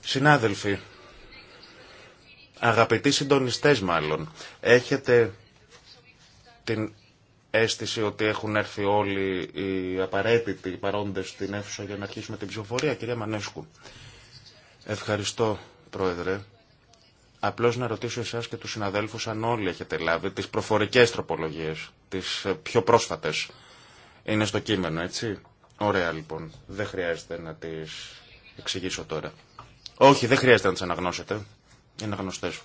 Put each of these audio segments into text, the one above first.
Συνάδελφοι, αγαπητοί συντονιστές μάλλον, έχετε την αίσθηση ότι έχουν έρθει όλοι οι απαραίτητοι παρόντες στην αίθουσα για να αρχίσουμε την ψηφοφορία, κυρία Μανέσκου. Ευχαριστώ, Πρόεδρε. Απλώς να ρωτήσω εσάς και τους συναδέλφους αν όλοι έχετε λάβει τις προφορικές τροπολογίες, τις πιο πρόσφατες. Είναι στο κείμενο, έτσι. Ωραία λοιπόν. Δεν χρειάζεται να τις εξηγήσω τώρα. Όχι, δεν χρειάζεται να τις αναγνώσετε. Είναι γνωστές.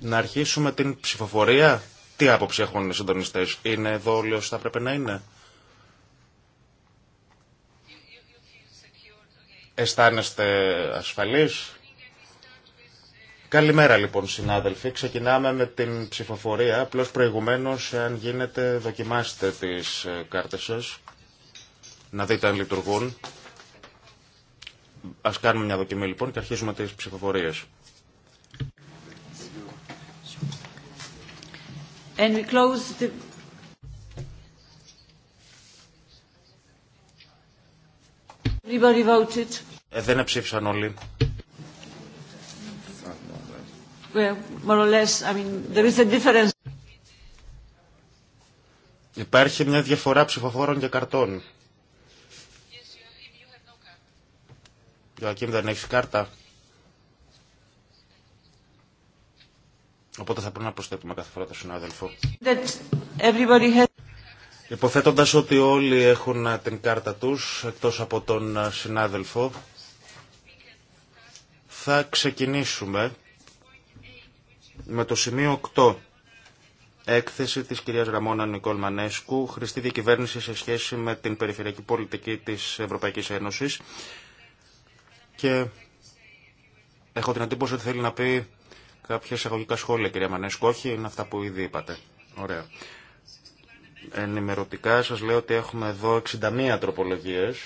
Να αρχίσουμε την ψηφοφορία. Τι άποψη έχουν οι συντονιστές. Είναι εδώ όλοι όσοι θα πρέπει να είναι. Αισθάνεστε ασφαλείς. Καλημέρα λοιπόν συνάδελφοι. Ξεκινάμε με την ψηφοφορία. Απλώς προηγουμένως, αν γίνεται, δοκιμάστε τις ε, κάρτες σας να δείτε αν λειτουργούν. Α κάνουμε μια δοκιμή λοιπόν και αρχίζουμε τι ψηφοφορίε. the... Ε, δεν ψήφισαν όλοι. Υπάρχει μια διαφορά ψηφοφόρων και καρτών. Γιωακίμ δεν έχει κάρτα. Οπότε θα πρέπει να προσθέτουμε κάθε φορά τον συνάδελφο. Has... Υποθέτοντας ότι όλοι έχουν ε, την κάρτα τους, εκτός από τον ε, συνάδελφο, θα ξεκινήσουμε με το σημείο 8. Έκθεση της κυρίας Ραμόνα Νικόλ Μανέσκου, χρηστή διακυβέρνηση σε σχέση με την περιφερειακή πολιτική της Ευρωπαϊκής Ένωσης και έχω την αντίποση ότι θέλει να πει κάποια εισαγωγικά σχόλια, κυρία Μανέσκο. Όχι, είναι αυτά που ήδη είπατε. Ωραία. Ενημερωτικά σας λέω ότι έχουμε εδώ 61 τροπολογίες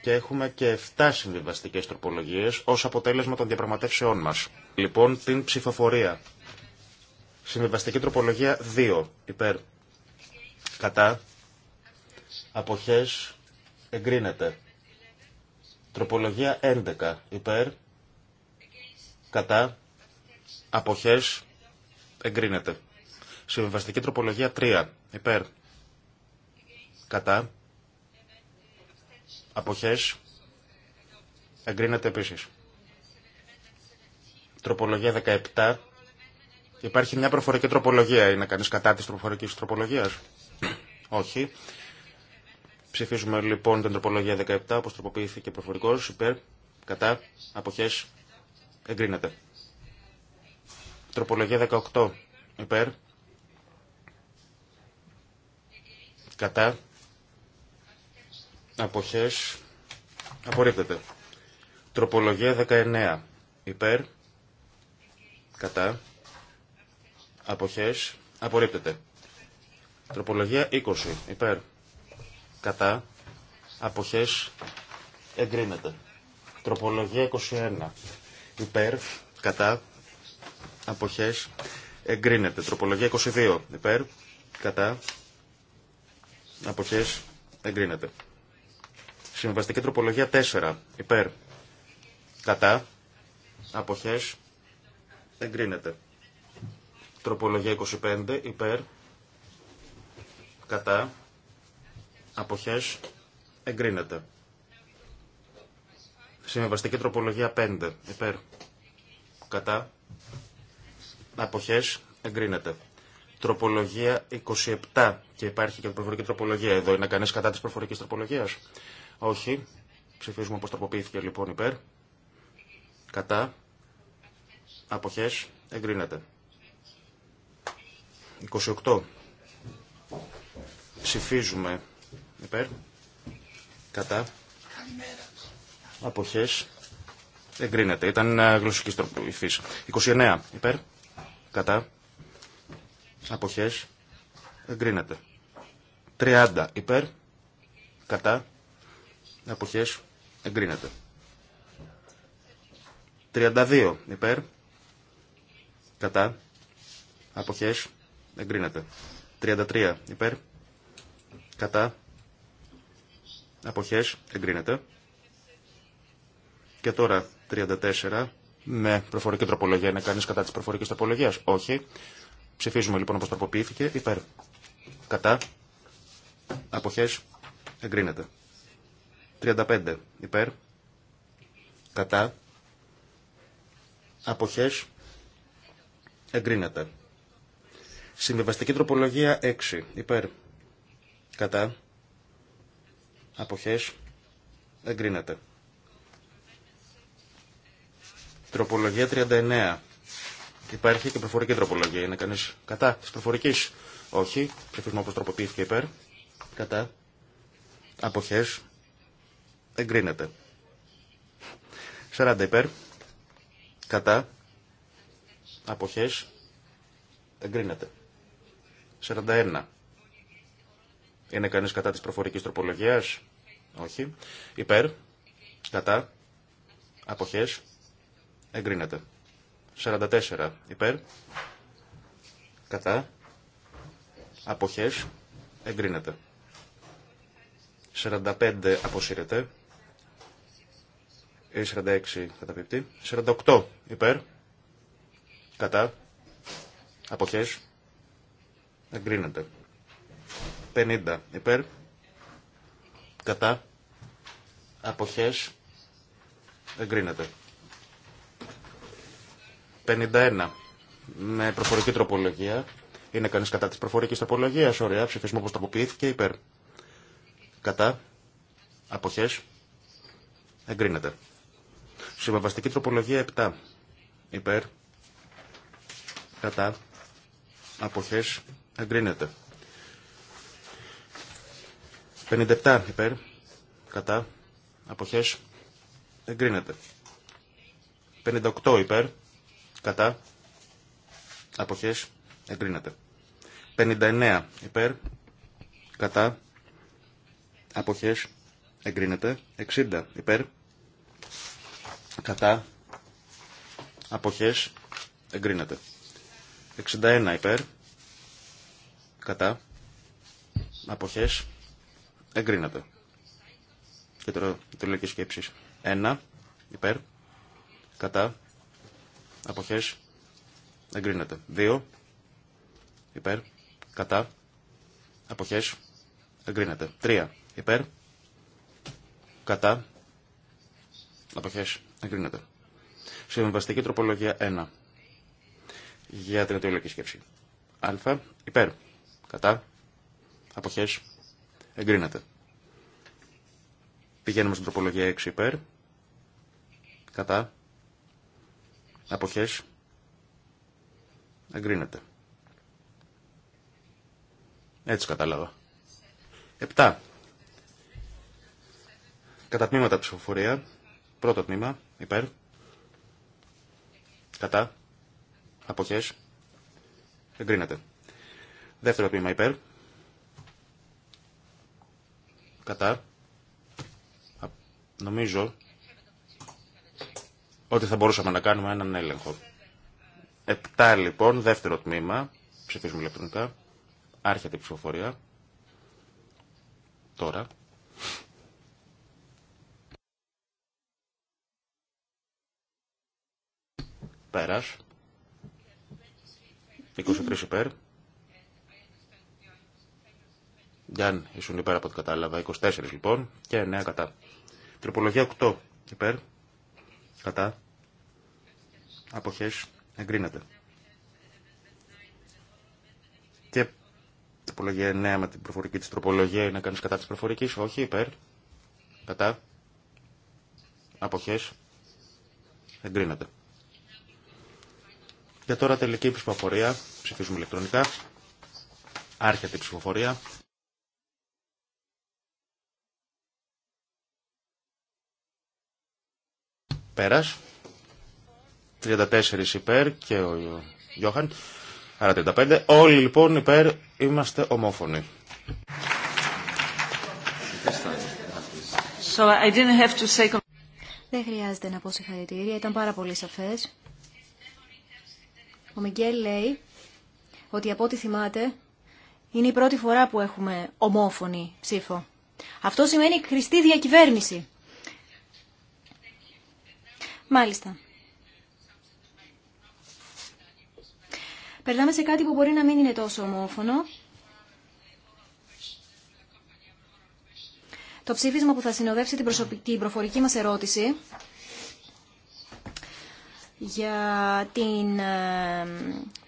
και έχουμε και 7 συμβιβαστικέ τροπολογίες ως αποτέλεσμα των διαπραγματεύσεών μας. Λοιπόν, την ψηφοφορία. Συμβιβαστική τροπολογία 2. Υπέρ. Κατά. αποχές Εγκρίνεται. Τροπολογία 11 υπέρ, κατά, αποχές, εγκρίνεται. Συμβιβαστική τροπολογία 3 υπέρ, κατά, αποχές, εγκρίνεται επίσης. Τροπολογία 17. Υπάρχει μια προφορική τροπολογία. Είναι κανείς κατά της προφορικής τροπολογίας. Όχι. Ψηφίζουμε λοιπόν την τροπολογία 17, όπως τροποποιήθηκε προφορικός, υπέρ, κατά, αποχές, εγκρίνεται. Τροπολογία 18, υπέρ, κατά, αποχές, απορρίπτεται. Τροπολογία 19, υπέρ, κατά, αποχές, απορρίπτεται. Τροπολογία 20, υπέρ, κατά, αποχές, εγκρίνεται. Τροπολογία 21, υπέρ, κατά, αποχές, εγκρίνεται. Τροπολογία 22, υπέρ, κατά, αποχές, εγκρίνεται. Συμβαστική τροπολογία 4, υπέρ, κατά, αποχές, εγκρίνεται. Τροπολογία 25, υπέρ, κατά, Αποχές. Εγκρίνεται. Συμβαστική τροπολογία 5. Υπέρ. Κατά. Αποχές. Εγκρίνεται. Τροπολογία 27. Και υπάρχει και προφορική τροπολογία εδώ. Είναι κανείς κατά της προφορικής τροπολογίας. Όχι. Ψηφίζουμε όπως τροποποιήθηκε λοιπόν υπέρ. Κατά. Αποχές. Εγκρίνεται. 28. Ψηφίζουμε Υπέρ. Κατά. Αποχές. Εγκρίνεται. Ήταν γλωσσική τροπή 29. Υπέρ. Κατά. Αποχές. Εγκρίνεται. 30. Υπέρ. Κατά. Αποχές. Εγκρίνεται. 32. Υπέρ. Κατά. Αποχές. Εγκρίνεται. 33. Υπέρ. Κατά αποχές εγκρίνεται. Και τώρα 34 με προφορική τροπολογία. Είναι κανείς κατά της προφορικής τροπολογίας. Όχι. Ψηφίζουμε λοιπόν όπως τροποποιήθηκε. Υπέρ. Κατά. Αποχές εγκρίνεται. 35 υπέρ. Κατά. Αποχές εγκρίνεται. Συμβιβαστική τροπολογία 6 υπέρ. Κατά αποχές εγκρίνεται. Τροπολογία 39. Υπάρχει και προφορική τροπολογία. Είναι κανείς κατά της προφορικής. Όχι. Ψηφισμό όπως τροποποιήθηκε υπέρ. Κατά. Αποχές. Εγκρίνεται. 40 υπέρ. Κατά. Αποχές. Εγκρίνεται. 41 είναι κανείς κατά της προφορικής τροπολογίας. Όχι. Υπέρ. Κατά. Αποχές. Εγκρίνεται. 44. Υπέρ. Κατά. Αποχές. Εγκρίνεται. 45 αποσύρεται. 46 ε, καταπίπτει. 48 υπέρ. Κατά. Αποχές. Εγκρίνεται. 50 υπέρ. Κατά. Αποχές. Εγκρίνεται. 51 με προφορική τροπολογία. Είναι κανείς κατά της προφορικής τροπολογίας. Ωραία. Ψηφισμό όπως τροποποιήθηκε υπέρ. Κατά. Αποχές. Εγκρίνεται. Συμβαστική τροπολογία 7. Υπέρ. Κατά. Αποχές. Εγκρίνεται. 57 υπέρ, κατά, αποχές, εγκρίνεται. 58 υπέρ, κατά, αποχές, εγκρίνεται. 59 υπέρ, κατά, αποχές, εγκρίνεται. 60 υπέρ, κατά, αποχές, εγκρίνεται. 61 υπέρ, κατά, αποχές, Εγκρίνεται. Και τώρα οι σκέψει. 1. Υπέρ. Κατά. Αποχέ. Εγκρίνεται. 2. Υπέρ. Κατά. Αποχέ. Εγκρίνεται. 3. Υπέρ. Κατά. Αποχέ. Εγκρίνεται. Συμβαστική τροπολογία 1. Για την αιτιολογική σκέψη. Α. Υπέρ. Κατά. αποχέ. Εγκρίνεται. Πηγαίνουμε στην τροπολογία 6 υπέρ. Κατά. Αποχές. Εγκρίνεται. Έτσι κατάλαβα. 7. Κατά τμήματα ψηφοφορία. Πρώτο τμήμα. Υπέρ. Κατά. Αποχές. Εγκρίνεται. Δεύτερο τμήμα υπέρ. Κατά. Νομίζω ότι θα μπορούσαμε να κάνουμε έναν έλεγχο. Επτά λοιπόν, δεύτερο τμήμα. Ψηφίζουμε ηλεκτρονικά. Άρχεται η ψηφοφορία. Τώρα. Πέρας. 23 υπέρ. Γιάννη, ήσουν υπέρ από ό,τι κατάλαβα. 24 λοιπόν και 9 κατά. Τροπολογία 8 υπέρ. Κατά. Αποχές. Εγκρίνεται. Και τροπολογία 9 με την προφορική της τροπολογία είναι κανείς κατά της προφορικής. Όχι υπέρ. Κατά. Αποχές. Εγκρίνεται. Και τώρα τελική ψηφοφορία. Ψηφίζουμε ηλεκτρονικά. Άρχεται η ψηφοφορία. Πέρας. 34 υπέρ και ο Γιώχαν. Άρα 35. Όλοι λοιπόν υπέρ είμαστε ομόφωνοι. So I didn't have to say... Δεν χρειάζεται να πω συγχαρητήρια, ήταν πάρα πολύ σαφές. Ο Μιγγέλ λέει ότι από ό,τι θυμάται είναι η πρώτη φορά που έχουμε ομόφωνη ψήφο. Αυτό σημαίνει χρηστή διακυβέρνηση. Μάλιστα. Περνάμε σε κάτι που μπορεί να μην είναι τόσο ομόφωνο. Το ψήφισμα που θα συνοδεύσει την, προσωπική, προφορική μας ερώτηση για την ε,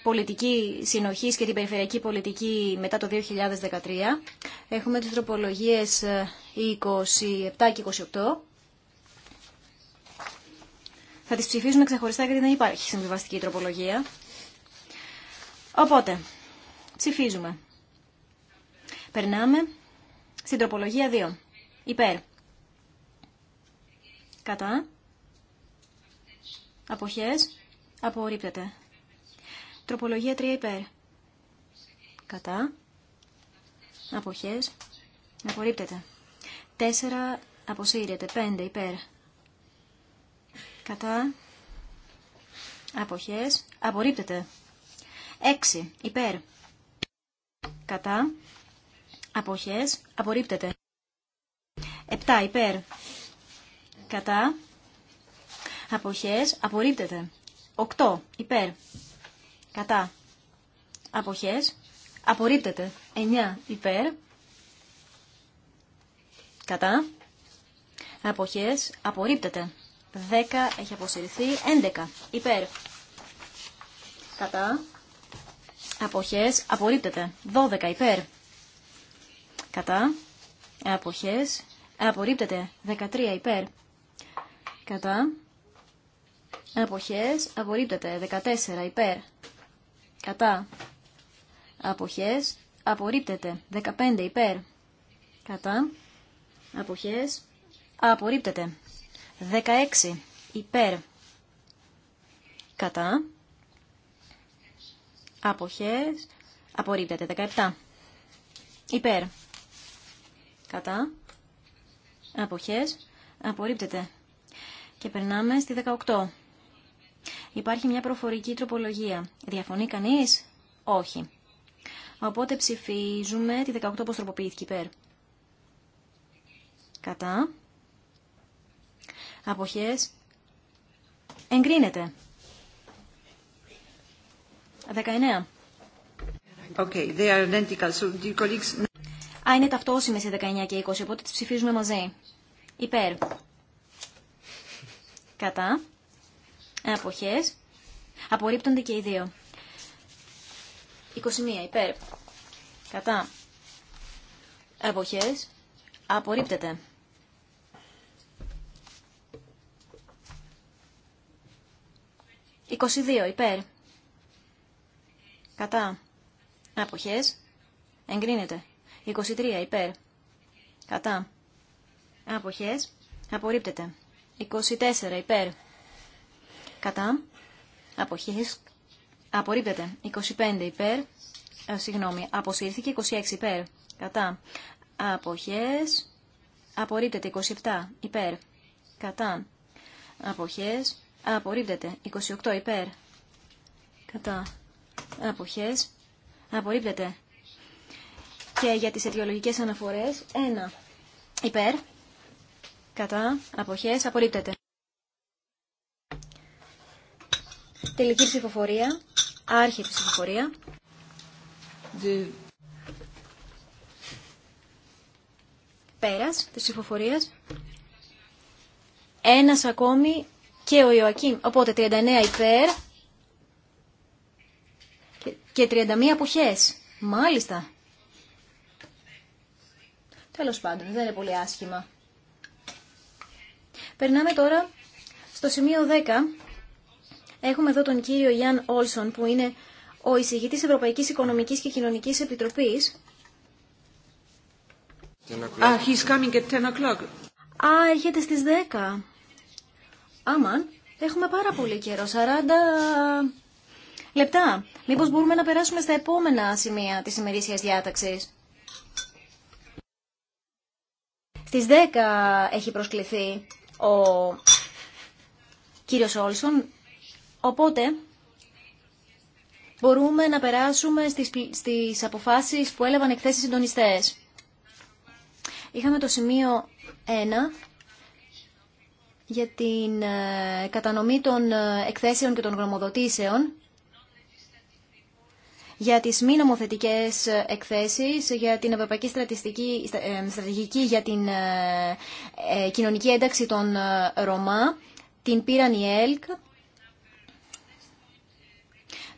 πολιτική συνοχή και την περιφερειακή πολιτική μετά το 2013. Έχουμε τις τροπολογίες 27 ε, και 28. Θα τις ψηφίσουμε ξεχωριστά γιατί δεν υπάρχει συμβιβαστική τροπολογία. Οπότε, ψηφίζουμε. Περνάμε στην τροπολογία 2. Υπέρ. Κατά. Αποχές. Απορρίπτεται. Τροπολογία 3 υπέρ. Κατά. Αποχές. Απορρίπτεται. 4 αποσύρεται. 5 υπέρ κατά αποχές απορρίπτεται. 6 υπέρ κατά αποχές απορρίπτεται. 7 υπέρ κατά αποχές απορρίπτεται. 8 υπέρ κατά αποχές απορρίπτεται. 9 υπέρ κατά αποχές απορρίπτεται. 10 έχει αποσυρθεί. 11 υπέρ. Κατά. Αποχές απορρίπτεται. 12 υπέρ. Κατά. Αποχές απορρίπτεται. 13 υπέρ. Κατά. Αποχές απορρίπτεται. 14 υπέρ. Κατά. Αποχές απορρίπτεται. 15 υπέρ. Κατά. Αποχές απορρίπτεται. 16 υπέρ κατά αποχές απορρίπτεται 17 υπέρ κατά αποχές απορρίπτεται και περνάμε στη 18 Υπάρχει μια προφορική τροπολογία. Διαφωνεί κανείς? Όχι. Οπότε ψηφίζουμε τη 18 πώς τροποποιήθηκε υπέρ. Κατά αποχές εγκρίνεται. 19. Okay, they are identical. So, colleagues... Α, είναι ταυτόσιμες οι 19 και 20, οπότε τις ψηφίζουμε μαζί. Υπέρ. Κατά. Αποχές. Απορρίπτονται και οι δύο. 21. Υπέρ. Κατά. Αποχές. Απορρίπτεται. 22 υπέρ. Κατά. Αποχές. Εγκρίνεται. 23 υπέρ. Κατά. Αποχές. Απορρίπτεται. 24 υπέρ. Κατά. Αποχές. Απορρίπτεται. 25 υπέρ. Ε, συγγνώμη. Αποσύρθηκε. 26 υπέρ. Κατά. Αποχές. Απορρίπτεται. 27 υπέρ. Κατά. Αποχές απορρίπτεται. 28 υπέρ κατά αποχές απορρίπτεται. Και για τις αιτιολογικές αναφορές 1 υπέρ κατά αποχές απορρίπτεται. Τελική ψηφοφορία, άρχη ψηφοφορία. De... Πέρας της ψηφοφορίας. Ένας ακόμη και ο Ιωακήμ. Οπότε 39 υπέρ και 31 αποχές. Μάλιστα. Τέλο πάντων, δεν είναι πολύ άσχημα. Περνάμε τώρα στο σημείο 10. Έχουμε εδώ τον κύριο Ιαν Όλσον που είναι ο εισηγητής Ευρωπαϊκής Οικονομικής και Κοινωνικής Επιτροπής. Ah, Α, έρχεται στις 10. Άμαν, έχουμε πάρα πολύ καιρό, 40 λεπτά. Μήπως μπορούμε να περάσουμε στα επόμενα σημεία τη ημερήσία διάταξη. Στις 10 έχει προσκληθεί ο κύριος Όλσον, οπότε μπορούμε να περάσουμε στις, στις αποφάσεις που έλαβαν εκθέσεις συντονιστές. Είχαμε το σημείο 1 για την ε, κατανομή των ε, εκθέσεων και των γνωμοδοτήσεων για τις μη νομοθετικές ε, εκθέσεις, για την Ευρωπαϊκή Στρατηγική, στρατηγική για την κοινωνική ένταξη των Ρωμά, την πήραν η ΕΛΚ.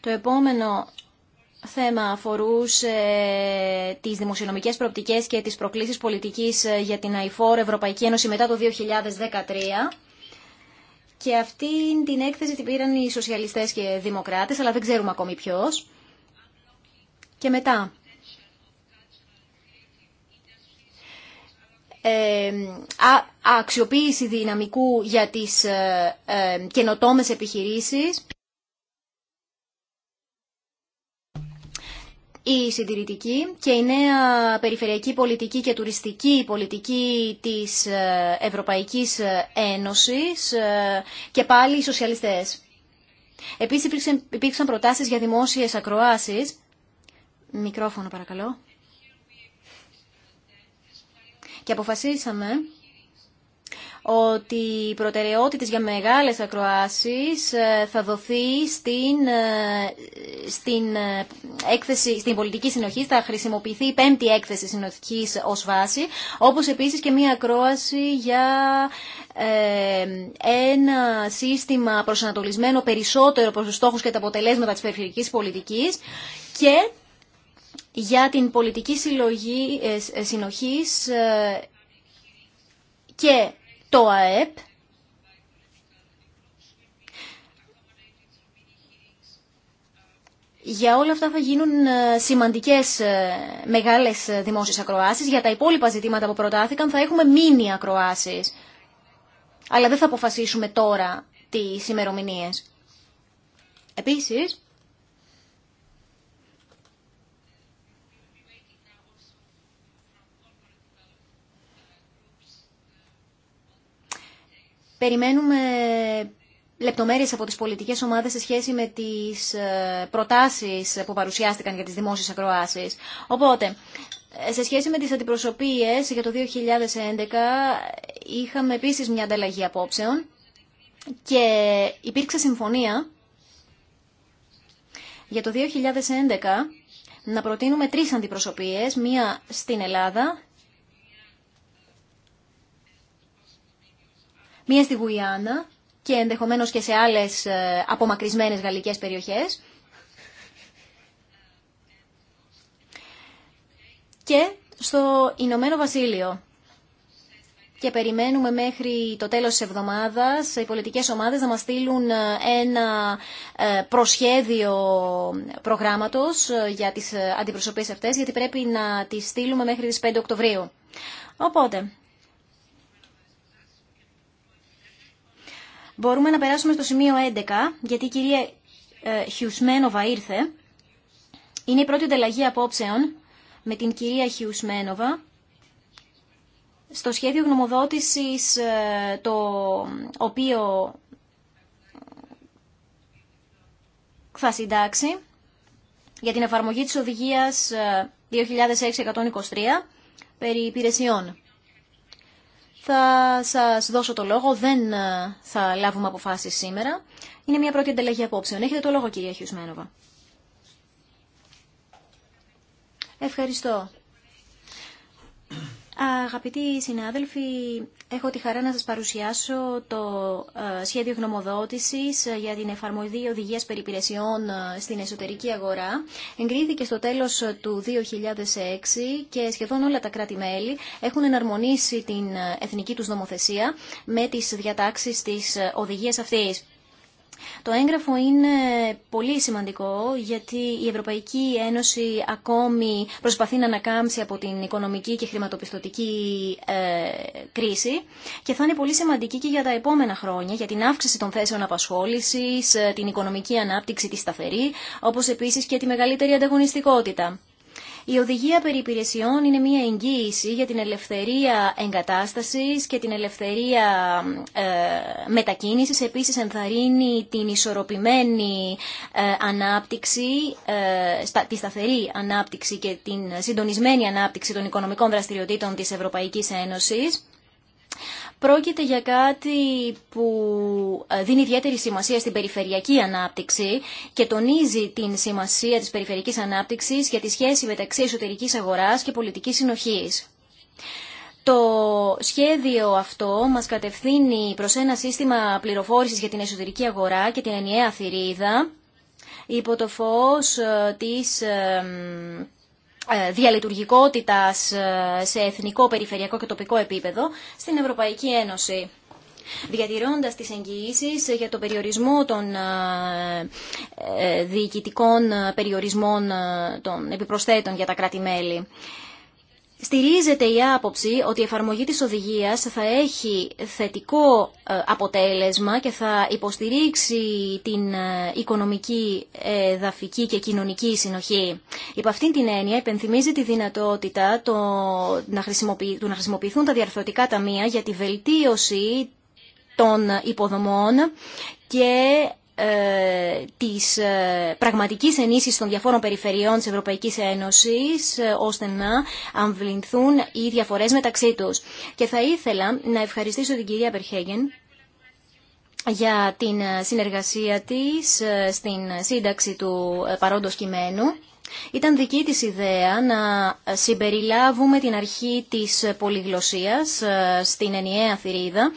Το επόμενο θέμα αφορούσε ε, τις δημοσιονομικές προοπτικές και τις προκλήσεις πολιτικής ε, για την ΑΙΦΟΡ Ευρωπαϊκή Ένωση μετά το 2013. Και αυτή την έκθεση την πήραν οι σοσιαλιστές και δημοκράτες, αλλά δεν ξέρουμε ακόμη ποιος. Και μετά ε, α, αξιοποίηση δυναμικού για τις ε, ε, καινοτόμες επιχειρήσεις. η συντηρητική και η νέα περιφερειακή πολιτική και τουριστική πολιτική της ε, Ευρωπαϊκής ε, Ένωσης ε, και πάλι οι σοσιαλιστές. Επίσης υπήρξαν προτάσεις για δημόσιες ακροάσεις. Μικρόφωνο παρακαλώ. Και αποφασίσαμε ότι οι προτεραιότητε για μεγάλες ακροάσεις ε, θα δοθεί στην, ε, στην, ε, έκθεση, στην πολιτική συνοχή, θα χρησιμοποιηθεί η πέμπτη έκθεση συνοχής ως βάση, όπως επίσης και μία ακρόαση για ένα σύστημα προσανατολισμένο περισσότερο προς τους στόχους και τα αποτελέσματα της περιφερειακής πολιτικής και για την πολιτική συλλογή, συνοχής και το ΑΕΠ Για όλα αυτά θα γίνουν ε, σημαντικές ε, μεγάλες ε, δημόσιες ακροάσεις. Για τα υπόλοιπα ζητήματα που προτάθηκαν θα έχουμε μίνι ακροάσεις. Αλλά δεν θα αποφασίσουμε τώρα τις ημερομηνίε. Επίσης, Περιμένουμε λεπτομέρειες από τις πολιτικές ομάδες σε σχέση με τις ε, προτάσεις που παρουσιάστηκαν για τις δημόσιες ακροάσεις. Οπότε, ε, σε σχέση με τις αντιπροσωπείες για το 2011 είχαμε επίσης μια ανταλλαγή απόψεων και υπήρξε συμφωνία για το 2011 να προτείνουμε τρεις αντιπροσωπείες, μία στην Ελλάδα, μία στη Γουιάννα και ενδεχομένως και σε άλλες ε, απομακρυσμένες γαλλικές περιοχές. Και στο Ηνωμένο Βασίλειο. Και περιμένουμε μέχρι το τέλος της εβδομάδας οι πολιτικές ομάδες να μας στείλουν ε, ένα ε, προσχέδιο προγράμματος για τις αντιπροσωπείες αυτές, γιατί πρέπει να τις στείλουμε μέχρι τις 5 Οκτωβρίου. Οπότε, Μπορούμε να περάσουμε στο σημείο 11, γιατί η κυρία ε, Χιουσμένοβα ήρθε. Είναι η πρώτη ανταλλαγή απόψεων με την κυρία Χιουσμένοβα στο σχέδιο γνωμοδότησης ε, το οποίο θα συντάξει για την εφαρμογή της οδηγίας 2623 ε, περί υπηρεσιών θα σας δώσω το λόγο, δεν ε, θα λάβουμε αποφάσεις σήμερα. Είναι μια πρώτη ανταλλαγή απόψεων. Έχετε το λόγο κυρία Χιουσμένοβα. Ευχαριστώ. Αγαπητοί συνάδελφοι, έχω τη χαρά να σας παρουσιάσω το ε, σχέδιο γνωμοδότησης ε, για την εφαρμογή οδηγίας περιπηρεσιών ε, στην εσωτερική αγορά. Εγκρίθηκε στο τέλος του 2006 και σχεδόν όλα τα κράτη-μέλη έχουν εναρμονίσει την εθνική τους νομοθεσία με τις διατάξεις της οδηγίας αυτής. Το έγγραφο είναι πολύ σημαντικό γιατί η Ευρωπαϊκή Ένωση ακόμη προσπαθεί να ανακάμψει από την οικονομική και χρηματοπιστωτική ε, κρίση και θα είναι πολύ σημαντική και για τα επόμενα χρόνια για την αύξηση των θέσεων απασχόλησης, ε, την οικονομική ανάπτυξη τη σταθερή, όπως επίσης και τη μεγαλύτερη ανταγωνιστικότητα. Η οδηγία περί είναι μια εγγύηση για την ελευθερία εγκατάστασης και την ελευθερία ε, μετακίνησης. Επίσης ενθαρρύνει την ισορροπημένη ε, ανάπτυξη, ε, στα, τη σταθερή ανάπτυξη και την συντονισμένη ανάπτυξη των οικονομικών δραστηριοτήτων της Ευρωπαϊκής Ένωσης. Πρόκειται για κάτι που ε, δίνει ιδιαίτερη σημασία στην περιφερειακή ανάπτυξη και τονίζει την σημασία της περιφερειακής ανάπτυξης για τη σχέση μεταξύ εσωτερικής αγοράς και πολιτικής συνοχής. Το σχέδιο αυτό μας κατευθύνει προς ένα σύστημα πληροφόρησης για την εσωτερική αγορά και την ενιαία θηρίδα υπό το φως ε, της ε, ε, διαλειτουργικότητας ε, σε εθνικό, περιφερειακό και τοπικό επίπεδο στην Ευρωπαϊκή Ένωση διατηρώντας τις εγγυήσει για τον περιορισμό των ε, διοικητικών περιορισμών των επιπροσθέτων για τα κράτη-μέλη στηρίζεται η άποψη ότι η εφαρμογή της οδηγίας θα έχει θετικό ε, αποτέλεσμα και θα υποστηρίξει την ε, οικονομική, ε, δαφική και κοινωνική συνοχή. Υπ' αυτήν την έννοια υπενθυμίζει τη δυνατότητα το, του να χρησιμοποιηθούν τα διαρθρωτικά ταμεία για τη βελτίωση των υποδομών και ε, της ε, πραγματικής ενίσχυσης των διαφόρων περιφερειών της Ευρωπαϊκής Ένωσης ε, ώστε να αμβληνθούν οι διαφορές μεταξύ τους. Και θα ήθελα να ευχαριστήσω την κυρία Περχέγγεν για την συνεργασία της στην σύνταξη του παρόντος κειμένου. Ήταν δική της ιδέα να συμπεριλάβουμε την αρχή της πολυγλωσσίας στην ενιαία θηρίδα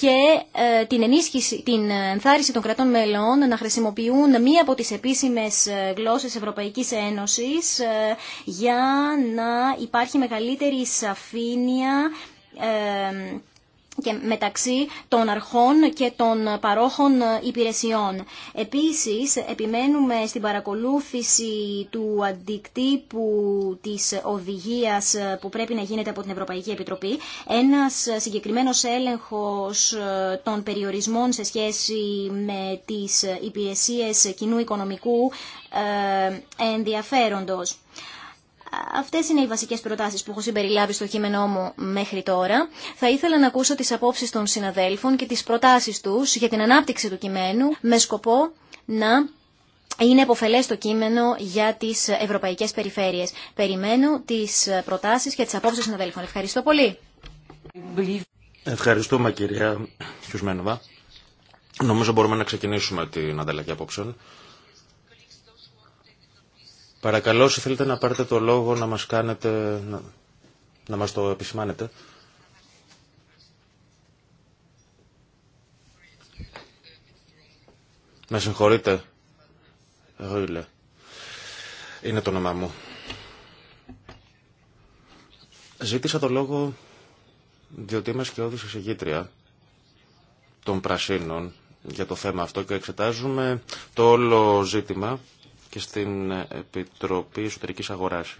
και ε, την ενίσχυση, την ενθάρρυνση των κρατών μελών να χρησιμοποιούν μία από τις επίσημες ε, γλώσσες Ευρωπαϊκής Ένωσης ε, για να υπάρχει μεγαλύτερη σαφήνεια και μεταξύ των αρχών και των παρόχων υπηρεσιών. Επίσης, επιμένουμε στην παρακολούθηση του αντικτύπου της οδηγίας που πρέπει να γίνεται από την Ευρωπαϊκή Επιτροπή. Ένας συγκεκριμένος έλεγχος των περιορισμών σε σχέση με τις υπηρεσίες κοινού οικονομικού ε, ενδιαφέροντος. Αυτές είναι οι βασικές προτάσεις που έχω συμπεριλάβει στο κείμενό μου μέχρι τώρα. Θα ήθελα να ακούσω τις απόψει των συναδέλφων και τις προτάσεις του για την ανάπτυξη του κειμένου με σκοπό να είναι επωφελέ το κείμενο για τις ευρωπαϊκές περιφέρειες. Περιμένω τις προτάσεις και τις απόψεις των συναδέλφων. Ευχαριστώ πολύ. Ευχαριστούμε κυρία Χιουσμένοβα. Νομίζω μπορούμε να ξεκινήσουμε την ανταλλαγή απόψεων. Παρακαλώ, όσοι θέλετε να πάρετε το λόγο να μας κάνετε, να, μας το επισημάνετε. Με συγχωρείτε. Εγώ Είναι το όνομά μου. Ζήτησα το λόγο διότι είμαι σκιώδης εισηγήτρια των Πρασίνων για το θέμα αυτό και εξετάζουμε το όλο ζήτημα και στην Επιτροπή Εσωτερικής Αγοράς.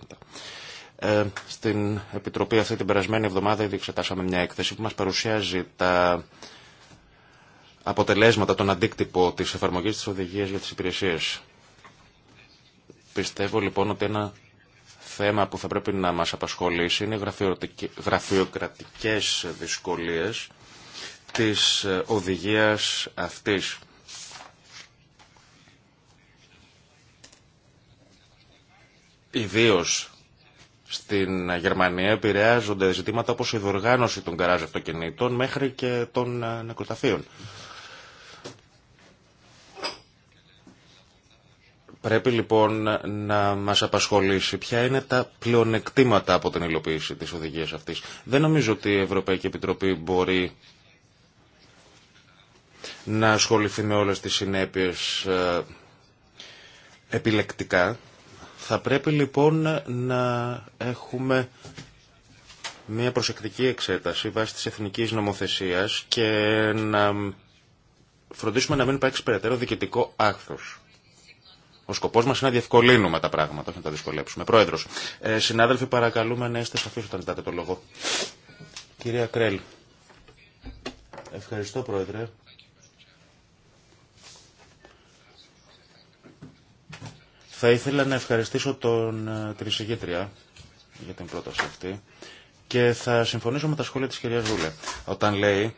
Ε, στην Επιτροπή αυτή την περασμένη εβδομάδα ήδη εξετάσαμε μια έκθεση που μας παρουσιάζει τα αποτελέσματα, τον αντίκτυπο της εφαρμογής της οδηγίας για τις υπηρεσίες. Πιστεύω λοιπόν ότι ένα θέμα που θα πρέπει να μας απασχολήσει είναι οι γραφειοκρατικές δυσκολίες της οδηγίας αυτής ιδίω στην Γερμανία επηρεάζονται ζητήματα όπως η διοργάνωση των καράζ αυτοκινήτων μέχρι και των ε, νεκροταφείων. Πρέπει λοιπόν να μας απασχολήσει ποια είναι τα πλεονεκτήματα από την υλοποίηση της οδηγίας αυτής. Δεν νομίζω ότι η Ευρωπαϊκή Επιτροπή μπορεί να ασχοληθεί με όλες τις συνέπειες ε, επιλεκτικά. Θα πρέπει λοιπόν να έχουμε μια προσεκτική εξέταση βάσει της εθνικής νομοθεσίας και να φροντίσουμε να μην υπάρξει περαιτέρω διοικητικό άχθος. Ο σκοπό μα είναι να διευκολύνουμε τα πράγματα, όχι να τα δυσκολέψουμε. Πρόεδρο, ε, συνάδελφοι, παρακαλούμε να είστε σαφεί όταν ζητάτε το λόγο. Κυρία Κρέλ. Ευχαριστώ, Πρόεδρε. Θα ήθελα να ευχαριστήσω τον, ε, την για την πρόταση αυτή και θα συμφωνήσω με τα σχόλια της κυρίας Ρούλε όταν λέει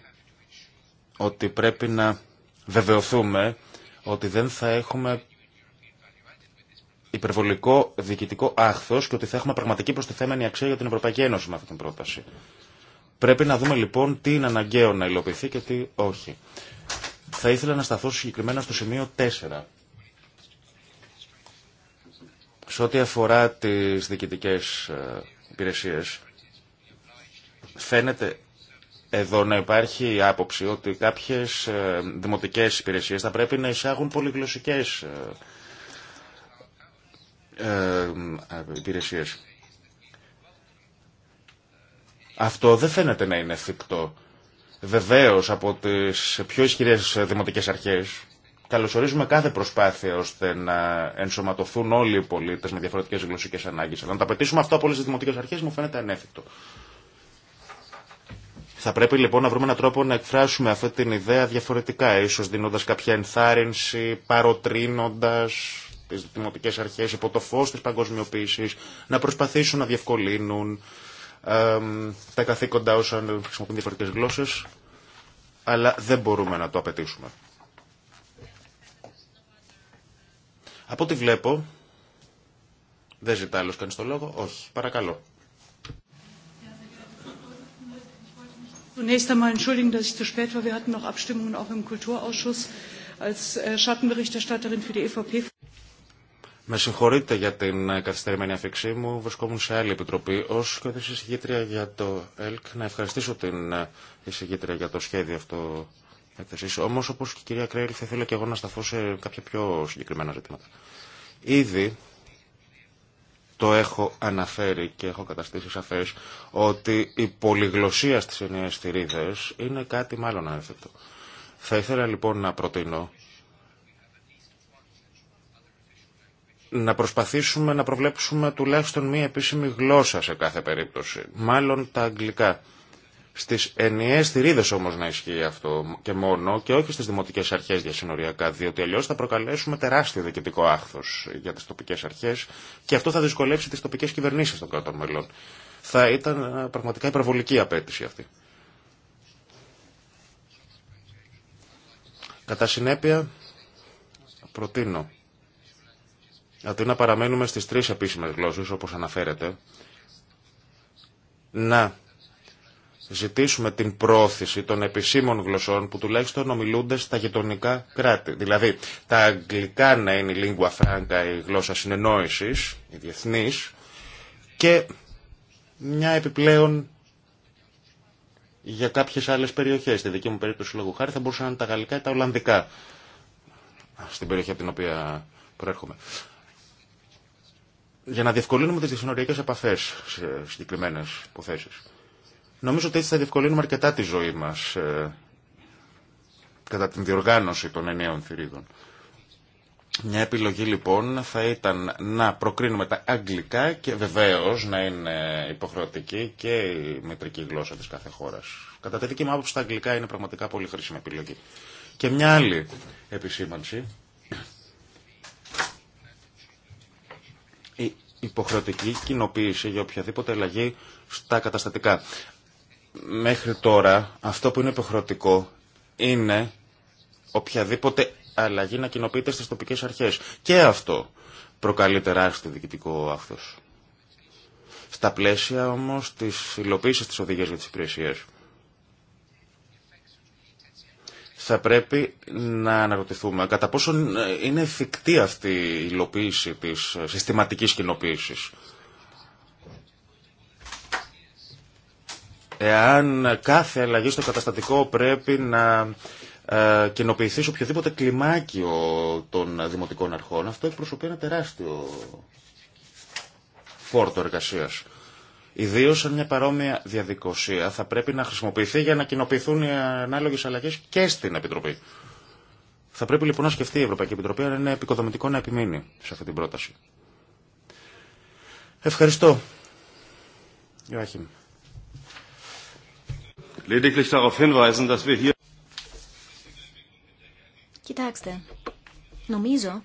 ότι πρέπει να βεβαιωθούμε ότι δεν θα έχουμε υπερβολικό διοικητικό άχθο και ότι θα έχουμε πραγματική προστιθέμενη αξία για την Ευρωπαϊκή Ένωση με αυτή την πρόταση. Πρέπει να δούμε λοιπόν τι είναι αναγκαίο να υλοποιηθεί και τι όχι. Θα ήθελα να σταθώ συγκεκριμένα στο σημείο 4 σε ό,τι αφορά τις διοικητικές ε, υπηρεσίες, φαίνεται εδώ να υπάρχει η άποψη ότι κάποιες ε, δημοτικές υπηρεσίες θα πρέπει να εισάγουν πολυγλωσσικές ε, υπηρεσίες. Αυτό δεν φαίνεται να είναι εφικτό. Βεβαίως από τις πιο ισχυρές δημοτικές αρχές καλωσορίζουμε κάθε προσπάθεια ώστε να ενσωματωθούν όλοι οι πολίτε με διαφορετικέ γλωσσικέ ανάγκε. Αλλά να τα πετύσουμε αυτό από όλε τι δημοτικέ αρχέ μου φαίνεται ανέφικτο. Θα πρέπει λοιπόν να βρούμε έναν τρόπο να εκφράσουμε αυτή την ιδέα διαφορετικά, ίσω δίνοντα κάποια ενθάρρυνση, παροτρύνοντα τι δημοτικέ αρχέ υπό το φω τη παγκοσμιοποίηση, να προσπαθήσουν να διευκολύνουν τα καθήκοντα όσων χρησιμοποιούν διαφορετικέ γλώσσε. Αλλά δεν μπορούμε να το απαιτήσουμε. Από ό,τι βλέπω, δεν ζητά άλλος κανείς το λόγο. Όχι. Παρακαλώ. Zunächst einmal entschuldigen, dass ich zu spät war. Wir hatten noch Abstimmungen auch im Kulturausschuss als äh, Schattenberichterstatterin für die EVP. Με συγχωρείτε για την ε, καθυστερημένη αφήξή μου. Βρισκόμουν σε άλλη επιτροπή. Ω και για το ΕΛΚ, να ευχαριστήσω την ε, εισηγήτρια για το σχέδιο αυτό έκθεση. Όμω, όπω και η κυρία Κρέιλ, θα ήθελα και εγώ να σταθώ σε κάποια πιο συγκεκριμένα ζητήματα. Ήδη το έχω αναφέρει και έχω καταστήσει σαφέ ότι η πολυγλωσία στι ενιαίε θηρίδε είναι κάτι μάλλον ανέφετο. Θα ήθελα λοιπόν να προτείνω να προσπαθήσουμε να προβλέψουμε τουλάχιστον μία επίσημη γλώσσα σε κάθε περίπτωση. Μάλλον τα αγγλικά. Στις ενιαίε θηρίδε όμως να ισχύει αυτό και μόνο και όχι στις δημοτικές αρχές διασυνοριακά, διότι αλλιώ θα προκαλέσουμε τεράστιο διοικητικό άχθο για τις τοπικές αρχές και αυτό θα δυσκολεύσει τις τοπικές κυβερνήσεις των κρατών μελών. Θα ήταν πραγματικά υπερβολική απέτηση αυτή. Κατά συνέπεια, προτείνω αντί να παραμένουμε στι τρει επίσημε γλώσσε, όπω αναφέρεται, να ζητήσουμε την πρόθεση των επισήμων γλωσσών που τουλάχιστον ομιλούνται στα γειτονικά κράτη. Δηλαδή, τα αγγλικά να είναι η lingua franca, η γλώσσα συνεννόησης, η διεθνής, και μια επιπλέον για κάποιες άλλες περιοχές. Στη δική μου περίπτωση, λόγω χάρη, θα μπορούσαν να είναι τα γαλλικά ή τα ολλανδικά, στην περιοχή από την οποία προέρχομαι. Για να διευκολύνουμε τις δυσυνοριακές επαφές σε συγκεκριμένες υποθέσεις. Νομίζω ότι έτσι θα διευκολύνουμε αρκετά τη ζωή μας ε, κατά την διοργάνωση των ενιαίων θηρίδων. Μια επιλογή λοιπόν θα ήταν να προκρίνουμε τα αγγλικά και βεβαίως να είναι υποχρεωτική και η μετρική γλώσσα της κάθε χώρας. Κατά τη δική μου άποψη τα αγγλικά είναι πραγματικά πολύ χρήσιμη επιλογή. Και μια άλλη επισήμανση. Η υποχρεωτική κοινοποίηση για οποιαδήποτε αλλαγή στα καταστατικά μέχρι τώρα αυτό που είναι υποχρεωτικό είναι οποιαδήποτε αλλαγή να κοινοποιείται στις τοπικές αρχές. Και αυτό προκαλεί τεράστιο διοικητικό άχθος. Στα πλαίσια όμως της υλοποίησης της οδηγίας για τις υπηρεσίες. Θα πρέπει να αναρωτηθούμε κατά πόσο είναι εφικτή αυτή η υλοποίηση της συστηματικής κοινοποίησης. εάν κάθε αλλαγή στο καταστατικό πρέπει να ε, κοινοποιηθεί σε οποιοδήποτε κλιμάκιο των δημοτικών αρχών, αυτό εκπροσωπεί ένα τεράστιο φόρτο εργασία. Ιδίω σε μια παρόμοια διαδικασία θα πρέπει να χρησιμοποιηθεί για να κοινοποιηθούν οι ανάλογε αλλαγέ και στην Επιτροπή. Θα πρέπει λοιπόν να σκεφτεί η Ευρωπαϊκή Επιτροπή αν είναι επικοδομητικό να επιμείνει σε αυτή την πρόταση. Ευχαριστώ. Ιωάχιμ. Κοιτάξτε, νομίζω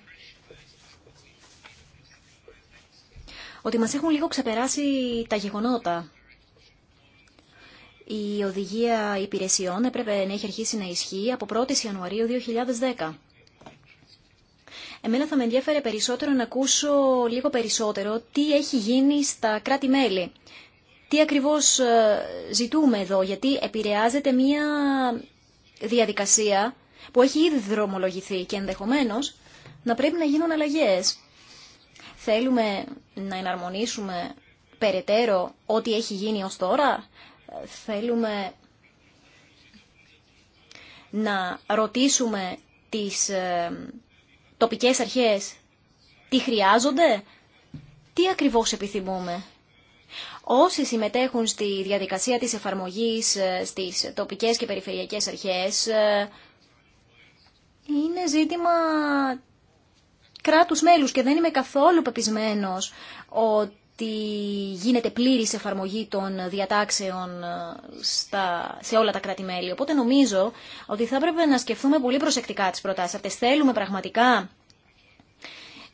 ότι μας έχουν λίγο ξεπεράσει τα γεγονότα. Η οδηγία υπηρεσιών έπρεπε να έχει αρχίσει να ισχύει από 1η Ιανουαρίου 2010. Εμένα θα με ενδιαφέρε περισσότερο να ακούσω λίγο περισσότερο τι έχει γίνει στα κράτη-μέλη τι ακριβώς ε, ζητούμε εδώ, γιατί επηρεάζεται μία διαδικασία που έχει ήδη δρομολογηθεί και ενδεχομένως να πρέπει να γίνουν αλλαγές. Θέλουμε να εναρμονίσουμε περαιτέρω ό,τι έχει γίνει ως τώρα. Θέλουμε να ρωτήσουμε τις ε, τοπικές αρχές τι χρειάζονται, τι ακριβώς επιθυμούμε όσοι συμμετέχουν στη διαδικασία της εφαρμογής ε, στις τοπικές και περιφερειακές αρχές ε, είναι ζήτημα κράτους μέλους και δεν είμαι καθόλου πεπισμένος ότι γίνεται πλήρης εφαρμογή των διατάξεων ε, στα, σε όλα τα κράτη-μέλη. Οπότε νομίζω ότι θα έπρεπε να σκεφτούμε πολύ προσεκτικά τις προτάσεις αυτές. Θέλουμε πραγματικά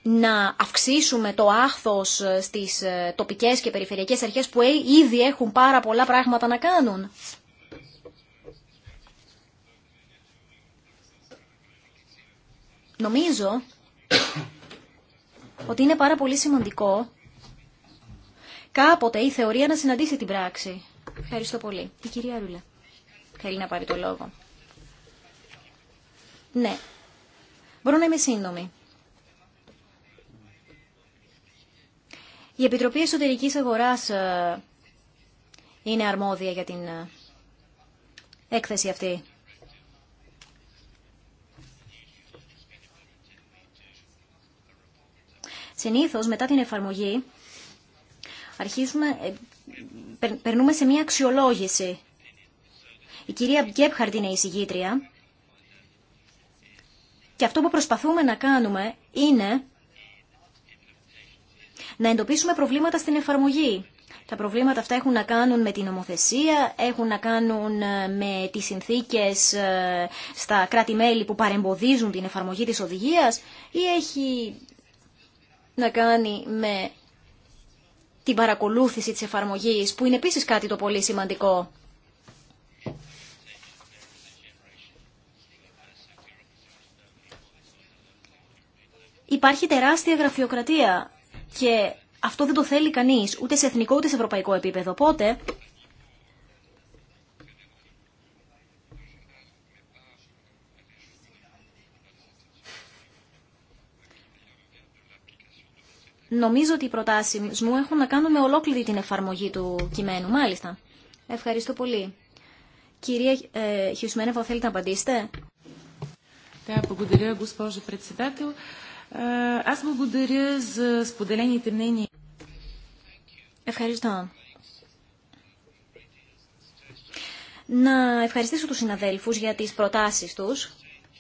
να αυξήσουμε το άχθος ε, στις ε, τοπικές και περιφερειακές αρχές που ε, ήδη έχουν πάρα πολλά πράγματα να κάνουν. Νομίζω ότι είναι πάρα πολύ σημαντικό κάποτε η θεωρία να συναντήσει την πράξη. Ευχαριστώ πολύ. Η κυρία Ρούλα θέλει να πάρει το λόγο. Ναι. Μπορώ να είμαι σύντομη. Η Επιτροπή Εσωτερικής Αγοράς ε, είναι αρμόδια για την ε, έκθεση αυτή. Συνήθως μετά την εφαρμογή αρχίζουμε, ε, περνούμε σε μια αξιολόγηση. Η κυρία Γκέπχαρτ είναι η συγγήτρια και αυτό που προσπαθούμε να κάνουμε είναι να εντοπίσουμε προβλήματα στην εφαρμογή. Τα προβλήματα αυτά έχουν να κάνουν με την νομοθεσία, έχουν να κάνουν ε, με τις συνθήκες ε, στα κράτη-μέλη που παρεμποδίζουν την εφαρμογή της οδηγίας ή έχει να κάνει με την παρακολούθηση της εφαρμογής που είναι επίσης κάτι το πολύ σημαντικό. Υπάρχει τεράστια γραφειοκρατία και αυτό δεν το θέλει κανείς, ούτε σε εθνικό ούτε σε ευρωπαϊκό επίπεδο. Οπότε, Νομίζω ότι οι προτάσεις μου έχουν να κάνουν με ολόκληρη την εφαρμογή του κειμένου. Μάλιστα. Ευχαριστώ πολύ. Κυρία ε, Χιουσμένεβα, θέλετε να απαντήσετε. Аз Ευχαριστώ. Να ευχαριστήσω τους συναδέλφους για τις προτάσεις τους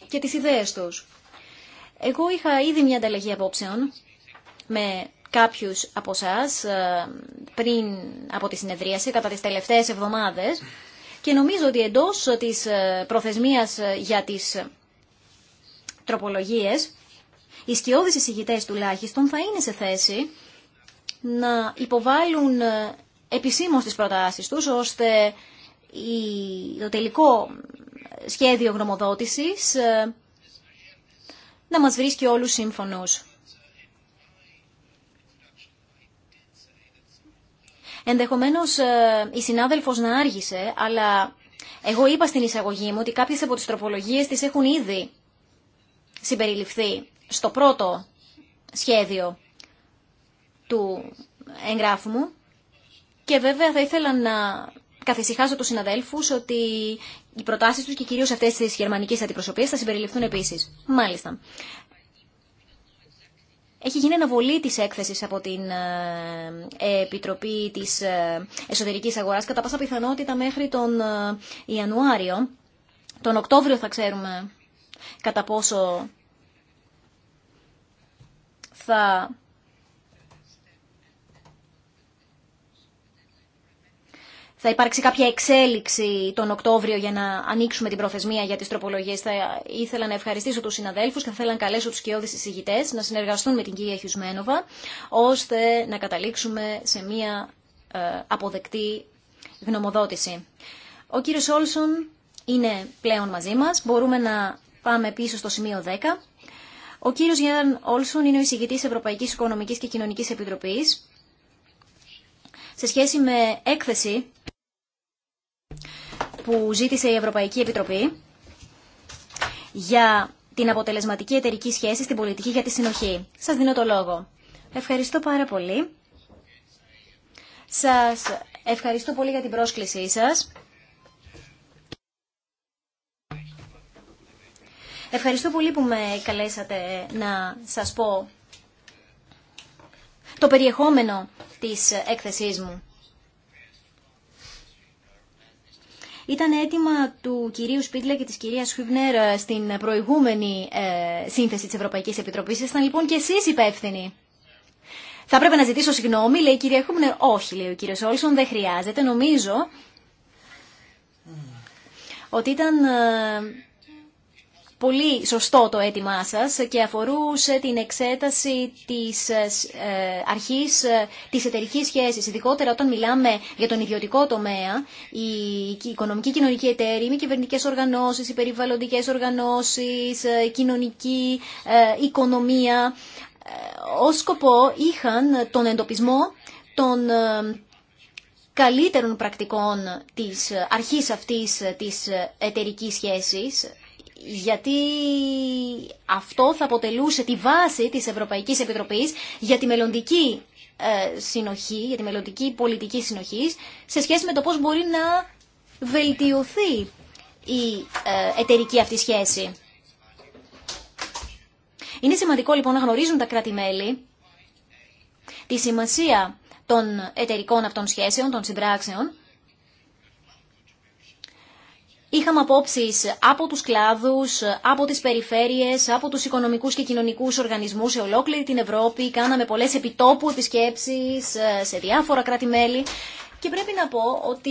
και τις ιδέες τους. Εγώ είχα ήδη μια ανταλλαγή απόψεων με κάποιους από εσά ε, πριν από τη συνεδρίαση, κατά τις τελευταίες εβδομάδες και νομίζω ότι εντός της ε, προθεσμίας ε, για τις τροπολογίες οι σκιώδεις εισηγητές τουλάχιστον θα είναι σε θέση να υποβάλουν ε, επισήμως τις προτάσεις τους, ώστε το τελικό σχέδιο γνωμοδότησης ε, να μας βρίσκει όλους σύμφωνους. Ενδεχομένως ε, η συνάδελφος να άργησε, αλλά εγώ είπα στην εισαγωγή μου ότι κάποιες από τις τροπολογίες τις έχουν ήδη συμπεριληφθεί στο πρώτο σχέδιο του εγγράφου μου και βέβαια θα ήθελα να καθησυχάσω τους συναδέλφους ότι οι προτάσεις τους και κυρίως αυτές της γερμανικής αντιπροσωπείας θα συμπεριληφθούν επίσης. Μάλιστα. Έχει γίνει αναβολή της έκθεσης από την ε, Επιτροπή της ε, Εσωτερικής Αγοράς κατά πάσα πιθανότητα μέχρι τον ε, Ιανουάριο. Τον Οκτώβριο θα ξέρουμε κατά πόσο θα θα υπάρξει κάποια εξέλιξη τον Οκτώβριο για να ανοίξουμε την προθεσμία για τις τροπολογίες. Θα ήθελα να ευχαριστήσω τους συναδέλφους και θα ήθελα να καλέσω τους κοιόδης εισηγητές να συνεργαστούν με την κυρία Χιουσμένοβα ώστε να καταλήξουμε σε μία ε, αποδεκτή γνωμοδότηση. Ο κύριος Όλσον είναι πλέον μαζί μας. Μπορούμε να πάμε πίσω στο σημείο 10 ο κύριος Γιάνν Όλσον είναι ο εισηγητής Ευρωπαϊκής Οικονομικής και Κοινωνικής Επιτροπής σε σχέση με έκθεση που ζήτησε η Ευρωπαϊκή Επιτροπή για την αποτελεσματική εταιρική σχέση στην πολιτική για τη συνοχή. Σας δίνω το λόγο. Ευχαριστώ πάρα πολύ. Σας ευχαριστώ πολύ για την πρόσκλησή σας. Ευχαριστώ πολύ που με καλέσατε να σας πω το περιεχόμενο της έκθεσής μου. Ήταν αίτημα του κυρίου Σπίτλα και της κυρίας Χουβνέρ ε, στην προηγούμενη ε, σύνθεση της Ευρωπαϊκής Επιτροπής. Ήταν λοιπόν και εσείς υπεύθυνοι. Θα πρέπει να ζητήσω συγγνώμη, λέει η κυρία Χουβνέρ Όχι, λέει ο κύριος Όλσον, δεν χρειάζεται. Νομίζω ότι ήταν ε, πολύ σωστό το αίτημά σας και αφορούσε την εξέταση της ε, ε, αρχής ε, της εταιρικής σχέσης, ειδικότερα όταν μιλάμε για τον ιδιωτικό τομέα, η οικονομική κοινωνική εταίροι, οι κυβερνητικές οργανώσεις, οι περιβαλλοντικές οργανώσεις, η κοινωνική οικονομία, ως σκοπό είχαν τον εντοπισμό των καλύτερων πρακτικών της αρχής αυτής της εταιρικής σχέσης γιατί αυτό θα αποτελούσε τη βάση της Ευρωπαϊκής Επιτροπής για τη μελλοντική ε, συνοχή, για τη μελλοντική πολιτική συνοχής σε σχέση με το πώς μπορεί να βελτιωθεί η ε, εταιρική αυτή σχέση. Είναι σημαντικό λοιπόν να γνωρίζουν τα κράτη-μέλη τη σημασία των εταιρικών αυτών σχέσεων, των συμπράξεων Είχαμε απόψεις από τους κλάδους, από τις περιφέρειες, από τους οικονομικούς και κοινωνικούς οργανισμούς σε ολόκληρη την Ευρώπη. Κάναμε πολλές επιτόπου επισκέψει ε, σε διάφορα κράτη-μέλη. Και πρέπει να πω ότι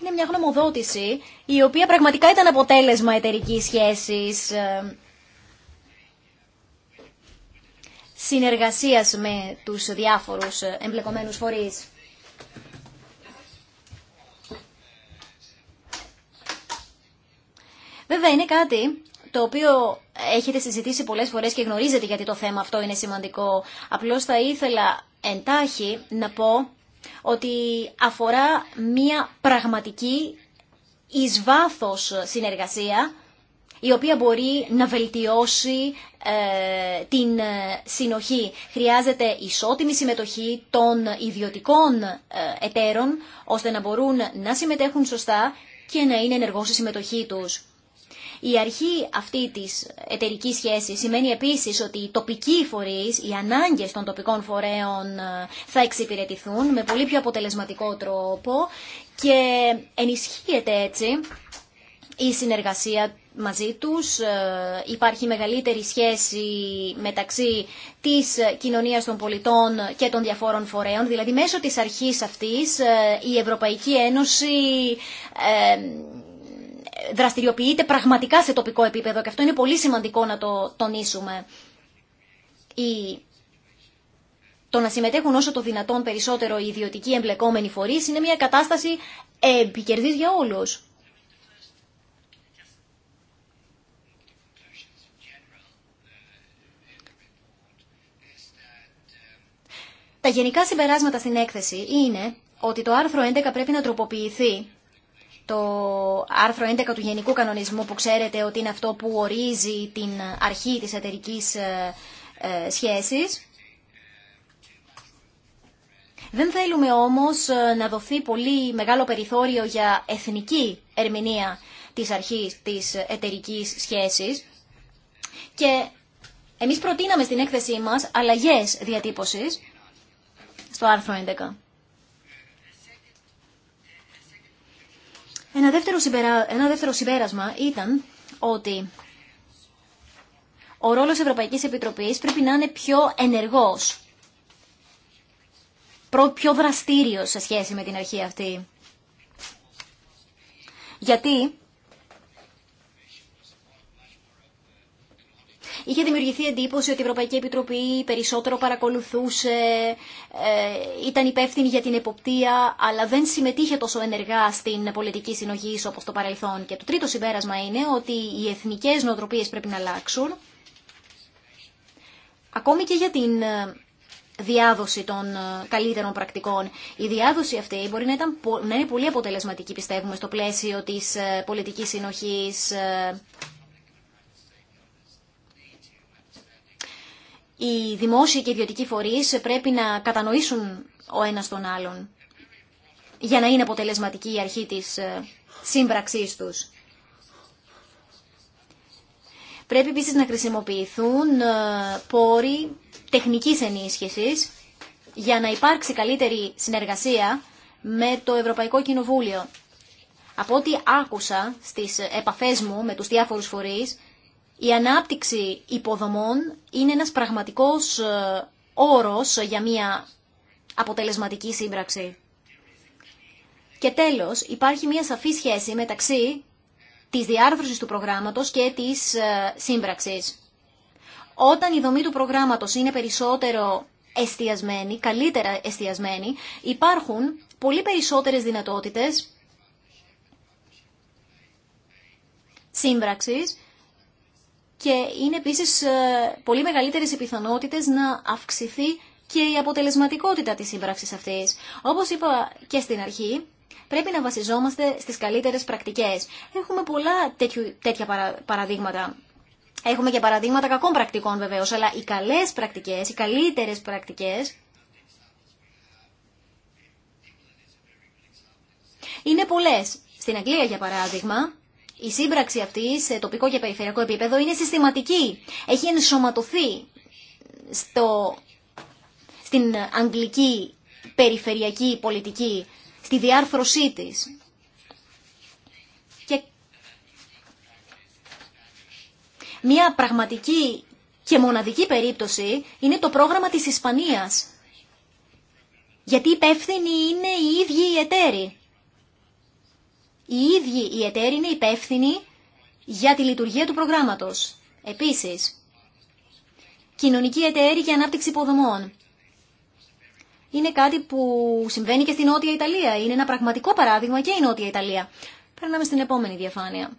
είναι μια γνωμοδότηση η οποία πραγματικά ήταν αποτέλεσμα εταιρική σχέση ε, συνεργασίας με τους διάφορους ε, εμπλεκομένους φορείς. Βέβαια είναι κάτι το οποίο έχετε συζητήσει πολλές φορές και γνωρίζετε γιατί το θέμα αυτό είναι σημαντικό. Απλώς θα ήθελα εντάχει να πω ότι αφορά μία πραγματική εις βάθος συνεργασία η οποία μπορεί να βελτιώσει ε, την ε, συνοχή. Χρειάζεται ισότιμη συμμετοχή των ιδιωτικών ε, εταίρων ώστε να μπορούν να συμμετέχουν σωστά και να είναι ενεργός η συμμετοχή τους. Η αρχή αυτή τη εταιρική σχέσης σημαίνει επίσης ότι οι τοπικοί φορείς, οι ανάγκες των τοπικών φορέων ε, θα εξυπηρετηθούν με πολύ πιο αποτελεσματικό τρόπο και ενισχύεται έτσι η συνεργασία μαζί τους, ε, υπάρχει μεγαλύτερη σχέση μεταξύ της κοινωνίας των πολιτών και των διαφόρων φορέων, δηλαδή μέσω της αρχής αυτής ε, η Ευρωπαϊκή Ένωση δραστηριοποιείται πραγματικά σε τοπικό επίπεδο και αυτό είναι πολύ σημαντικό να το τονίσουμε. Η... Το να συμμετέχουν όσο το δυνατόν περισσότερο οι ιδιωτικοί εμπλεκόμενοι φορείς είναι μια κατάσταση επικερδής για όλους. Τα γενικά συμπεράσματα στην έκθεση είναι ότι το άρθρο 11 πρέπει να τροποποιηθεί το άρθρο 11 του Γενικού Κανονισμού που ξέρετε ότι είναι αυτό που ορίζει την αρχή της εταιρικής ε, ε, σχέσης. Δεν θέλουμε όμως ε, να δοθεί πολύ μεγάλο περιθώριο για εθνική ερμηνεία της αρχής της εταιρικής σχέσης και εμείς προτείναμε στην έκθεσή μας αλλαγές διατύπωσης στο άρθρο 11. Ένα δεύτερο, Ένα δεύτερο συμπέρασμα ήταν ότι ο ρόλος Ευρωπαϊκής Επιτροπής πρέπει να είναι πιο ενεργός, πιο δραστήριος σε σχέση με την αρχή αυτή. Γιατί είχε δημιουργηθεί εντύπωση ότι η Ευρωπαϊκή Επιτροπή περισσότερο παρακολουθούσε, ε, ήταν υπεύθυνη για την εποπτεία, αλλά δεν συμμετείχε τόσο ενεργά στην πολιτική συνοχή όπω το παρελθόν. Και το τρίτο συμπέρασμα είναι ότι οι εθνικέ νοοτροπίε πρέπει να αλλάξουν, ακόμη και για την ε, διάδοση των ε, καλύτερων πρακτικών. Η διάδοση αυτή μπορεί να, ήταν, να είναι πολύ αποτελεσματική, πιστεύουμε, στο πλαίσιο της πολιτικής συνοχής οι δημόσιοι και ιδιωτικοί φορείς πρέπει να κατανοήσουν ο ένας τον άλλον για να είναι αποτελεσματική η αρχή της ε, σύμπραξής τους. Πρέπει επίσης να χρησιμοποιηθούν ε, πόροι τεχνικής ενίσχυσης για να υπάρξει καλύτερη συνεργασία με το Ευρωπαϊκό Κοινοβούλιο. Από ό,τι άκουσα στις επαφές μου με τους διάφορους φορείς, η ανάπτυξη υποδομών είναι ένας πραγματικός ε, όρος για μια αποτελεσματική σύμπραξη. Και τέλος, υπάρχει μια σαφή σχέση μεταξύ της διάρθρωσης του προγράμματος και της ε, σύμπραξης. Όταν η δομή του προγράμματος είναι περισσότερο εστιασμένη, καλύτερα εστιασμένη, υπάρχουν πολύ περισσότερες δυνατότητες σύμπραξης και είναι επίσης ε, πολύ μεγαλύτερες οι πιθανότητες να αυξηθεί και η αποτελεσματικότητα της σύμπραξης αυτής. Όπως είπα και στην αρχή, πρέπει να βασιζόμαστε στις καλύτερες πρακτικές. Έχουμε πολλά τέτοια παραδείγματα. Έχουμε και παραδείγματα κακών πρακτικών βεβαίως, αλλά οι καλές πρακτικές, οι καλύτερες πρακτικές είναι πολλές. Στην Αγγλία, για παράδειγμα, η σύμπραξη αυτή σε τοπικό και περιφερειακό επίπεδο είναι συστηματική. Έχει ενσωματωθεί στο, στην αγγλική περιφερειακή πολιτική, στη διάρθρωσή της. Και μια πραγματική και μοναδική περίπτωση είναι το πρόγραμμα της Ισπανίας. Γιατί υπεύθυνοι είναι οι ίδιοι οι εταίροι οι ίδιοι οι εταίροι είναι υπεύθυνοι για τη λειτουργία του προγράμματος. Επίσης, κοινωνική εταίροι για ανάπτυξη υποδομών. Είναι κάτι που συμβαίνει και στην Νότια Ιταλία. Είναι ένα πραγματικό παράδειγμα και η Νότια Ιταλία. Περνάμε στην επόμενη διαφάνεια.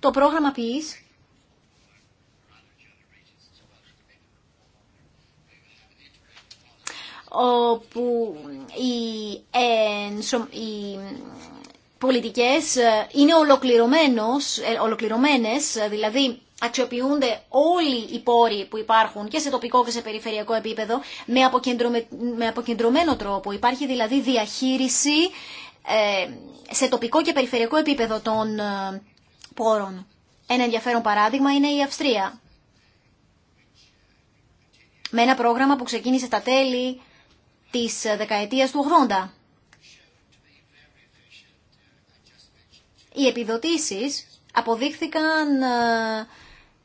Το πρόγραμμα ποιής όπου οι, ε, οι πολιτικές ε, είναι ολοκληρωμένος, ε, ολοκληρωμένες, δηλαδή αξιοποιούνται όλοι οι πόροι που υπάρχουν και σε τοπικό και σε περιφερειακό επίπεδο με, αποκεντρωμε... με αποκεντρωμένο τρόπο. Υπάρχει δηλαδή διαχείριση σε τοπικό και περιφερειακό επίπεδο των πόρων. Ένα ενδιαφέρον παράδειγμα είναι η Αυστρία. Με ένα πρόγραμμα που ξεκίνησε στα τέλη της ε, δεκαετίας του 80. Οι επιδοτήσεις αποδείχθηκαν ε,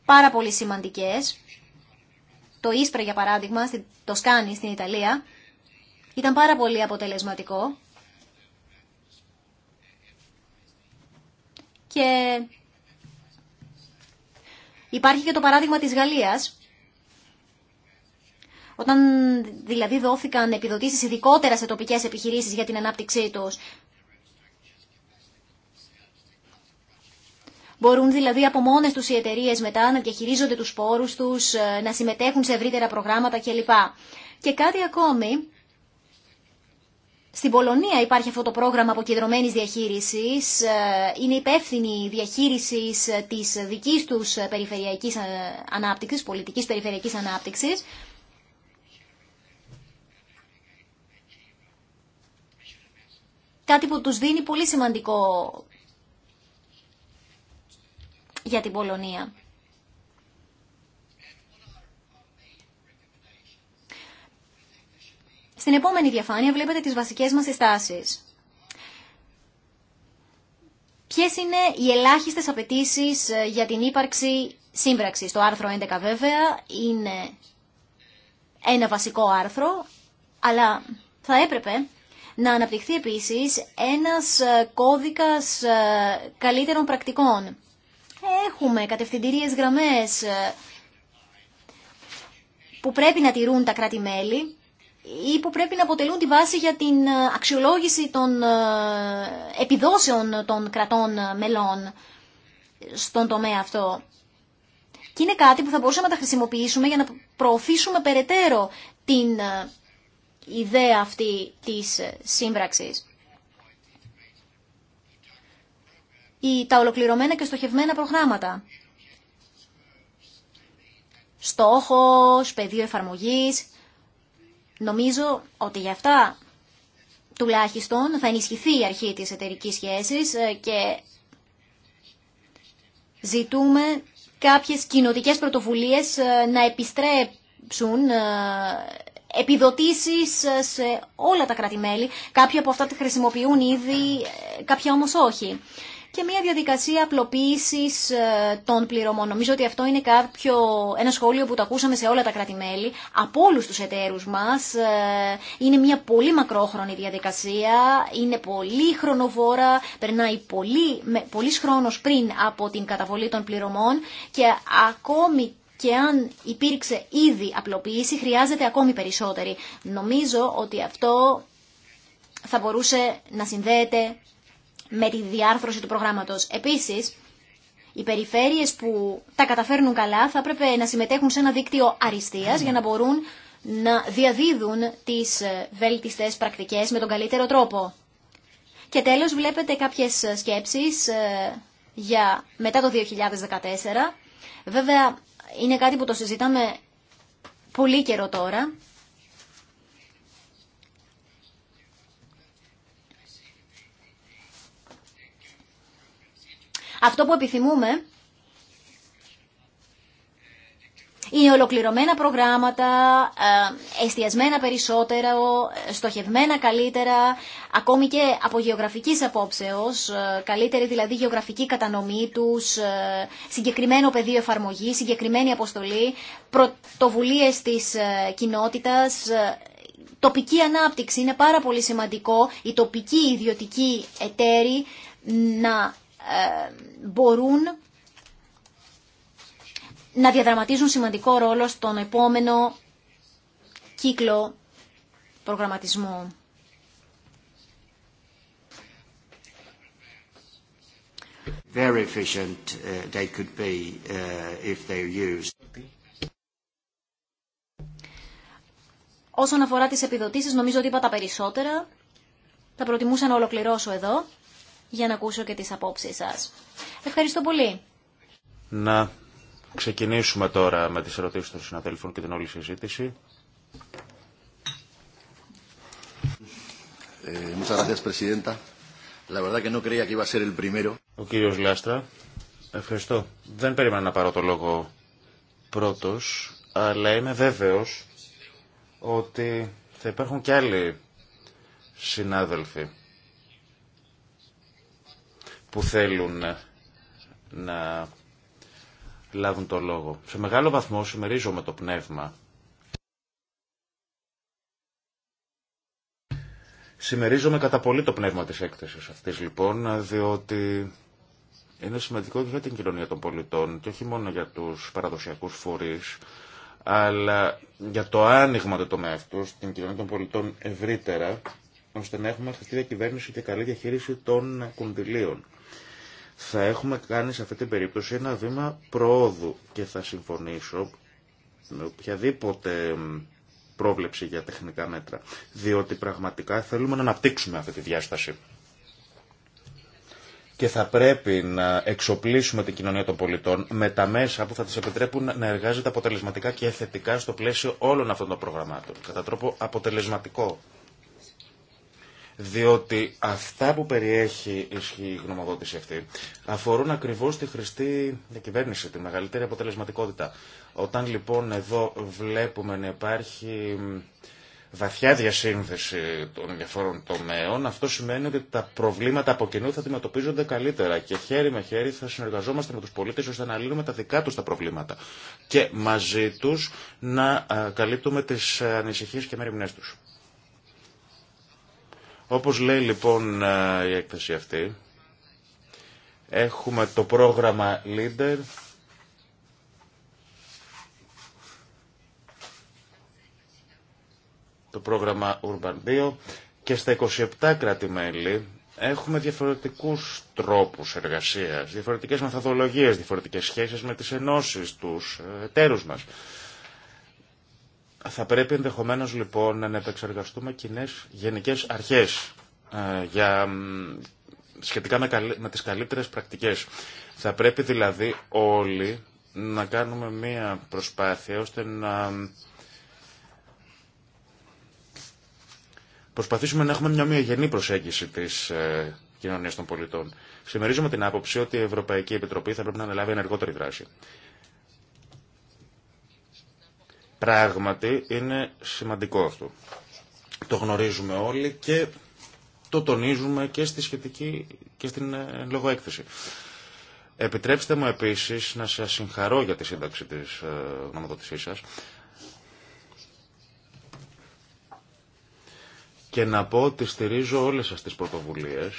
πάρα πολύ σημαντικές. Το Ίσπρα, για παράδειγμα, το Σκάνι στην Ιταλία, ήταν πάρα πολύ αποτελεσματικό. Και υπάρχει και το παράδειγμα της Γαλλίας, όταν δηλαδή δόθηκαν επιδοτήσεις ειδικότερα σε τοπικές επιχειρήσεις για την ανάπτυξή τους. Μπορούν δηλαδή από μόνε του οι εταιρείε μετά να διαχειρίζονται του πόρου του, ε, να συμμετέχουν σε ευρύτερα προγράμματα κλπ. Και κάτι ακόμη. Στην Πολωνία υπάρχει αυτό το πρόγραμμα αποκεντρωμένη διαχείριση. Ε, είναι υπεύθυνη διαχείριση τη δική του περιφερειακή ε, ανάπτυξη, πολιτική περιφερειακή ανάπτυξη. Κάτι που τους δίνει πολύ σημαντικό για την Πολωνία. Στην επόμενη διαφάνεια βλέπετε τις βασικές μας συστάσεις. Ποιες είναι οι ελάχιστες απαιτήσει ε, για την ύπαρξη σύμπραξης. Το άρθρο 11 βέβαια είναι ένα βασικό άρθρο, αλλά θα έπρεπε να αναπτυχθεί επίσης ένας ε, κώδικας ε, καλύτερων πρακτικών. Έχουμε κατευθυντηρίες γραμμές ε, που πρέπει να τηρούν τα κράτη-μέλη ή που πρέπει να αποτελούν τη βάση για την αξιολόγηση των επιδόσεων των κρατών μελών στον τομέα αυτό. Και είναι κάτι που θα μπορούσαμε να τα χρησιμοποιήσουμε για να προωθήσουμε περαιτέρω την ιδέα αυτή της σύμπραξης. Ή τα ολοκληρωμένα και στοχευμένα προγράμματα. Στόχος, πεδίο εφαρμογής. Νομίζω ότι για αυτά τουλάχιστον θα ενισχυθεί η αρχή της εταιρικής σχέσης ε, και ζητούμε κάποιες κοινοτικές πρωτοβουλίες ε, να επιστρέψουν ε, επιδοτήσεις ε, σε όλα τα κράτη-μέλη. Κάποια από αυτά τη χρησιμοποιούν ήδη, ε, κάποια όμως όχι. Και μια διαδικασία απλοποίησης ε, των πληρωμών. Νομίζω ότι αυτό είναι κάποιο, ένα σχόλιο που το ακούσαμε σε όλα τα κράτη-μέλη, από όλους τους εταίρους μας. Είναι μια πολύ μακρόχρονη διαδικασία, είναι πολύ χρονοβόρα, περνάει πολύ, χρόνο πολύς χρόνος πριν από την καταβολή των πληρωμών και ακόμη και αν υπήρξε ήδη απλοποίηση χρειάζεται ακόμη περισσότερη. Νομίζω ότι αυτό θα μπορούσε να συνδέεται με τη διάρθρωση του προγράμματος. Επίσης, οι περιφέρειες που τα καταφέρνουν καλά θα έπρεπε να συμμετέχουν σε ένα δίκτυο αριστείας για να μπορούν να διαδίδουν τις ε, βέλτιστες πρακτικές με τον καλύτερο τρόπο. Και τέλος βλέπετε κάποιες σκέψεις ε, για μετά το 2014. Βέβαια είναι κάτι που το συζητάμε πολύ καιρό τώρα. Αυτό που επιθυμούμε Είναι ολοκληρωμένα προγράμματα, ε, εστιασμένα περισσότερο, στοχευμένα καλύτερα, ακόμη και από γεωγραφικής απόψεως, ε, καλύτερη δηλαδή γεωγραφική κατανομή τους, ε, συγκεκριμένο πεδίο εφαρμογή, συγκεκριμένη αποστολή, πρωτοβουλίες της κοινότητας, τοπική ανάπτυξη. Είναι πάρα πολύ σημαντικό οι τοπική ιδιωτικοί εταίροι να μπορούν να διαδραματίζουν σημαντικό ρόλο στον επόμενο κύκλο προγραμματισμού. Very efficient uh, they could be uh, if they used. Όσον αφορά τις επιδοτήσεις, νομίζω ότι είπα τα περισσότερα. Θα προτιμούσα να ολοκληρώσω εδώ για να ακούσω και τις απόψεις σας. Ευχαριστώ πολύ. Να Ξεκινήσουμε τώρα με τις ερωτήσεις των συναδέλφων και την όλη συζήτηση. Ο κύριος Λάστρα, ευχαριστώ. Δεν περίμενα να πάρω το λόγο πρώτος, αλλά είμαι βέβαιος ότι θα υπάρχουν και άλλοι συνάδελφοι που θέλουν να λάβουν το λόγο. Σε μεγάλο βαθμό συμμερίζομαι το πνεύμα. Συμμερίζομαι κατά πολύ το πνεύμα της έκθεσης αυτής λοιπόν, διότι είναι σημαντικό για την κοινωνία των πολιτών και όχι μόνο για τους παραδοσιακούς φορείς, αλλά για το άνοιγμα του τομέα αυτού στην κοινωνία των πολιτών ευρύτερα, ώστε να έχουμε αυτή τη διακυβέρνηση και καλή διαχείριση των κονδυλίων θα έχουμε κάνει σε αυτή την περίπτωση ένα βήμα προόδου και θα συμφωνήσω με οποιαδήποτε πρόβλεψη για τεχνικά μέτρα, διότι πραγματικά θέλουμε να αναπτύξουμε αυτή τη διάσταση. Και θα πρέπει να εξοπλίσουμε την κοινωνία των πολιτών με τα μέσα που θα τις επιτρέπουν να εργάζεται αποτελεσματικά και θετικά στο πλαίσιο όλων αυτών των προγραμμάτων, κατά τρόπο αποτελεσματικό διότι αυτά που περιέχει η γνωμοδότηση αυτή αφορούν ακριβώς τη χρηστή διακυβέρνηση, τη μεγαλύτερη αποτελεσματικότητα. Όταν λοιπόν εδώ βλέπουμε να υπάρχει βαθιά διασύνδεση των διαφόρων τομέων, αυτό σημαίνει ότι τα προβλήματα από κοινού θα αντιμετωπίζονται καλύτερα και χέρι με χέρι θα συνεργαζόμαστε με τους πολίτες ώστε να λύνουμε τα δικά τους τα προβλήματα και μαζί τους να καλύπτουμε τις ε, ανησυχίες και μεριμνές τους. Όπως λέει λοιπόν ε, η έκθεση αυτή, έχουμε το πρόγραμμα Leader, το πρόγραμμα Urban 2 και στα 27 κράτη-μέλη έχουμε διαφορετικούς τρόπους εργασίας, διαφορετικές μεθοδολογίες, διαφορετικές σχέσεις με τις ενώσεις τους ε, εταίρους μας. Θα πρέπει ενδεχομένως λοιπόν να επεξεργαστούμε κοινέ γενικές αρχές ε, για, σχετικά με, με τις καλύτερες πρακτικές. Θα πρέπει δηλαδή όλοι να κάνουμε μία προσπάθεια ώστε να προσπαθήσουμε να έχουμε μια ομοιογενή προσέγγιση της ε, κοινωνίας των πολιτών. σημεριζουμε την άποψη ότι η Ευρωπαϊκή Επιτροπή θα πρέπει να αναλάβει ενεργότερη δράση. Πράγματι είναι σημαντικό αυτό. Το γνωρίζουμε όλοι και το τονίζουμε και στη σχετική και στην ε, λογοέκθεση. Επιτρέψτε μου επίσης να σας συγχαρώ για τη σύνταξη της ε, γνωμοδότησής σας και να πω ότι στηρίζω όλες σας τις πρωτοβουλίες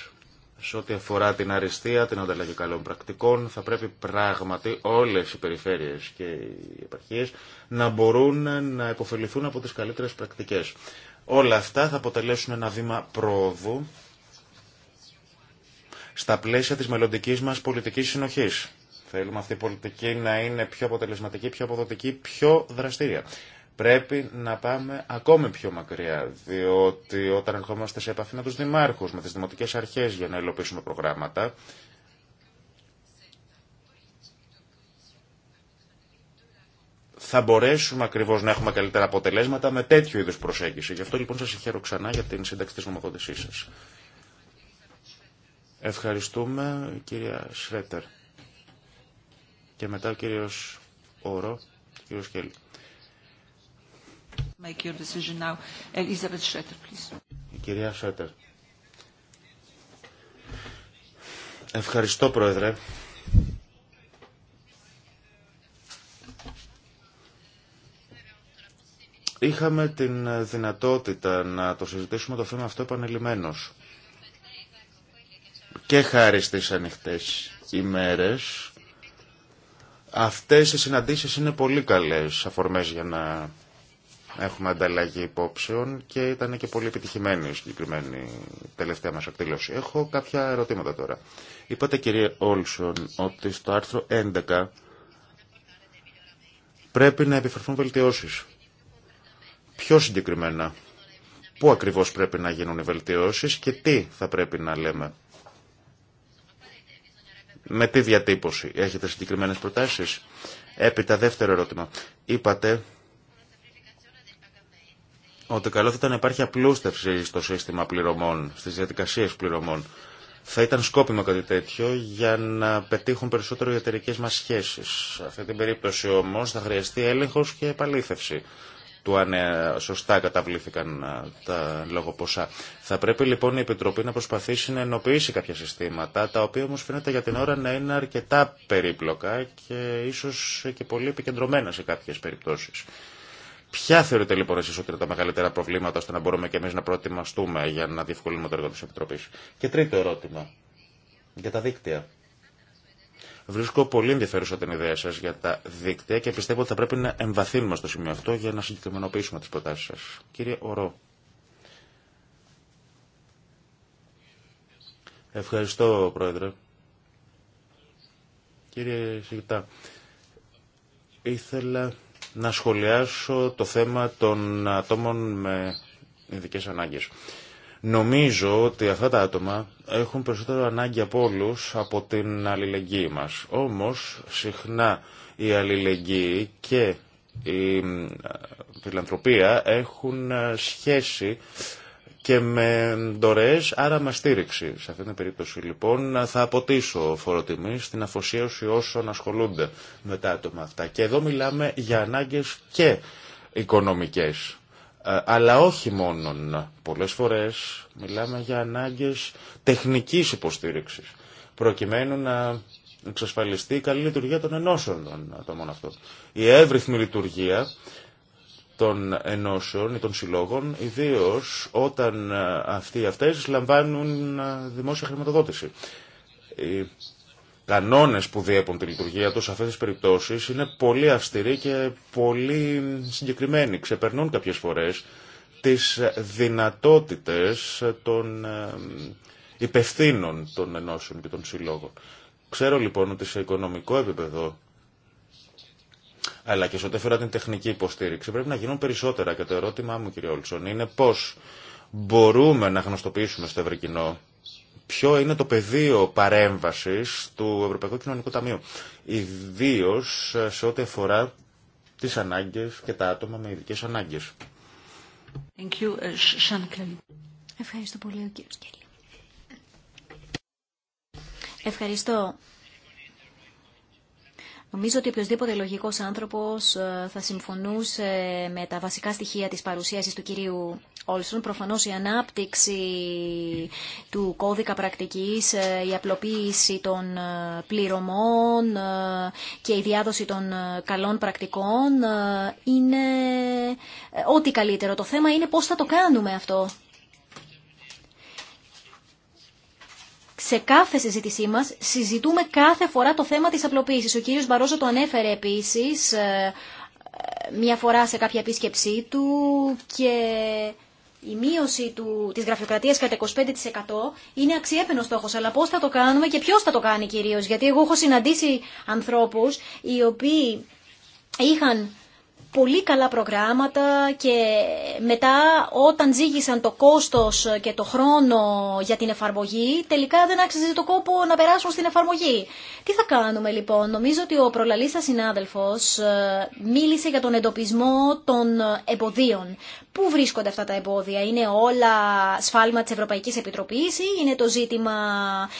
σε ό,τι αφορά την αριστεία, την ανταλλαγή καλών πρακτικών, θα πρέπει πράγματι όλες οι περιφέρειες και οι επαρχίες να μπορούν να υποφεληθούν από τις καλύτερες πρακτικές. Όλα αυτά θα αποτελέσουν ένα βήμα πρόοδου στα πλαίσια της μελλοντική μας πολιτικής συνοχής. Θέλουμε αυτή η πολιτική να είναι πιο αποτελεσματική, πιο αποδοτική, πιο δραστήρια. Πρέπει να πάμε ακόμη πιο μακριά, διότι όταν ερχόμαστε σε επαφή με τους δημάρχους, με τις δημοτικές αρχές για να υλοποιήσουμε προγράμματα, θα μπορέσουμε ακριβώς να έχουμε καλύτερα αποτελέσματα με τέτοιου είδους προσέγγιση. Γι' αυτό λοιπόν σας ευχαριστώ ξανά για την σύνταξη της σας. Ευχαριστούμε κυρία Σρέτερ. Και μετά ο κύριος Όρο, κύριος Κέλλη κυρία Ευχαριστώ, Πρόεδρε. Είχαμε την δυνατότητα να το συζητήσουμε το θέμα αυτό επανελειμμένως. Και χάρη στις ανοιχτές ημέρες, αυτές οι συναντήσεις είναι πολύ καλές αφορμές για να έχουμε ανταλλαγή υπόψεων και ήταν και πολύ επιτυχημένη η συγκεκριμένη τελευταία μας εκδήλωση. Έχω κάποια ερωτήματα τώρα. Είπατε κύριε Όλσον ότι στο άρθρο 11 πρέπει να επιφερθούν βελτιώσεις. Πιο συγκεκριμένα, πού ακριβώς πρέπει να γίνουν οι βελτιώσεις και τι θα πρέπει να λέμε. Με τι διατύπωση. Έχετε συγκεκριμένες προτάσεις. Έπειτα δεύτερο ερώτημα. Είπατε ότι καλό θα ήταν να υπάρχει απλούστευση στο σύστημα πληρωμών, στι διαδικασίε πληρωμών. Θα ήταν σκόπιμο κάτι τέτοιο για να πετύχουν περισσότερο οι εταιρικέ μα σχέσει. Σε αυτή την περίπτωση όμω θα χρειαστεί έλεγχο και επαλήθευση του αν ε, σωστά καταβλήθηκαν ε, τα λόγω ποσά. Θα πρέπει λοιπόν η Επιτροπή να προσπαθήσει να ενοποιήσει κάποια συστήματα, τα οποία όμω φαίνεται για την ώρα να είναι αρκετά περίπλοκα και ίσω και πολύ επικεντρωμένα σε κάποιε περιπτώσει. Ποια θεωρείτε λοιπόν εσεί ότι είναι τα μεγαλύτερα προβλήματα ώστε να μπορούμε και εμεί να προετοιμαστούμε για να διευκολύνουμε το έργο τη Επιτροπή. Και τρίτο ερώτημα. Για τα δίκτυα. Βρίσκω πολύ ενδιαφέρουσα την ιδέα σα για τα δίκτυα και πιστεύω ότι θα πρέπει να εμβαθύνουμε στο σημείο αυτό για να συγκεκριμενοποιήσουμε τι προτάσει σα. Κύριε Ορό. Ευχαριστώ, Πρόεδρε. Κύριε Σιγητά, ήθελα να σχολιάσω το θέμα των ατόμων με ειδικέ ανάγκες. Νομίζω ότι αυτά τα άτομα έχουν περισσότερο ανάγκη από όλου από την αλληλεγγύη μας. Όμως, συχνά η αλληλεγγύη και η φιλανθρωπία έχουν σχέση και με ντορές, άρα με στήριξη. Σε αυτήν την περίπτωση λοιπόν θα αποτίσω φοροτιμή στην αφοσίωση όσων ασχολούνται με τα άτομα αυτά. Και εδώ μιλάμε για ανάγκες και οικονομικές, ε, αλλά όχι μόνον. Πολλές φορές μιλάμε για ανάγκες τεχνικής υποστήριξης, προκειμένου να εξασφαλιστεί η καλή λειτουργία των ενώσεων των ατόμων αυτών. Η εύρυθμη λειτουργία των ενώσεων ή των συλλόγων, ιδίω όταν ε, αυτοί οι αυτές λαμβάνουν ε, δημόσια χρηματοδότηση. Οι κανόνε που διέπουν τη λειτουργία του σε αυτέ τι περιπτώσει είναι πολύ αυστηροί και πολύ συγκεκριμένοι. Ξεπερνούν κάποιες φορές τις δυνατότητες των ε, υπευθύνων των ενώσεων και των συλλόγων. Ξέρω λοιπόν ότι σε οικονομικό επίπεδο αλλά και σε ό,τι αφορά την τεχνική υποστήριξη πρέπει να γίνουν περισσότερα. Και το ερώτημά μου, κύριε Όλσον, είναι πώ μπορούμε να γνωστοποιήσουμε στο ευρύ κοινό ποιο είναι το πεδίο παρέμβαση του Ευρωπαϊκού Κοινωνικού Ταμείου. Ιδίω σε ό,τι αφορά τι ανάγκε και τα άτομα με ειδικέ ανάγκε. Ε, Ευχαριστώ πολύ, ο κύριος Κέλλη. Ευχαριστώ. Νομίζω ότι οποιοδήποτε λογικός άνθρωπος ε, θα συμφωνούσε με τα βασικά στοιχεία της παρουσίαση του κυρίου Όλσον. Προφανώ η ανάπτυξη του κώδικα πρακτικής, ε, η απλοποίηση των ε, πληρωμών και η διάδοση των καλών πρακτικών είναι ό,τι καλύτερο. Το θέμα είναι πώς θα το κάνουμε αυτό. σε κάθε συζήτησή μας συζητούμε κάθε φορά το θέμα της απλοποίησης. Ο κύριος Μπαρόζο το ανέφερε επίσης ε, ε, μια φορά σε κάποια επίσκεψή του και η μείωση του, της γραφειοκρατίας κατά 25% είναι αξιέπαινο στόχος. Αλλά πώς θα το κάνουμε και ποιος θα το κάνει κυρίως. Γιατί εγώ έχω συναντήσει ανθρώπους οι οποίοι είχαν πολύ καλά προγράμματα και μετά όταν ζήγησαν το κόστος και το χρόνο για την εφαρμογή, τελικά δεν άξιζε το κόπο να περάσουν στην εφαρμογή. Τι θα κάνουμε λοιπόν, νομίζω ότι ο προλαλήστας συνάδελφος ε, μίλησε για τον εντοπισμό των εμποδίων. Πού βρίσκονται αυτά τα εμπόδια, είναι όλα σφάλμα της Ευρωπαϊκής Επιτροπής ή είναι το ζήτημα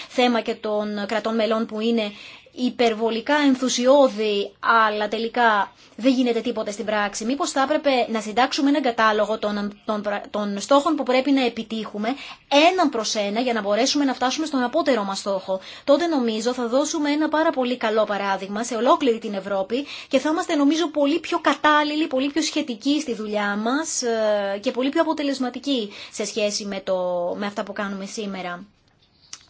θέμα και των κρατών μελών που είναι υπερβολικά ενθουσιώδη, αλλά τελικά δεν γίνεται τίποτα στην πράξη. Μήπως θα έπρεπε να συντάξουμε έναν κατάλογο των, των, των στόχων που πρέπει να επιτύχουμε, έναν προς ένα, για να μπορέσουμε να φτάσουμε στον απότερό μας στόχο. Τότε νομίζω θα δώσουμε ένα πάρα πολύ καλό παράδειγμα σε ολόκληρη την Ευρώπη και θα είμαστε νομίζω πολύ πιο κατάλληλοι, πολύ πιο σχετικοί στη δουλειά μας ε, και πολύ πιο αποτελεσματικοί σε σχέση με, το, με αυτά που κάνουμε σήμερα.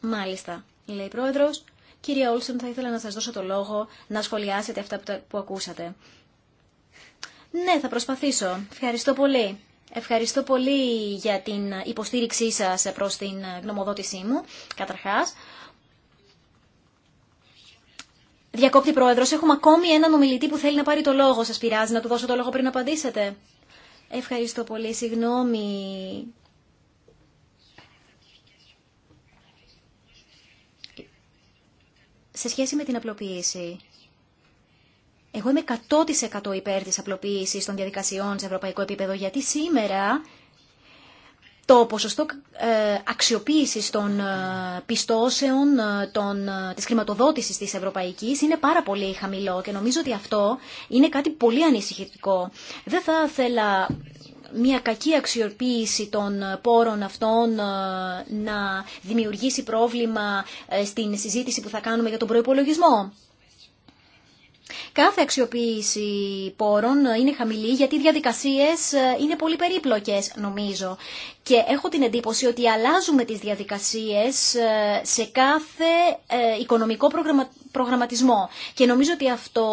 Μάλιστα, λέει η Πρόεδρος. Κύριε Όλσον, θα ήθελα να σας δώσω το λόγο να σχολιάσετε αυτά που ακούσατε. Ναι, θα προσπαθήσω. Ευχαριστώ πολύ. Ευχαριστώ πολύ για την υποστήριξή σας προς την γνωμοδότησή μου, καταρχάς. Διακόπτη Πρόεδρος, έχουμε ακόμη έναν ομιλητή που θέλει να πάρει το λόγο. Σας πειράζει να του δώσω το λόγο πριν απαντήσετε. Ευχαριστώ πολύ. Συγγνώμη σε σχέση με την απλοποίηση. Εγώ είμαι 100% υπέρ της απλοποίησης των διαδικασιών σε ευρωπαϊκό επίπεδο, γιατί σήμερα το ποσοστό ε, αξιοποίησης των ε, πιστώσεων, ε, των, της χρηματοδότησης της Ευρωπαϊκής είναι πάρα πολύ χαμηλό και νομίζω ότι αυτό είναι κάτι πολύ ανησυχητικό. Δεν θα ήθελα μια κακή αξιοποίηση των πόρων αυτών ε, να δημιουργήσει πρόβλημα ε, στην συζήτηση που θα κάνουμε για τον προϋπολογισμό. Κάθε αξιοποίηση πόρων είναι χαμηλή γιατί οι διαδικασίες ε, είναι πολύ περίπλοκες νομίζω και έχω την εντύπωση ότι αλλάζουμε τις διαδικασίες σε κάθε οικονομικό προγραμματισμό και νομίζω ότι αυτό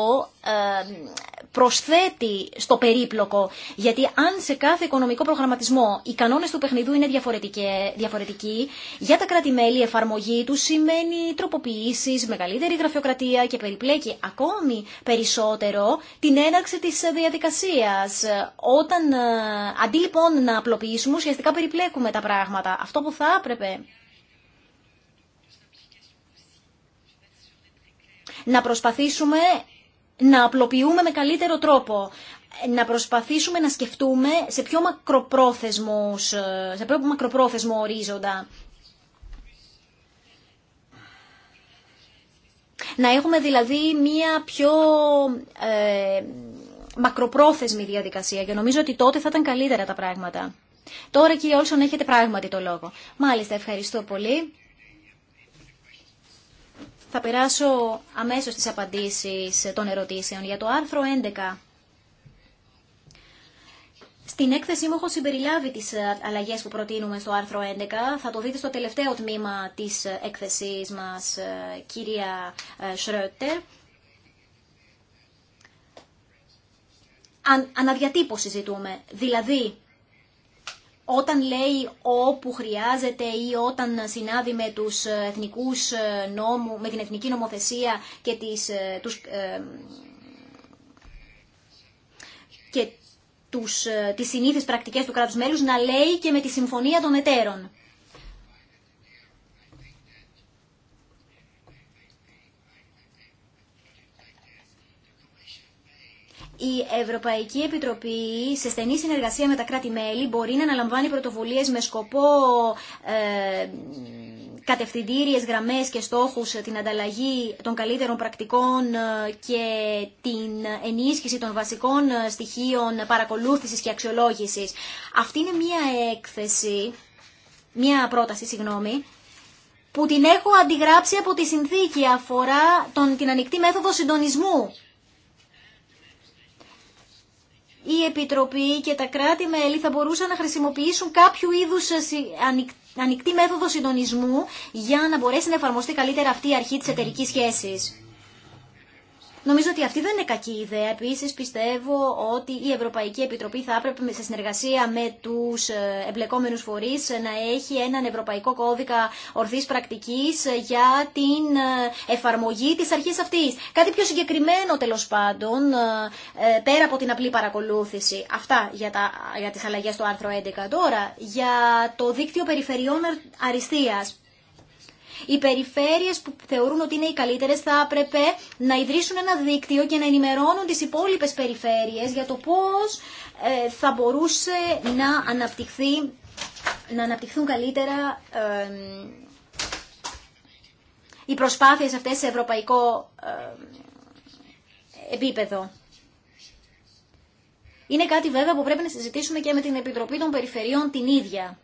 προσθέτει στο περίπλοκο. Γιατί αν σε κάθε οικονομικό προγραμματισμό οι κανόνε του παιχνιδού είναι διαφορετικοί, για τα κράτη-μέλη η εφαρμογή του σημαίνει τροποποιήσει, μεγαλύτερη γραφειοκρατία και περιπλέκει ακόμη περισσότερο την έναρξη τη διαδικασία. Όταν ε, αντί λοιπόν να απλοποιήσουμε, ουσιαστικά περιπλέκουμε τα πράγματα. Αυτό που θα έπρεπε να προσπαθήσουμε να απλοποιούμε με καλύτερο τρόπο να προσπαθήσουμε να σκεφτούμε σε πιο μακροπρόθεσμους, ε, σε πιο μακροπρόθεσμο ορίζοντα. Να έχουμε δηλαδή μία πιο ε, μακροπρόθεσμη διαδικασία και νομίζω ότι τότε θα ήταν καλύτερα τα πράγματα. Τώρα κύριε Όλσον έχετε πράγματι το λόγο. Μάλιστα ευχαριστώ πολύ. Θα περάσω αμέσως στις απαντήσεις των ερωτήσεων. Για το άρθρο 11 στην έκθεσή μου έχω συμπεριλάβει τις αλλαγές που προτείνουμε στο άρθρο 11. Θα το δείτε στο τελευταίο τμήμα της έκθεσής μας, ε, κυρία Σρότερ. Αν, αναδιατύπωση ζητούμε. Δηλαδή, όταν λέει όπου χρειάζεται ή όταν συνάδει με, τους ε, εθνικούς ε, νόμου, με την εθνική νομοθεσία και τις, ε, τους, και τους, τις συνήθεις πρακτικές του κράτους μέλους να λέει και με τη συμφωνία των εταίρων. η Ευρωπαϊκή Επιτροπή σε στενή συνεργασία με τα κράτη-μέλη μπορεί να αναλαμβάνει πρωτοβουλίες με σκοπό ε, κατευθυντήριες γραμμές και στόχους ε, την ανταλλαγή των καλύτερων πρακτικών ε, και την ενίσχυση των βασικών ε, στοιχείων παρακολούθησης και αξιολόγησης. Αυτή είναι μία έκθεση, μία πρόταση, συγγνώμη, που την έχω αντιγράψει από τη συνθήκη αφορά τον, την ανοιχτή μέθοδο συντονισμού η Επιτροπή και τα κράτη-μέλη θα μπορούσαν να χρησιμοποιήσουν κάποιο είδους ε, ανοιχτή μέθοδο συντονισμού για να μπορέσει να εφαρμοστεί καλύτερα αυτή η αρχή της εταιρικής σχέσης. Νομίζω ότι αυτή δεν είναι κακή ιδέα. Επίση, πιστεύω ότι η Ευρωπαϊκή Επιτροπή θα έπρεπε σε συνεργασία με του ε, εμπλεκόμενου φορεί να έχει έναν Ευρωπαϊκό Κώδικα Ορθή Πρακτική για την ε, εφαρμογή τη αρχή αυτή. Κάτι πιο συγκεκριμένο, τέλο πάντων, ε, πέρα από την απλή παρακολούθηση. Αυτά για, τα, για τι αλλαγέ στο άρθρο 11. Τώρα, για το δίκτυο περιφερειών αριστεία. Οι περιφέρειες που θεωρούν ότι είναι οι καλύτερες θα έπρεπε να ιδρύσουν ένα δίκτυο και να ενημερώνουν τις υπόλοιπες περιφέρειες για το πώς ε, θα μπορούσε να, αναπτυχθεί, να αναπτυχθούν καλύτερα οι προσπάθειες αυτές σε ευρωπαϊκό επίπεδο. Είναι κάτι βέβαια που πρέπει να συζητήσουμε και με την Επιτροπή των Περιφερειών την ίδια.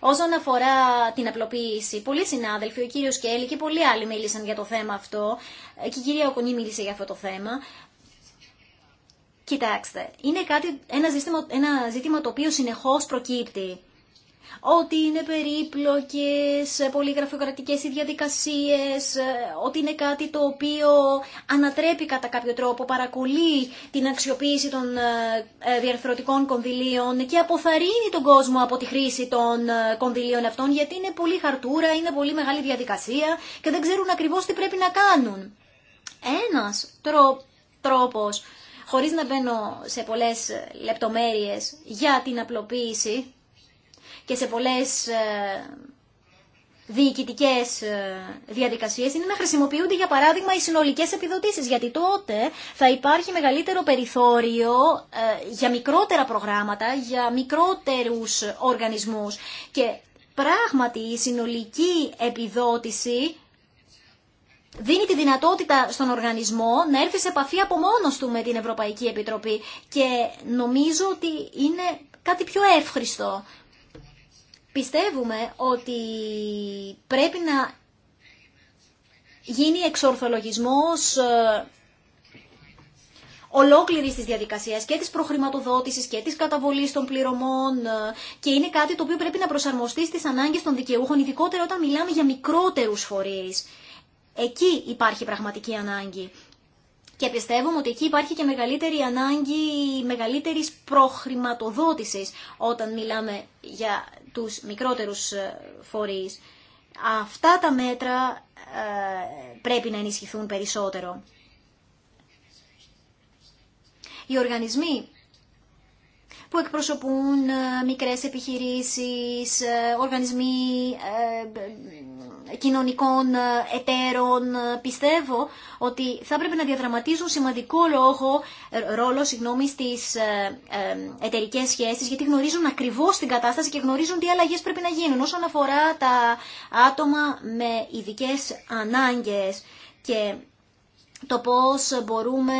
Όσον αφορά την απλοποίηση, πολλοί συνάδελφοι, ο κύριος Κέλλη και πολλοί άλλοι μίλησαν για το θέμα αυτό ε, και η κυρία Οκονή μίλησε για αυτό το θέμα. Κοιτάξτε, είναι κάτι, ένα, ζήτημα, ένα ζήτημα το οποίο συνεχώς προκύπτει ότι είναι περίπλοκες, πολύ γραφειοκρατικές οι διαδικασίες, ε, ότι είναι κάτι το οποίο ανατρέπει κατά κάποιο τρόπο, παρακολεί την αξιοποίηση των ε, ε, διαρθρωτικών κονδυλίων και αποθαρρύνει τον κόσμο από τη χρήση των κονδυλίων αυτών, γιατί είναι πολύ χαρτούρα, είναι πολύ μεγάλη διαδικασία και δεν ξέρουν ακριβώς τι πρέπει να κάνουν. Ένας τρο, τρόπος, χωρίς να μπαίνω σε πολλές λεπτομέρειες για την απλοποίηση, και σε πολλές ε, διοικητικέ ε, διαδικασίε είναι να χρησιμοποιούνται για παράδειγμα οι συνολικέ επιδοτήσει. Γιατί τότε θα υπάρχει μεγαλύτερο περιθώριο ε, για μικρότερα προγράμματα, για μικρότερους οργανισμούς Και πράγματι η συνολική επιδότηση δίνει τη δυνατότητα στον οργανισμό να έρθει σε επαφή από μόνος του με την Ευρωπαϊκή Επιτροπή και νομίζω ότι είναι κάτι πιο εύχριστο Πιστεύουμε ότι πρέπει να γίνει εξορθολογισμός ε, ολόκληρη τη διαδικασία και τη προχρηματοδότηση και τη καταβολή των πληρωμών. Ε, και είναι κάτι το οποίο πρέπει να προσαρμοστεί στι ανάγκε των δικαιούχων, ειδικότερα όταν μιλάμε για μικρότερου φορεί. Εκεί υπάρχει πραγματική ανάγκη και πιστεύουμε ότι εκεί υπάρχει και μεγαλύτερη ανάγκη μεγαλύτερης προχρηματοδότησης όταν μιλάμε για τους μικρότερους ε, φορείς. Αυτά τα μέτρα ε, πρέπει να ενισχυθούν περισσότερο. Οι οργανισμοί που εκπροσωπούν ε, μικρές επιχειρήσεις, οργανισμοί κοινωνικών ε, εταίρων. Ε, πιστεύω ότι θα έπρεπε να διαδραματίζουν σημαντικό λόγο, ε, ρόλο συγγνώμη, στις εταιρικές σχέσεις, γιατί γνωρίζουν ακριβώς την κατάσταση και γνωρίζουν τι αλλαγές πρέπει να γίνουν όσον αφορά τα άτομα με ειδικέ ανάγκες και το πώς μπορούμε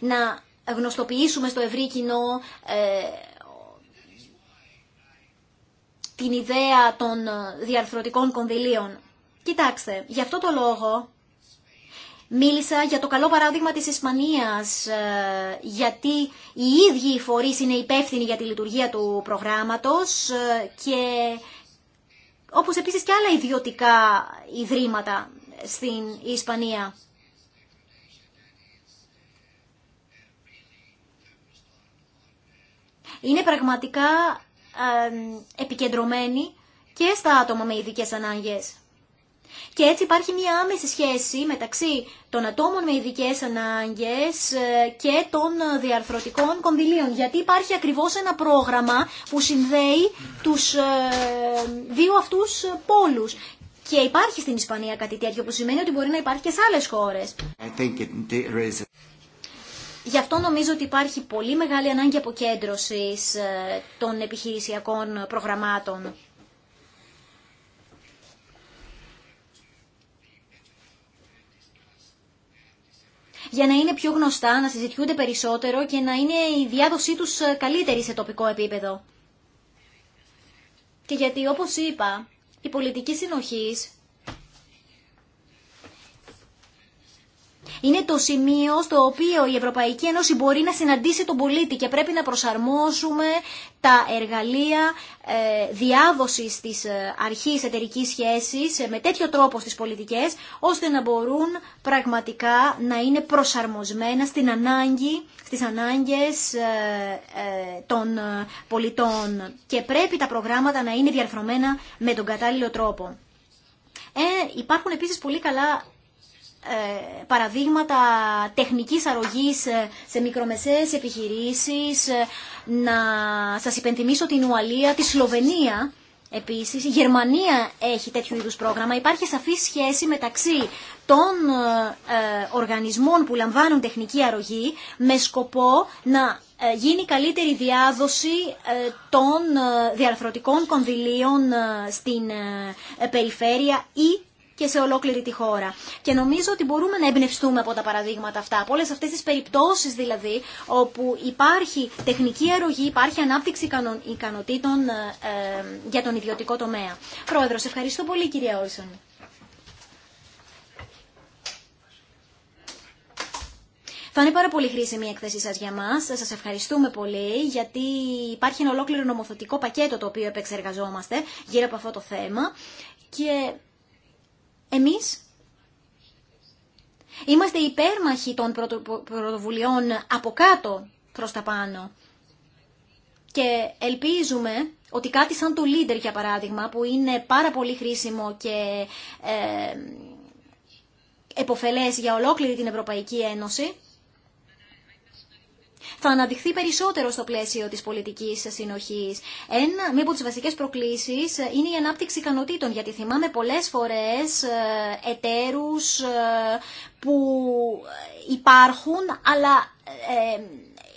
να γνωστοποιήσουμε στο ευρύ κοινό την ιδέα των ε, διαρθρωτικών κονδυλίων. Κοιτάξτε, γι' αυτό το λόγο μίλησα για το καλό παράδειγμα της Ισπανίας, ε, γιατί οι ίδιοι οι φορείς είναι υπεύθυνοι για τη λειτουργία του προγράμματος ε, και όπως επίσης και άλλα ιδιωτικά ιδρύματα στην Ισπανία. Είναι πραγματικά επικεντρωμένη και στα άτομα με ειδικές ανάγκες. Και έτσι υπάρχει μια άμεση σχέση μεταξύ των ατόμων με ειδικές ανάγκες ε, και των διαρθρωτικών κονδυλίων. Γιατί υπάρχει ακριβώς ένα πρόγραμμα που συνδέει τους ε, δύο αυτούς πόλους. Και υπάρχει στην Ισπανία κάτι τέτοιο που σημαίνει ότι μπορεί να υπάρχει και σε άλλες χώρες. Γι' αυτό νομίζω ότι υπάρχει πολύ μεγάλη ανάγκη αποκέντρωσης ε, των επιχειρησιακών προγραμμάτων. για να είναι πιο γνωστά, να συζητιούνται περισσότερο και να είναι η διάδοσή τους ε, καλύτερη σε τοπικό επίπεδο. Και γιατί όπως είπα, η πολιτική συνοχής είναι το σημείο στο οποίο η Ευρωπαϊκή Ένωση μπορεί να συναντήσει τον πολίτη και πρέπει να προσαρμόσουμε τα εργαλεία ε, διάδοσης της ε, αρχής εταιρικής σχέσης ε, με τέτοιο τρόπο στις πολιτικές, ώστε να μπορούν πραγματικά να είναι προσαρμοσμένα στην ανάγκη, στις ανάγκες των πολιτών και πρέπει τα προγράμματα να είναι διαρθρωμένα με τον κατάλληλο τρόπο. Ε, υπάρχουν επίσης πολύ καλά ε, παραδείγματα τεχνικής αρρωγής ε, σε μικρομεσαίες επιχειρήσεις. Ε, να σας υπενθυμίσω την Ουαλία, τη Σλοβενία επίσης. Η Γερμανία έχει τέτοιου είδους πρόγραμμα. Υπάρχει σαφή σχέση μεταξύ των οργανισμών που λαμβάνουν τεχνική αρρωγή με σκοπό να γίνει καλύτερη διάδοση των διαρθρωτικών κονδυλίων στην περιφέρεια ή και σε ολόκληρη τη χώρα. Και νομίζω ότι μπορούμε να εμπνευστούμε από τα παραδείγματα αυτά. Από όλε αυτέ τι περιπτώσει δηλαδή, όπου υπάρχει τεχνική αρρωγή, υπάρχει ανάπτυξη ικανοτήτων ε, ε, για τον ιδιωτικό τομέα. Πρόεδρο, ευχαριστώ πολύ κυρία Όλσον. Θα είναι πάρα πολύ χρήσιμη η έκθεσή σας για μας. Σας ευχαριστούμε πολύ γιατί υπάρχει ένα ολόκληρο νομοθετικό πακέτο το οποίο επεξεργαζόμαστε γύρω από αυτό το θέμα και εμείς είμαστε υπέρμαχοι των πρωτοβουλειών από κάτω προς τα πάνω. Και ελπίζουμε ότι κάτι σαν το Leader, για παράδειγμα, που είναι πάρα πολύ χρήσιμο και ε, εποφελές για ολόκληρη την Ευρωπαϊκή Ένωση, θα αναδειχθεί περισσότερο στο πλαίσιο της πολιτικής συνοχής. Ένα, μία από τις βασικές προκλήσεις ε, είναι η ανάπτυξη ικανοτήτων, γιατί θυμάμαι πολλές φορές ε, εταίρους ε, που υπάρχουν, αλλά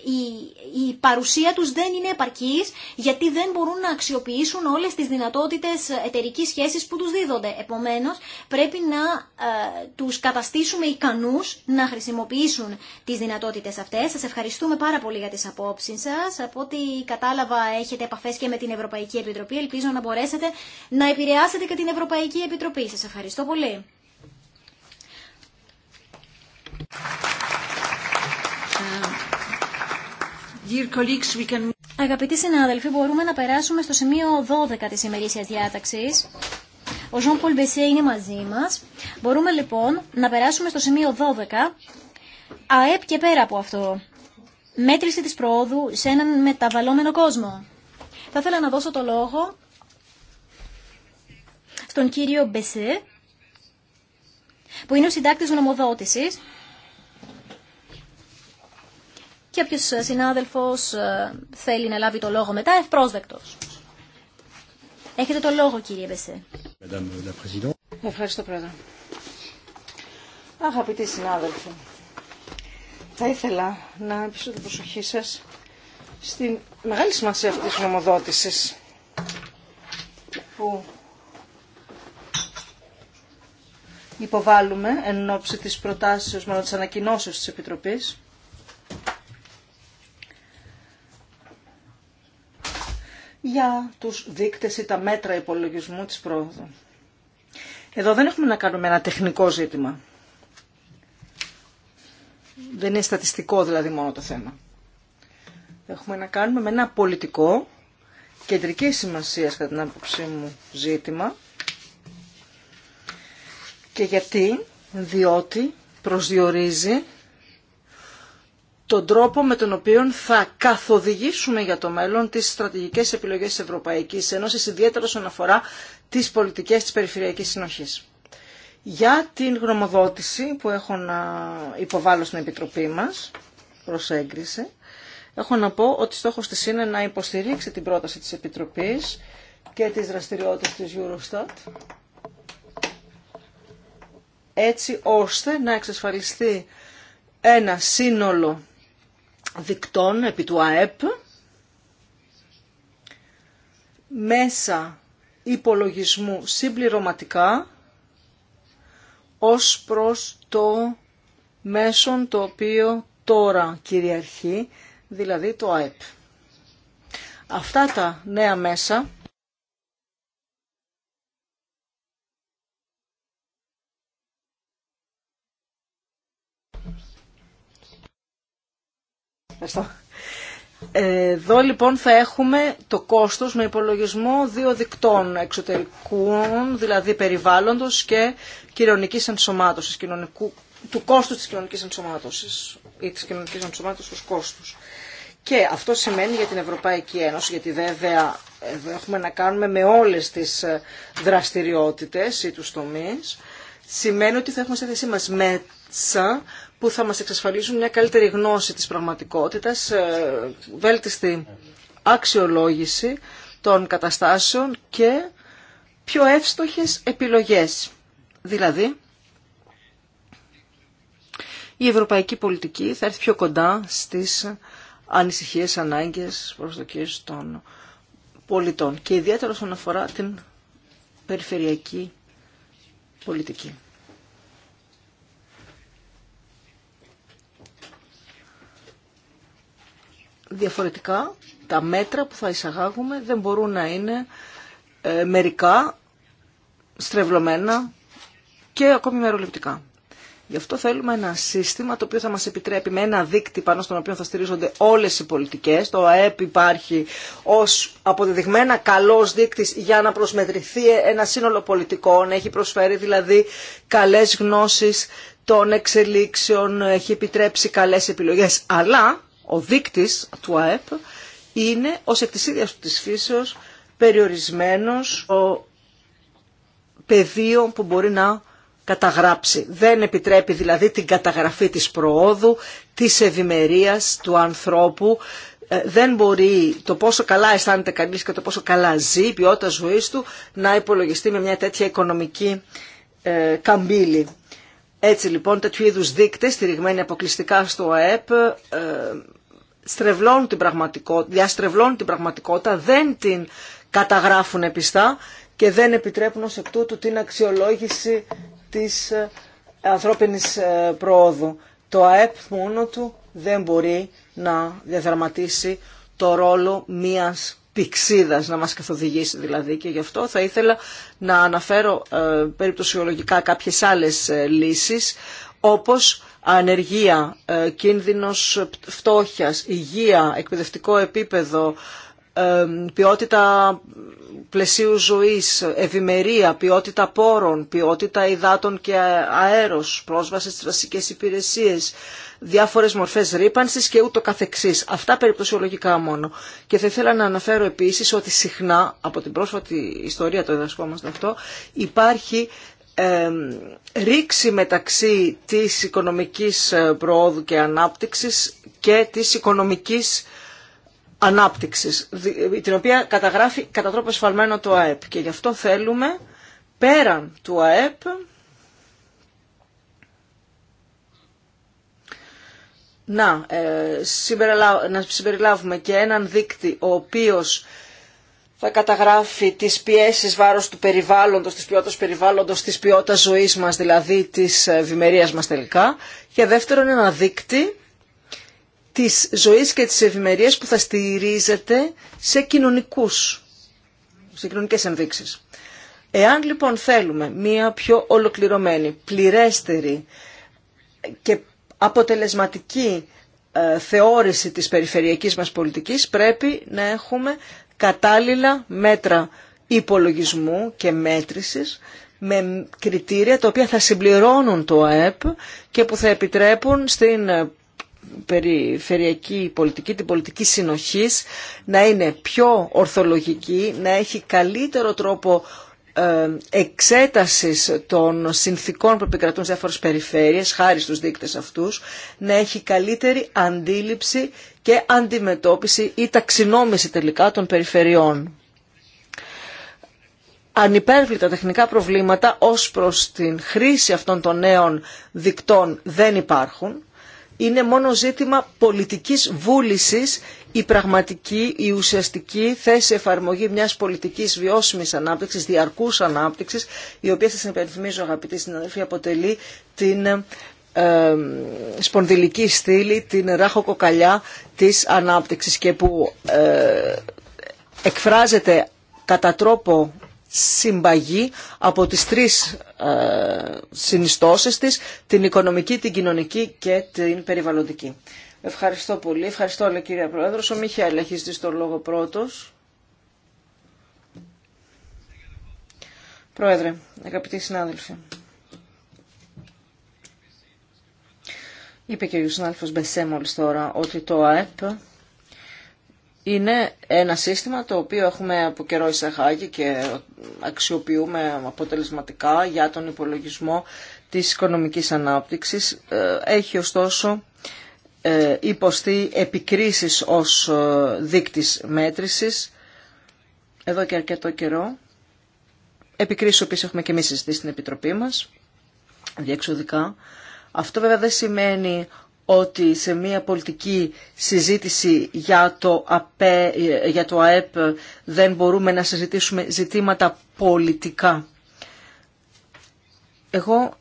η, η παρουσία τους δεν είναι επαρκής γιατί δεν μπορούν να αξιοποιήσουν όλες τις δυνατότητες εταιρικής σχέσης που τους δίδονται. Επομένως, πρέπει να ε, τους καταστήσουμε ικανούς να χρησιμοποιήσουν τις δυνατότητες αυτές. Σας ευχαριστούμε πάρα πολύ για τις απόψεις σας. Από ό,τι κατάλαβα έχετε επαφές και με την Ευρωπαϊκή Επιτροπή. Ελπίζω να μπορέσετε να επηρεάσετε και την Ευρωπαϊκή Επιτροπή. Σας ευχαριστώ πολύ. Αγαπητοί συνάδελφοι, μπορούμε να περάσουμε στο σημείο 12 της ημερήσιας διάταξης. Ο Ζων Πολ είναι μαζί μας. Μπορούμε λοιπόν να περάσουμε στο σημείο 12, ΑΕΠ και πέρα από αυτό. Μέτρηση της προόδου σε έναν μεταβαλλόμενο κόσμο. Θα ήθελα να δώσω το λόγο στον κύριο Μπεσέ, που είναι ο συντάκτης γνωμοδότησης και ποιος ε, συνάδελφος ε, θέλει να λάβει το λόγο μετά, ευπρόσδεκτο. Έχετε το λόγο κύριε Μπεσέ. Ευχαριστώ πρόεδρε. Αγαπητοί συνάδελφοι, θα ήθελα να επιστρέψω την προσοχή σα στην μεγάλη σημασία αυτή της νομοδότηση που υποβάλλουμε εν ώψη της προτάσεως, μάλλον της ανακοινώσεως της Επιτροπής για τους δείκτες ή τα μέτρα υπολογισμού της πρόοδου. Εδώ δεν έχουμε να κάνουμε ένα τεχνικό ζήτημα. Δεν είναι στατιστικό δηλαδή μόνο το θέμα. Έχουμε να κάνουμε με ένα πολιτικό, κεντρική σημασία κατά την άποψή μου ζήτημα. Και γιατί, διότι προσδιορίζει τον τρόπο με τον οποίο θα καθοδηγήσουμε για το μέλλον τις στρατηγικές επιλογές της Ευρωπαϊκής Ένωσης, ιδιαίτερα όσον αφορά τις πολιτικές της περιφερειακής συνοχής. Για την γνωμοδότηση που έχω να υποβάλω στην Επιτροπή μας, προς έγκριση, έχω να πω ότι στόχος της είναι να υποστηρίξει την πρόταση της Επιτροπής και τις δραστηριότητες της Eurostat, έτσι ώστε να εξασφαλιστεί ένα σύνολο δικτών επί του ΑΕΠ μέσα υπολογισμού συμπληρωματικά ως προς το μέσον το οποίο τώρα κυριαρχεί, δηλαδή το ΑΕΠ. Αυτά τα νέα μέσα Ευχαριστώ. Εδώ λοιπόν θα έχουμε το κόστος με υπολογισμό δύο δικτών εξωτερικών, δηλαδή περιβάλλοντος και κοινωνικής ενσωμάτωσης, του κόστους της κοινωνικής ενσωμάτωσης ή της κοινωνικής ενσωμάτωσης ως κόστους. Και αυτό σημαίνει για την Ευρωπαϊκή Ένωση, γιατί βέβαια εδώ έχουμε να κάνουμε με όλες τις ε, δραστηριότητες ή τους τομείς, σημαίνει ότι θα έχουμε σε θέση μας μέσα που θα μας εξασφαλίσουν μια καλύτερη γνώση της πραγματικότητας, ε, βέλτιστη αξιολόγηση των καταστάσεων και πιο εύστοχες επιλογές. Δηλαδή, η ευρωπαϊκή πολιτική θα έρθει πιο κοντά στις ανησυχίες, ανάγκες, προσδοκίες των πολιτών και ιδιαίτερα όσον αφορά την περιφερειακή πολιτική. διαφορετικά τα μέτρα που θα εισαγάγουμε δεν μπορούν να είναι ε, μερικά, στρεβλωμένα και ακόμη μεροληπτικά. Γι' αυτό θέλουμε ένα σύστημα το οποίο θα μας επιτρέπει με ένα δίκτυ πάνω στον οποίο θα στηρίζονται όλες οι πολιτικές. Το ΑΕΠ υπάρχει ως αποδεδειγμένα καλός δείκτης για να προσμετρηθεί ένα σύνολο πολιτικών. Έχει προσφέρει δηλαδή καλές γνώσεις των εξελίξεων, έχει επιτρέψει καλές επιλογές. Αλλά ο δείκτης του ΑΕΠ είναι ως εκ της ίδιας της φύσεως περιορισμένος ο πεδίο που μπορεί να καταγράψει. Δεν επιτρέπει δηλαδή την καταγραφή της προόδου, της ευημερία του ανθρώπου. Ε, δεν μπορεί το πόσο καλά αισθάνεται κανείς και το πόσο καλά ζει η ποιότητα ζωής του να υπολογιστεί με μια τέτοια οικονομική ε, καμπύλη. Έτσι λοιπόν τέτοιου είδους δείκτες στηριγμένοι αποκλειστικά στο ΑΕΠ ε, στρεβλώνουν την πραγματικότητα, διαστρεβλώνουν την πραγματικότητα, δεν την καταγράφουν επιστά και δεν επιτρέπουν ως εκ τούτου την αξιολόγηση της ε, ανθρώπινης ε, προόδου. Το ΑΕΠ μόνο του δεν μπορεί να διαδραματίσει το ρόλο μιας πηξίδας να μας καθοδηγήσει δηλαδή και γι' αυτό θα ήθελα να αναφέρω ε, περιπτωσιολογικά κάποιες άλλες ε, λύσεις όπως ανεργία, ε, κίνδυνος φτώχειας, υγεία, εκπαιδευτικό επίπεδο, ποιότητα πλαισίου ζωής, ευημερία, ποιότητα πόρων, ποιότητα υδάτων και αέρος, πρόσβαση στις βασικές υπηρεσίες, διάφορες μορφές ρήπανσης και ούτω καθεξής. Αυτά περιπτωσιολογικά μόνο. Και θα ήθελα να αναφέρω επίσης ότι συχνά, από την πρόσφατη ιστορία το διδασκόμαστε αυτό, υπάρχει ε, ρήξη μεταξύ της οικονομικής ε, προόδου και ανάπτυξης και της οικονομικής ανάπτυξης, ε, την οποία καταγράφει κατά τρόπο εσφαλμένο το ΑΕΠ. Και γι' αυτό θέλουμε πέραν του ΑΕΠ να, ε, να συμπεριλάβουμε και έναν δείκτη ο οποίος θα καταγράφει τις πιέσεις βάρος του περιβάλλοντος, της ποιότητας περιβάλλοντος, της ποιότητας ζωής μας, δηλαδή της ε, ευημερίας μας τελικά. Και δεύτερον ένα δείκτη της ζωής και της ευημερίας που θα στηρίζεται σε κοινωνικούς, σε κοινωνικές ενδείξεις. Εάν λοιπόν θέλουμε μία πιο ολοκληρωμένη, πληρέστερη και αποτελεσματική ε, θεώρηση της περιφερειακής μας πολιτικής, πρέπει να έχουμε κατάλληλα μέτρα υπολογισμού και μέτρησης με κριτήρια τα οποία θα συμπληρώνουν το ΑΕΠ και που θα επιτρέπουν στην περιφερειακή πολιτική, την πολιτική συνοχής, να είναι πιο ορθολογική, να έχει καλύτερο τρόπο ε, εξέτασης των συνθήκων που επικρατούν σε διάφορες περιφέρειες, χάρη στους δείκτες αυτούς, να έχει καλύτερη αντίληψη και αντιμετώπιση ή ταξινόμηση τελικά των περιφερειών ανυπέρβλητα τεχνικά προβλήματα ως προς την χρήση αυτών των νέων δικτών δεν υπάρχουν είναι μόνο ζήτημα πολιτικής βούλησης η πραγματική, η ουσιαστική θέση εφαρμογή μιας πολιτικής βιώσιμης ανάπτυξης, διαρκούς ανάπτυξης, η οποία σας υπενθυμίζω αγαπητοί συναδελφοί αποτελεί την ε, σπονδυλική στήλη, την ράχο κοκαλιά της ανάπτυξης και που ε, εκφράζεται κατά τρόπο συμπαγή από τις τρεις ε, συνιστώσεις της, την οικονομική, την κοινωνική και την περιβαλλοντική. Ευχαριστώ πολύ. Ευχαριστώ όλα κύριε Πρόεδρος. Ο Μιχαήλ έχει ζητήσει τον λόγο πρώτος. Πρόεδρε, αγαπητοί συνάδελφοι. Είπε και ο συνάδελφος Μπεσέ μόλις τώρα ότι το ΑΕΠ είναι ένα σύστημα το οποίο έχουμε από καιρό εισαγάγει και αξιοποιούμε αποτελεσματικά για τον υπολογισμό της οικονομικής ανάπτυξης. Ε, έχει ωστόσο ε, υποστεί επικρίσεις ως ε, δείκτης μέτρησης εδώ και αρκετό καιρό. Επικρίσεις οποίες έχουμε και εμείς συζητήσει στην Επιτροπή μας διεξοδικά. Αυτό βέβαια δεν σημαίνει ότι σε μια πολιτική συζήτηση για το, για το ΑΕΠ δεν μπορούμε να συζητήσουμε ζητήματα πολιτικά. Εγώ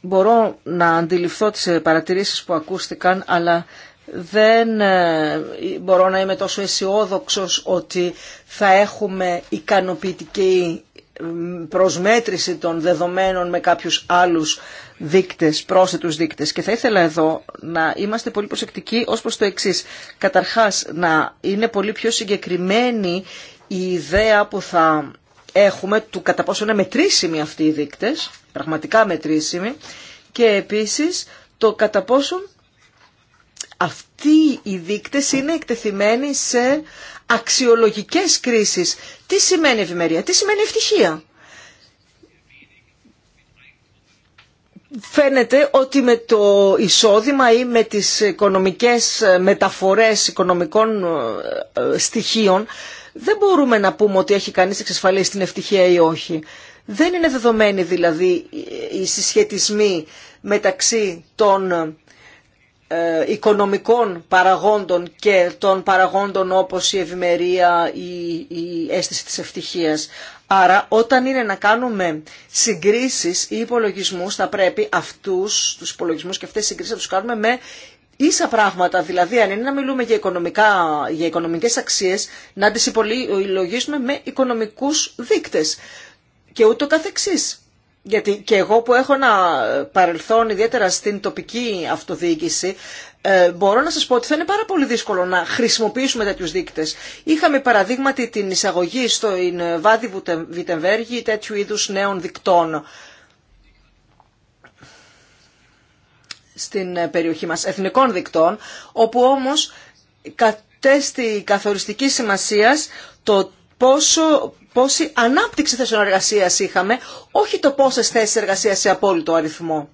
μπορώ να αντιληφθώ τις παρατηρήσεις που ακούστηκαν, αλλά δεν ε, μπορώ να είμαι τόσο αισιόδοξο ότι θα έχουμε ικανοποιητική ε, προσμέτρηση των δεδομένων με κάποιους άλλους δείκτες, πρόσθετους δείκτες. Και θα ήθελα εδώ να είμαστε πολύ προσεκτικοί ως προς το εξής. Καταρχάς να είναι πολύ πιο συγκεκριμένη η ιδέα που θα έχουμε του κατά πόσο είναι μετρήσιμοι αυτοί οι δείκτες, πραγματικά μετρήσιμοι, και επίσης το κατά πόσο αυτοί οι δείκτες είναι εκτεθειμένοι σε αξιολογικές κρίσεις. Τι σημαίνει ευημερία, τι σημαίνει ευτυχία. φαίνεται ότι με το εισόδημα ή με τις οικονομικές ε, μεταφορές οικονομικών ε, ε, στοιχείων δεν μπορούμε να πούμε ότι έχει κανείς εξασφαλίσει την ευτυχία ή όχι. Δεν είναι δεδομένοι δηλαδή οι συσχετισμοί μεταξύ των οικονομικών παραγόντων και των παραγόντων όπως η ευημερία ή η αίσθηση της ευτυχίας. Άρα όταν είναι να κάνουμε συγκρίσεις ή υπολογισμούς θα πρέπει αυτούς τους υπολογισμούς και αυτές τις συγκρίσεις να τους κάνουμε με ίσα πράγματα, δηλαδή αν είναι να μιλούμε για, οικονομικά, για οικονομικές αξίες, να τις υπολογίσουμε με οικονομικούς δείκτες και ούτω καθεξής γιατί και εγώ που έχω να παρελθόν ιδιαίτερα στην τοπική αυτοδιοίκηση, ε, μπορώ να σας πω ότι θα είναι πάρα πολύ δύσκολο να χρησιμοποιήσουμε τέτοιους δείκτες. Είχαμε παραδείγματι την εισαγωγή στο Βάδι Βιτεμβέργη τέτοιου είδους νέων δικτών στην ε, περιοχή μας, εθνικών δικτών, όπου όμως κατέστη καθοριστική σημασίας το πόσο πόση ανάπτυξη θέσεων εργασία είχαμε, όχι το πόσε θέσει εργασία σε απόλυτο αριθμό.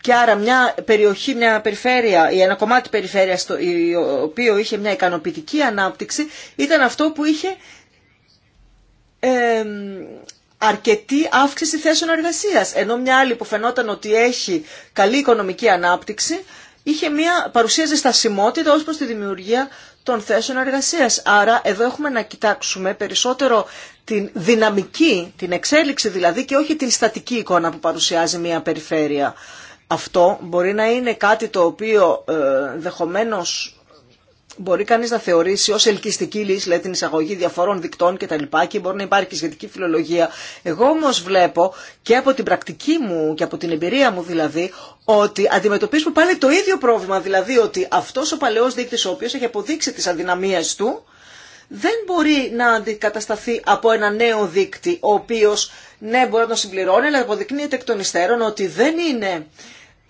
Και άρα μια περιοχή, μια περιφέρεια ή ένα κομμάτι περιφέρειας το οποίο είχε μια ικανοποιητική ανάπτυξη ήταν αυτό που είχε αρκετή αύξηση θέσεων εργασίας. Ενώ μια άλλη που φαινόταν ότι έχει καλή οικονομική ανάπτυξη είχε μια, παρουσίαζε στασιμότητα ως προς τη δημιουργία των θέσεων εργασίας. Άρα εδώ έχουμε να κοιτάξουμε περισσότερο την δυναμική, την εξέλιξη δηλαδή και όχι την στατική εικόνα που παρουσιάζει μια περιφέρεια. Αυτό μπορεί να είναι κάτι το οποίο ε, μπορεί κανεί να θεωρήσει ω ελκυστική λύση, δηλαδή την εισαγωγή διαφορών δικτών τα λοιπά και μπορεί να υπάρχει και σχετική φιλολογία. Εγώ όμω βλέπω και από την πρακτική μου και από την εμπειρία μου δηλαδή ότι αντιμετωπίζουμε πάλι το ίδιο πρόβλημα. Δηλαδή ότι αυτό ο παλαιό δείκτη, ο οποίο έχει αποδείξει τι αδυναμίε του, δεν μπορεί να αντικατασταθεί από ένα νέο δείκτη, ο οποίο ναι μπορεί να τον συμπληρώνει, αλλά αποδεικνύεται εκ των υστέρων ότι δεν είναι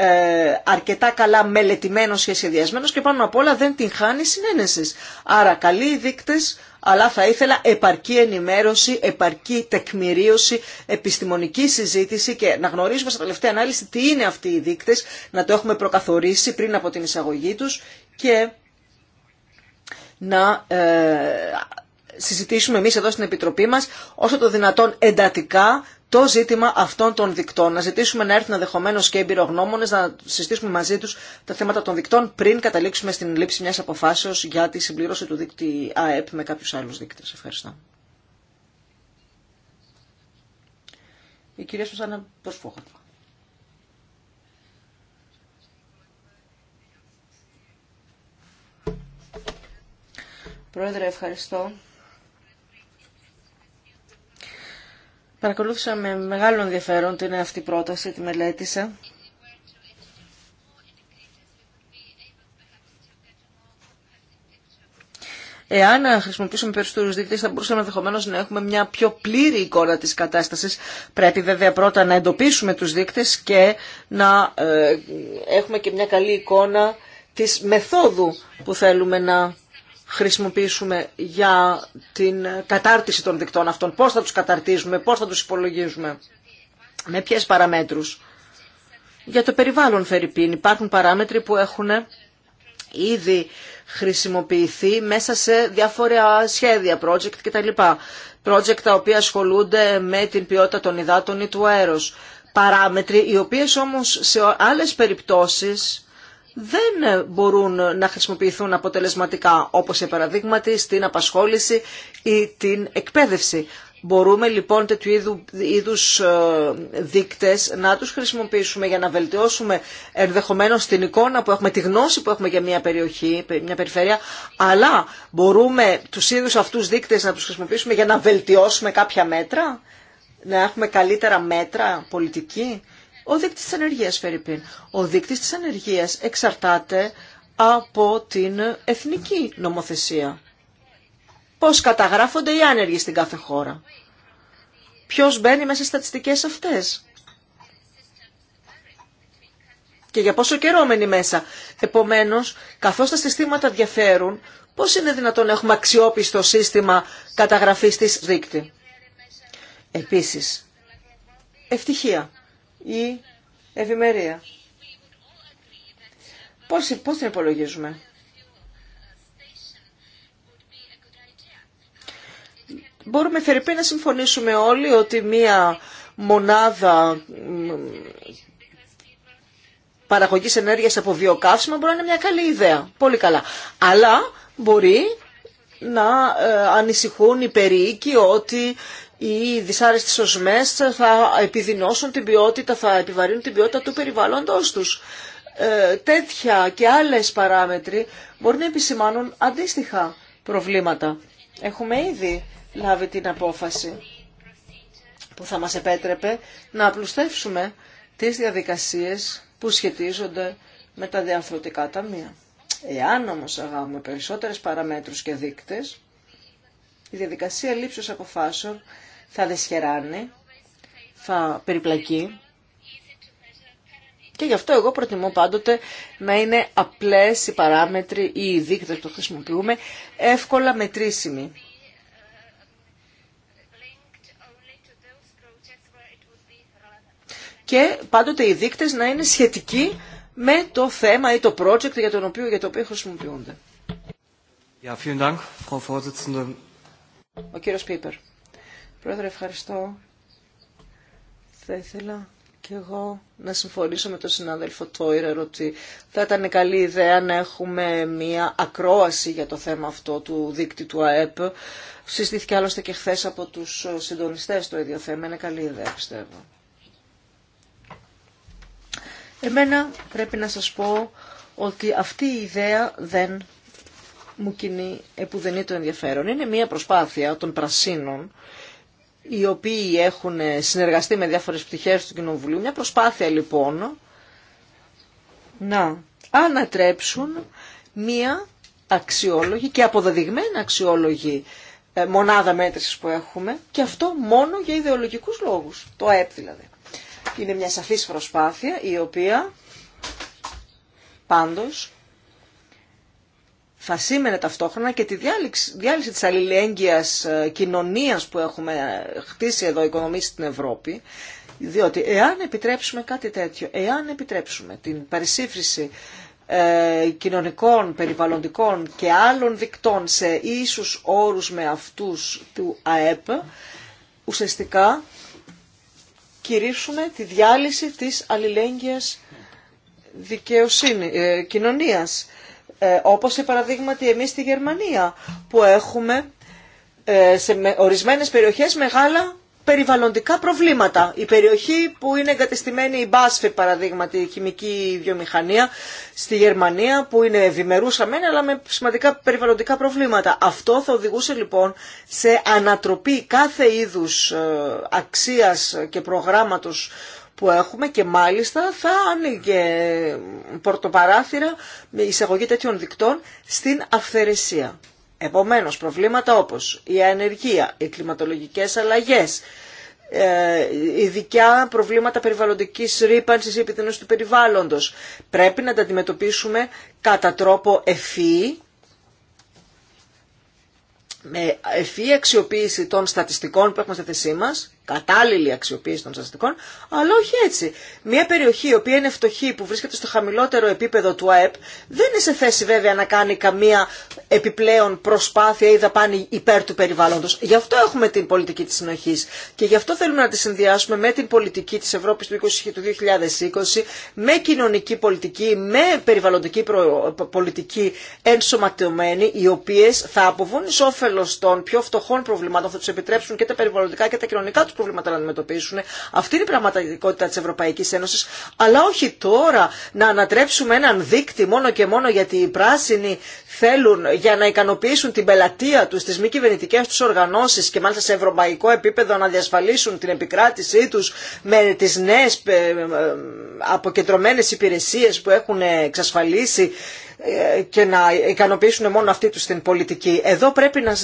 ε, αρκετά καλά μελετημένος και σχεδιασμένος και πάνω απ' όλα δεν την χάνει συνένεση. Άρα καλοί οι δείκτες, αλλά θα ήθελα επαρκή ενημέρωση, επαρκή τεκμηρίωση, επιστημονική συζήτηση και να γνωρίζουμε στα τελευταία ανάλυση τι είναι αυτοί οι δείκτες, να το έχουμε προκαθορίσει πριν από την εισαγωγή τους και να ε, συζητήσουμε εμείς εδώ στην Επιτροπή μας όσο το δυνατόν εντατικά το ζήτημα αυτών των δικτών. Να ζητήσουμε να έρθουν ενδεχομένω και εμπειρογνώμονε, να συστήσουμε μαζί του τα θέματα των δικτών πριν καταλήξουμε στην λήψη μια αποφάσεω για τη συμπλήρωση του δίκτυ. ΑΕΠ με κάποιου άλλου δείκτε. Ευχαριστώ. Η κυρία Σουσάνα Προσφόχα. Πρόεδρε, ευχαριστώ. Παρακολούθησα με μεγάλο ενδιαφέρον την αυτή πρόταση, τη μελέτησα. Εάν χρησιμοποιήσουμε περισσότερους δείκτες, θα μπορούσαμε ενδεχομένω να έχουμε μια πιο πλήρη εικόνα της κατάστασης. Πρέπει βέβαια πρώτα να εντοπίσουμε τους δείκτες και να ε, έχουμε και μια καλή εικόνα της μεθόδου που θέλουμε να χρησιμοποιήσουμε για την κατάρτιση των δικτών αυτών, πώς θα τους καταρτίζουμε, πώς θα τους υπολογίζουμε, με ποιες παραμέτρους. Για το περιβάλλον, Φερρυπίν, υπάρχουν παράμετροι που έχουν ήδη χρησιμοποιηθεί μέσα σε διάφορα σχέδια, project κτλ. Project τα οποία ασχολούνται με την ποιότητα των υδάτων ή του αέρος. Παράμετροι οι οποίες όμως σε άλλες περιπτώσεις δεν μπορούν να χρησιμοποιηθούν αποτελεσματικά, όπως για παραδείγμα στην απασχόληση ή την εκπαίδευση. Μπορούμε λοιπόν τέτοιου είδου, είδους ε, δείκτες να τους χρησιμοποιήσουμε για να βελτιώσουμε ενδεχομένως την εικόνα που έχουμε, τη γνώση που έχουμε για μια περιοχή, μια περιφέρεια, αλλά μπορούμε τους είδους αυτούς δείκτες να τους χρησιμοποιήσουμε για να βελτιώσουμε κάποια μέτρα, να έχουμε καλύτερα μέτρα πολιτική. Ο δείκτης της ανεργίας, Φερρυπίν. Ο δείκτης της εξαρτάται από την εθνική νομοθεσία. Πώς καταγράφονται οι άνεργοι στην κάθε χώρα. Ποιος μπαίνει μέσα στις στατιστικές αυτές. Και για πόσο καιρό μένει μέσα. Επομένως, καθώς τα συστήματα διαφέρουν, πώς είναι δυνατόν να έχουμε αξιόπιστο σύστημα καταγραφής της δείκτη. Επίσης, ευτυχία η ευημερία. Πώς, πώς την υπολογίζουμε. Μπορούμε φερειπή να συμφωνήσουμε όλοι ότι μία μονάδα παραγωγής ενέργειας από βιοκαύσιμα μπορεί να είναι μια καλή ιδέα. Πολύ καλά. Αλλά μπορεί να ε, ανησυχούν οι περίοικοι ότι οι δυσάρεστοι σωσμές θα επιδεινώσουν την ποιότητα, θα επιβαρύνουν την ποιότητα του περιβάλλοντος τους. Ε, τέτοια και άλλες παράμετροι μπορεί να επισημάνουν αντίστοιχα προβλήματα. Έχουμε ήδη λάβει την απόφαση που θα μας επέτρεπε να απλουστεύσουμε τις διαδικασίες που σχετίζονται με τα διαρθρωτικά ταμεία. Εάν όμως αγάγουμε περισσότερες παραμέτρους και δείκτες, η διαδικασία λήψης αποφάσεων θα δεσχεράνε, θα περιπλακεί. Και γι' αυτό εγώ προτιμώ πάντοτε να είναι απλές οι παράμετροι ή οι δείκτες που χρησιμοποιούμε, εύκολα μετρήσιμοι. Και πάντοτε οι δείκτες να είναι σχετικοί με το θέμα ή το project για, τον οποίο, για το οποίο χρησιμοποιούνται. Ja, vielen Dank, Frau Vorsitzende. Ο κύριος Πίπερ. Πρόεδρε, ευχαριστώ. Θα ήθελα και εγώ να συμφωνήσω με τον συνάδελφο Τόιρερ ότι θα ήταν καλή ιδέα να έχουμε μία ακρόαση για το θέμα αυτό του δίκτυου του ΑΕΠ. Συστήθηκε άλλωστε και χθε από τους συντονιστές το ίδιο θέμα. Είναι καλή ιδέα πιστεύω. Εμένα πρέπει να σας πω ότι αυτή η ιδέα δεν μου κινεί επουδενή το ενδιαφέρον. Είναι μία προσπάθεια των πρασίνων οι οποίοι έχουν συνεργαστεί με διάφορες πτυχές του Κοινοβουλίου. Μια προσπάθεια λοιπόν να ανατρέψουν μια αξιόλογη και αποδεδειγμένη αξιόλογη ε, μονάδα μέτρησης που έχουμε και αυτό μόνο για ιδεολογικούς λόγους, το ΑΕΠ δηλαδή. Είναι μια σαφής προσπάθεια η οποία πάντως θα σήμαινε ταυτόχρονα και τη διάλυση, διάλυση της αλληλέγγυας ε, κοινωνίας που έχουμε ε, χτίσει εδώ οικονομίες στην Ευρώπη, διότι εάν επιτρέψουμε κάτι τέτοιο, εάν επιτρέψουμε την παρισύφρηση ε, κοινωνικών, περιβαλλοντικών και άλλων δικτών σε ίσους όρους με αυτούς του ΑΕΠ, ουσιαστικά κηρύσουμε τη διάλυση της αλληλέγγυας δικαιοσύνη, κοινωνίας ε, όπως σε παραδείγματι εμείς στη Γερμανία που έχουμε ε, σε ορισμένες περιοχές μεγάλα περιβαλλοντικά προβλήματα. Η περιοχή που είναι εγκατεστημένη η Μπάσφε, παραδείγματι, η χημική βιομηχανία στη Γερμανία, που είναι ευημερούσα αλλά με σημαντικά περιβαλλοντικά προβλήματα. Αυτό θα οδηγούσε λοιπόν σε ανατροπή κάθε είδους ε, αξίας και προγράμματος που έχουμε και μάλιστα θα άνοιγε πορτοπαράθυρα με εισαγωγή τέτοιων δικτών στην αυθαιρεσία. Επομένως προβλήματα όπως η ανεργία, οι κλιματολογικές αλλαγές, ειδικά προβλήματα περιβαλλοντικής ρήπανσης ή του περιβάλλοντος. Πρέπει να τα αντιμετωπίσουμε κατά τρόπο ευφύη, με ευφύη αξιοποίηση των στατιστικών που έχουμε στη θέσή μας κατάλληλη αξιοποίηση των στατιστικών, αλλά όχι έτσι. Μια περιοχή η οποία είναι φτωχή, που βρίσκεται στο χαμηλότερο επίπεδο του ΑΕΠ, δεν είναι σε θέση βέβαια να κάνει καμία επιπλέον προσπάθεια ή δαπάνη υπέρ του περιβάλλοντος. Γι' αυτό έχουμε την πολιτική της συνοχής και γι' αυτό θέλουμε να τη συνδυάσουμε με την πολιτική της Ευρώπης του 2020, με κοινωνική πολιτική, με περιβαλλοντική πολιτική ενσωματωμένη, οι οποίες θα αποβούν εις των πιο φτωχών προβλημάτων, θα του επιτρέψουν και τα περιβαλλοντικά και τα κοινωνικά του προβλήματα να αντιμετωπίσουν. Αυτή είναι η πραγματικότητα τη Ευρωπαϊκή Ένωση, Αλλά όχι τώρα να ανατρέψουμε έναν δείκτη μόνο και μόνο γιατί οι πράσινοι θέλουν για να ικανοποιήσουν την πελατεία του τι μη κυβερνητικέ του οργανώσει και μάλιστα σε ευρωπαϊκό επίπεδο να διασφαλίσουν την επικράτησή του με τι νέε ε, αποκεντρωμένε υπηρεσίε που έχουν εξασφαλίσει ε, και να ικανοποιήσουν μόνο αυτή τους την πολιτική. Εδώ πρέπει να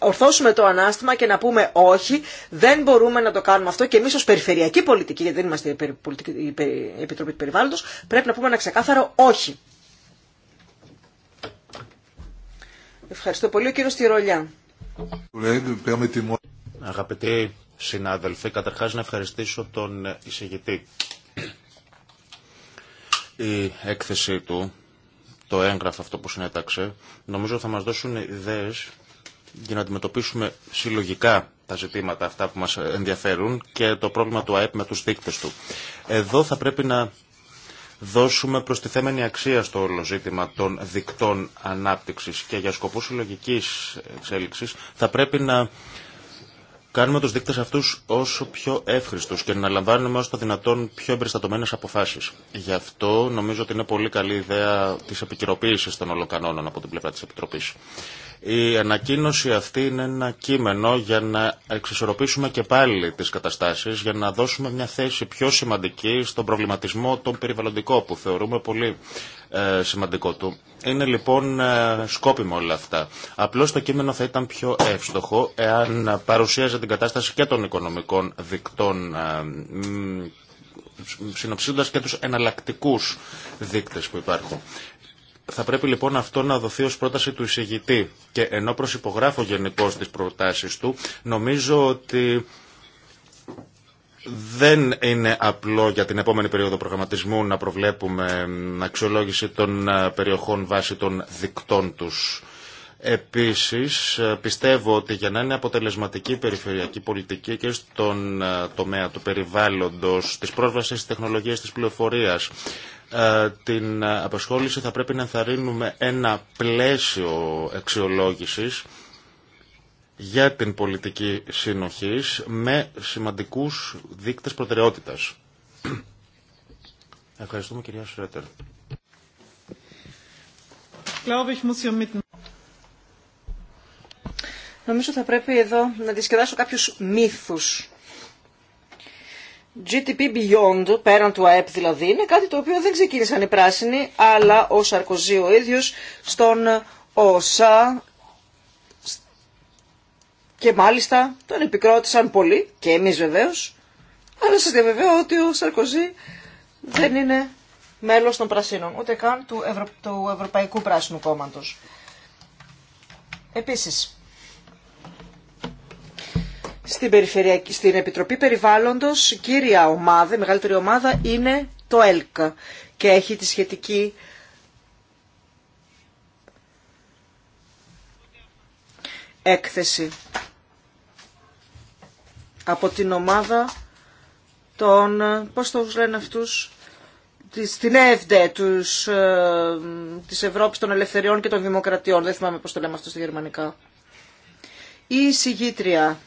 ορθώσουμε το ανάστημα και να πούμε όχι, δεν μπορούμε να το κάνουμε αυτό και εμεί ω περιφερειακή πολιτική, γιατί δεν είμαστε η Επιτροπή του Περιβάλλοντο, πρέπει να πούμε ένα ξεκάθαρο όχι. Ευχαριστώ πολύ, ο κύριο Τυρολιά. Αγαπητοί συνάδελφοι, καταρχά να ευχαριστήσω τον εισηγητή. Η έκθεσή του, το έγγραφο αυτό που συνέταξε, νομίζω θα μας δώσουν ιδέες για να αντιμετωπίσουμε συλλογικά τα ζητήματα αυτά που μας ενδιαφέρουν και το πρόβλημα του ΑΕΠ με τους δείκτες του. Εδώ θα πρέπει να δώσουμε προστιθέμενη αξία στο όλο ζήτημα των δικτών ανάπτυξης και για σκοπούς συλλογική εξέλιξης θα πρέπει να κάνουμε τους δείκτες αυτούς όσο πιο εύχριστους και να λαμβάνουμε όσο το δυνατόν πιο εμπεριστατωμένες αποφάσεις. Γι' αυτό νομίζω ότι είναι πολύ καλή ιδέα της επικυροποίησης των ολοκανόνων από την πλευρά της Επιτροπής. Η ανακοίνωση αυτή είναι ένα κείμενο για να εξισορροπήσουμε και πάλι τις καταστάσεις, για να δώσουμε μια θέση πιο σημαντική στον προβληματισμό τον περιβαλλοντικό που θεωρούμε πολύ ε, σημαντικό του. Είναι λοιπόν ε, σκόπιμο όλα αυτά. Απλώς το κείμενο θα ήταν πιο εύστοχο εάν παρουσίαζε την κατάσταση και των οικονομικών δικτών ε, συνοψίζοντας και τους εναλλακτικούς δείκτες που υπάρχουν. Θα πρέπει λοιπόν αυτό να δοθεί ως πρόταση του εισηγητή και ενώ προσυπογράφω γενικώ τις προτάσεις του, νομίζω ότι δεν είναι απλό για την επόμενη περίοδο προγραμματισμού να προβλέπουμε αξιολόγηση των ε, περιοχών βάσει των δικτών τους. Επίσης, πιστεύω ότι για να είναι αποτελεσματική η περιφερειακή πολιτική και στον ε, τομέα του περιβάλλοντος, της πρόσβασης της τεχνολογίας της πληροφορίας, ε, την ε, απασχόληση θα πρέπει να ενθαρρύνουμε ένα πλαίσιο αξιολόγησης για την πολιτική συνοχής με σημαντικούς δείκτες προτεραιότητας. Ευχαριστούμε κυρία Σρέτερ. Νομίζω θα πρέπει εδώ να διασκεδάσω κάποιους μύθους. GDP Beyond, πέραν του ΑΕΠ δηλαδή, είναι κάτι το οποίο δεν ξεκίνησαν οι πράσινοι, αλλά ο Σαρκοζή ο ίδιος στον ΩΣΑ και μάλιστα τον επικρότησαν πολύ και εμείς βεβαίως, αλλά σας διαβεβαίω ότι ο Σαρκοζή δεν είναι μέλος των πρασίνων, ούτε καν του, του Ευρωπαϊκού Πράσινου Κόμματος. Επίσης, στην, στην Επιτροπή Περιβάλλοντος η κύρια ομάδα, η μεγαλύτερη ομάδα είναι το ΕΛΚΑ και έχει τη σχετική έκθεση από την ομάδα των, πώς το λένε αυτούς, την ΕΕΔΕ τους, ε, της Ευρώπης των Ελευθεριών και των Δημοκρατιών. Δεν θυμάμαι πώς το λέμε αυτό στα γερμανικά. Η συγγήτρια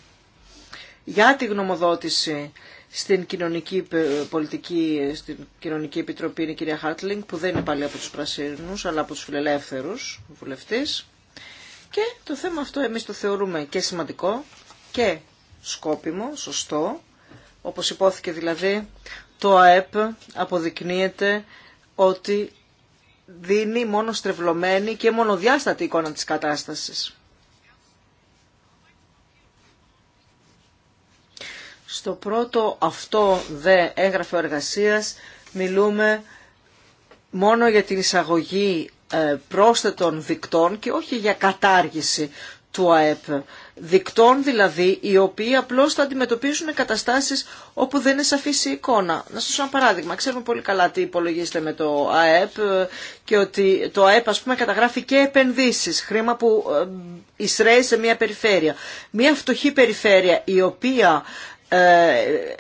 για τη γνωμοδότηση στην κοινωνική πολιτική, στην κοινωνική επιτροπή είναι η κυρία Χάρτλινγκ, που δεν είναι πάλι από τους πρασίνους, αλλά από τους φιλελεύθερους βουλευτής. Και το θέμα αυτό εμείς το θεωρούμε και σημαντικό και σκόπιμο, σωστό. Όπως υπόθηκε δηλαδή, το ΑΕΠ αποδεικνύεται ότι δίνει μόνο στρεβλωμένη και μονοδιάστατη εικόνα της κατάστασης. Στο πρώτο αυτό δε έγγραφο εργασίας μιλούμε μόνο για την εισαγωγή ε, πρόσθετων δικτών και όχι για κατάργηση του ΑΕΠ. Δικτών δηλαδή οι οποίοι απλώς θα αντιμετωπίσουν καταστάσεις όπου δεν είναι σαφής η εικόνα. Να σας ένα παράδειγμα. Ξέρουμε πολύ καλά τι υπολογίζεται με το ΑΕΠ ε, και ότι το ΑΕΠ ας πούμε καταγράφει και επενδύσεις, χρήμα που ε, εισραίει σε μια περιφέρεια. Μια φτωχή περιφέρεια η οποία ε,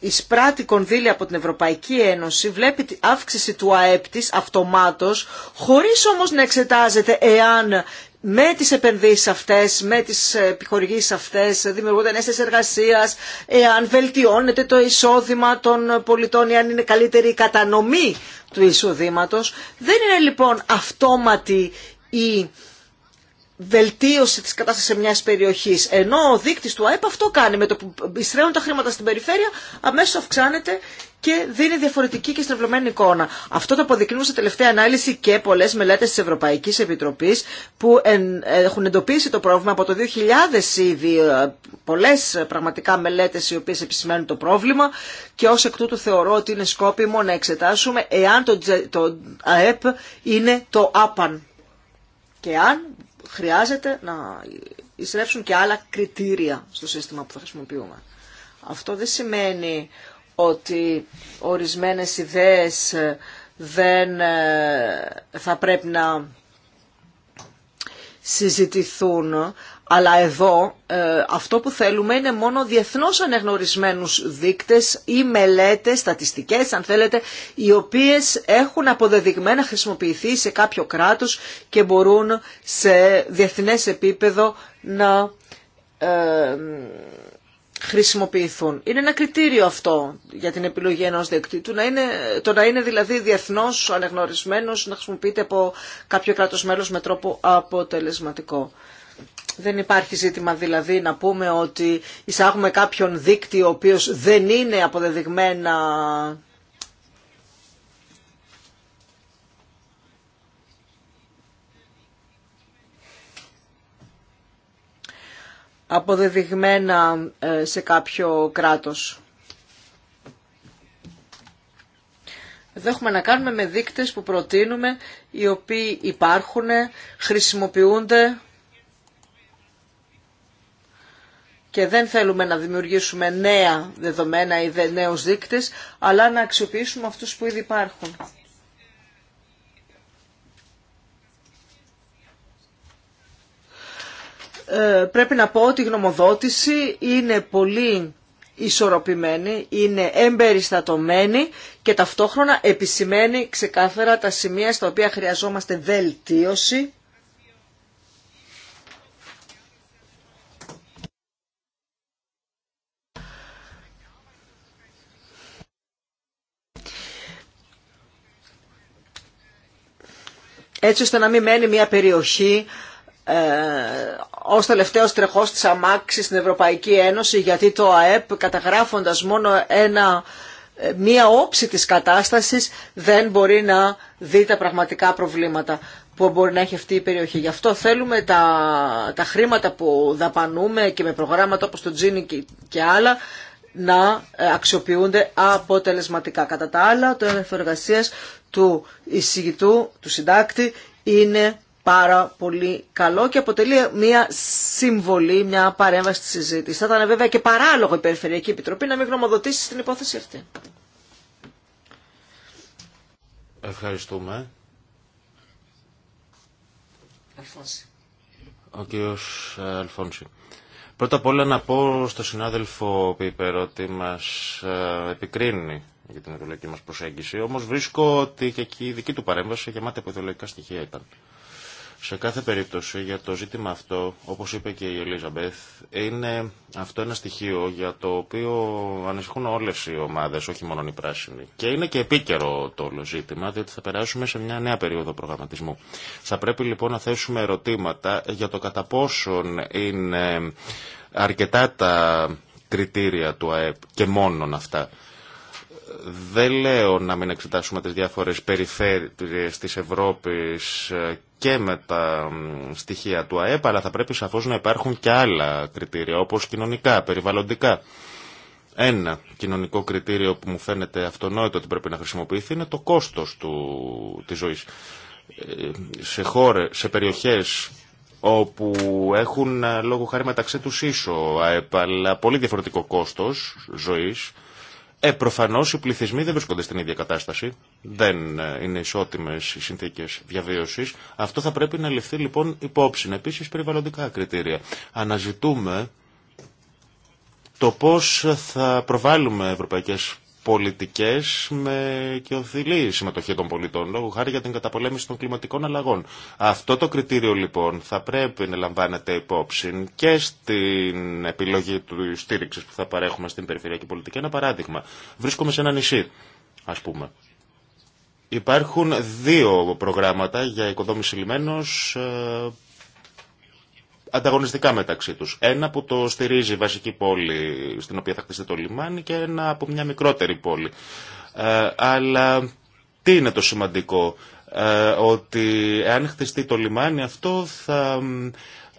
εισπράττει κονδύλια από την Ευρωπαϊκή Ένωση, βλέπει την αύξηση του ΑΕΠ της αυτομάτως, χωρίς όμως να εξετάζεται εάν με τις επενδύσεις αυτές, με τις επιχορηγήσεις αυτές δημιουργούνται νέες εργασίας, εάν βελτιώνεται το εισόδημα των πολιτών, εάν είναι καλύτερη η κατανομή του εισοδήματος. Δεν είναι λοιπόν αυτόματη η βελτίωση της κατάστασης σε μιας περιοχής. Ενώ ο δείκτης του ΑΕΠ αυτό κάνει. Με το που εισραίουν τα χρήματα στην περιφέρεια αμέσως αυξάνεται και δίνει διαφορετική και στρεβλωμένη εικόνα. Αυτό το αποδεικνύουν σε τελευταία ανάλυση και πολλές μελέτες της Ευρωπαϊκής Επιτροπής που έχουν εντοπίσει το πρόβλημα από το 2000 ήδη. Ε, πολλές πραγματικά μελέτες οι οποίες επισημαίνουν το πρόβλημα και ως εκ τούτου θεωρώ ότι είναι σκόπιμο να εξετάσουμε εάν το ΑΕΠ είναι το άπαν και αν χρειάζεται να εισρέψουν και άλλα κριτήρια στο σύστημα που θα χρησιμοποιούμε. Αυτό δεν σημαίνει ότι ορισμένες ιδέες δεν ε, θα πρέπει να συζητηθούν. Αλλά εδώ ε, αυτό που θέλουμε είναι μόνο διεθνώς αναγνωρισμένους δείκτες ή μελέτες, στατιστικές αν θέλετε, οι οποίες έχουν αποδεδειγμένα χρησιμοποιηθεί σε κάποιο κράτος και μπορούν σε διεθνές επίπεδο να ε, χρησιμοποιηθούν. Είναι ένα κριτήριο αυτό για την επιλογή ενός δεκτήτου, να είναι, το να είναι δηλαδή διεθνώς αναγνωρισμένος, να χρησιμοποιείται από κάποιο κράτος μέλος με τρόπο αποτελεσματικό. Δεν υπάρχει ζήτημα δηλαδή να πούμε ότι εισάγουμε κάποιον δίκτυο ο οποίος δεν είναι αποδεδειγμένα αποδεδειγμένα ε, σε κάποιο κράτος. Εδώ έχουμε να κάνουμε με δείκτες που προτείνουμε, οι οποίοι υπάρχουν, χρησιμοποιούνται και δεν θέλουμε να δημιουργήσουμε νέα δεδομένα ή νέους δείκτες, αλλά να αξιοποιήσουμε αυτούς που ήδη υπάρχουν. Ε, πρέπει να πω ότι η γνωμοδότηση είναι πολύ ισορροπημένη, είναι εμπεριστατωμένη και ταυτόχρονα επισημαίνει ξεκάθαρα τα σημεία στα οποία χρειαζόμαστε βελτίωση έτσι ώστε να μην μένει μια περιοχή ε, ως τελευταίος τρεχός της στην Ευρωπαϊκή Ένωση γιατί το ΑΕΠ καταγράφοντα μόνο ένα, ε, μία όψη της κατάστασης δεν μπορεί να δει τα πραγματικά προβλήματα που μπορεί να έχει αυτή η περιοχή. Γι' αυτό θέλουμε τα, τα χρήματα που δαπανούμε και με προγράμματα όπως το Τζίνι και άλλα να ε, αξιοποιούνται αποτελεσματικά. Κατά τα άλλα, το έργο εργασία του εισηγητού, του συντάκτη, είναι πάρα πολύ καλό και αποτελεί μια συμβολή, μια παρέμβαση στη συζήτηση. Θα ήταν βέβαια και παράλογο η Περιφερειακή Επιτροπή να μην γνωμοδοτήσει στην υπόθεση αυτή. Ευχαριστούμε. Αλφόνση. Ο κύριος ε, Αλφόνση. Πρώτα απ' όλα να πω στον συνάδελφο Πίπερ ότι μας ε, επικρίνει για την ιδεολογική μας προσέγγιση, όμως βρίσκω ότι και εκεί η δική του παρέμβαση γεμάτη από ιδεολογικά στοιχεία ήταν. Σε κάθε περίπτωση για το ζήτημα αυτό, όπως είπε και η Μπεθ, είναι αυτό ένα στοιχείο για το οποίο ανησυχούν όλες οι ομάδες, όχι μόνο οι πράσινοι. Και είναι και επίκαιρο το όλο ζήτημα, διότι θα περάσουμε σε μια νέα περίοδο προγραμματισμού. Θα πρέπει λοιπόν να θέσουμε ερωτήματα για το κατά πόσον είναι αρκετά τα κριτήρια του ΑΕΠ και μόνον αυτά δεν λέω να μην εξετάσουμε τις διάφορες περιφέρειες της Ευρώπης και με τα στοιχεία του ΑΕΠ, αλλά θα πρέπει σαφώς να υπάρχουν και άλλα κριτήρια, όπως κοινωνικά, περιβαλλοντικά. Ένα κοινωνικό κριτήριο που μου φαίνεται αυτονόητο ότι πρέπει να χρησιμοποιηθεί είναι το κόστος του, της ζωής. Ε, σε χώρες, σε περιοχές όπου έχουν ε, λόγω χάρη μεταξύ τους ίσο ΑΕΠ, αλλά πολύ διαφορετικό κόστος ζωής, ε, προφανώ οι πληθυσμοί δεν βρίσκονται στην ίδια κατάσταση. Δεν ε, είναι ισότιμε οι συνθήκε διαβίωση. Αυτό θα πρέπει να ληφθεί λοιπόν υπόψη. Επίση, περιβαλλοντικά κριτήρια. Αναζητούμε το πώ θα προβάλλουμε ευρωπαϊκέ πολιτικές με και οθυλή συμμετοχή των πολιτών, λόγω χάρη για την καταπολέμηση των κλιματικών αλλαγών. Αυτό το κριτήριο λοιπόν θα πρέπει να λαμβάνεται υπόψη και στην επιλογή του στήριξη που θα παρέχουμε στην περιφερειακή πολιτική. Ένα παράδειγμα. Βρίσκομαι σε ένα νησί, ας πούμε. Υπάρχουν δύο προγράμματα για οικοδόμηση λιμένος ε, ανταγωνιστικά μεταξύ τους. Ένα που το στηρίζει η βασική πόλη στην οποία θα χτιστεί το λιμάνι και ένα από μια μικρότερη πόλη. Ε, αλλά τι είναι το σημαντικό, ε, ότι αν χτιστεί το λιμάνι αυτό θα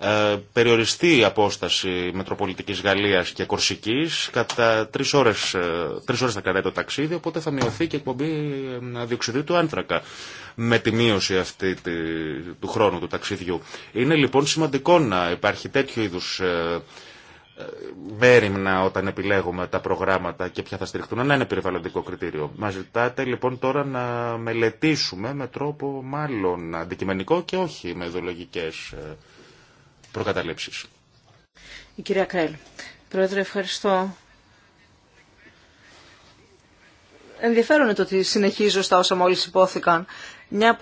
ε, περιοριστεί η απόσταση μετροπολιτικής Γαλλίας και Κορσικής κατά τρεις ώρες, ε, τρεις ώρες θα κρατάει το ταξίδι οπότε θα μειωθεί και η εκπομπή ε, διοξιδίου του άνθρακα με τη μείωση αυτή του χρόνου του ταξιδιού. Είναι λοιπόν σημαντικό να υπάρχει τέτοιο είδους μέρημνα όταν επιλέγουμε τα προγράμματα και ποια θα στηριχτούν, να είναι περιβαλλοντικό κριτήριο. Μα ζητάτε λοιπόν τώρα να μελετήσουμε με τρόπο μάλλον αντικειμενικό και όχι με ιδεολογικές προκαταλήψεις. Η κυρία Κρέλ. Πρόεδρε, ευχαριστώ. Ενδιαφέρον είναι το ότι συνεχίζω στα όσα μόλις υπόθηκαν. Μια,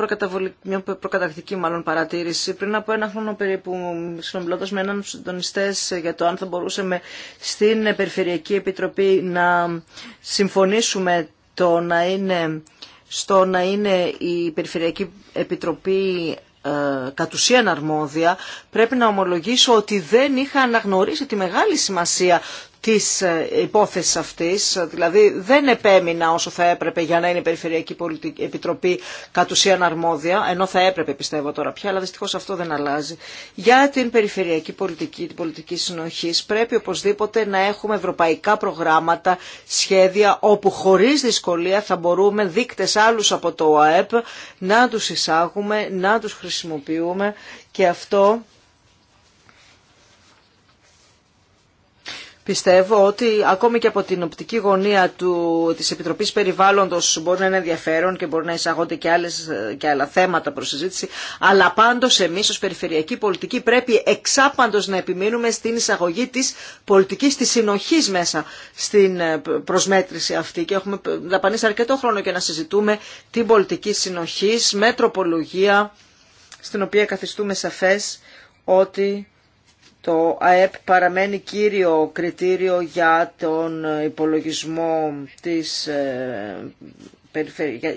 μια προκατακτική μάλλον παρατήρηση. Πριν από ένα χρόνο περίπου, συνομιλώντα με έναν συντονιστέ για το αν θα μπορούσαμε στην Περιφερειακή Επιτροπή να συμφωνήσουμε το να είναι στο να είναι η Περιφερειακή Επιτροπή ε, κατ' ουσίαν αρμόδια, πρέπει να ομολογήσω ότι δεν είχα αναγνωρίσει τη μεγάλη σημασία της ε, υπόθεσης αυτής, δηλαδή δεν επέμεινα όσο θα έπρεπε για να είναι η Περιφερειακή Πολιτική Επιτροπή κατ' ουσίαν αρμόδια, ενώ θα έπρεπε πιστεύω τώρα πια, αλλά δυστυχώς αυτό δεν αλλάζει. Για την Περιφερειακή Πολιτική, την πολιτική συνοχή, πρέπει οπωσδήποτε να έχουμε ευρωπαϊκά προγράμματα, σχέδια, όπου χωρίς δυσκολία θα μπορούμε δείκτες άλλους από το ΟΑΕΠ να τους εισάγουμε, να τους χρησιμοποιούμε και αυτό πιστεύω ότι ακόμη και από την οπτική γωνία του, της Επιτροπής Περιβάλλοντος μπορεί να είναι ενδιαφέρον και μπορεί να εισαγόνται και, άλλες, και άλλα θέματα προς συζήτηση, αλλά πάντως εμείς ως περιφερειακή πολιτική πρέπει εξάπαντος να επιμείνουμε στην εισαγωγή της πολιτικής της συνοχής μέσα στην ε, προσμέτρηση αυτή και έχουμε δαπανίσει αρκετό χρόνο και να συζητούμε την πολιτική συνοχής με τροπολογία στην οποία καθιστούμε σαφές ότι το ΑΕΠ παραμένει κύριο κριτήριο για τον υπολογισμό της ε,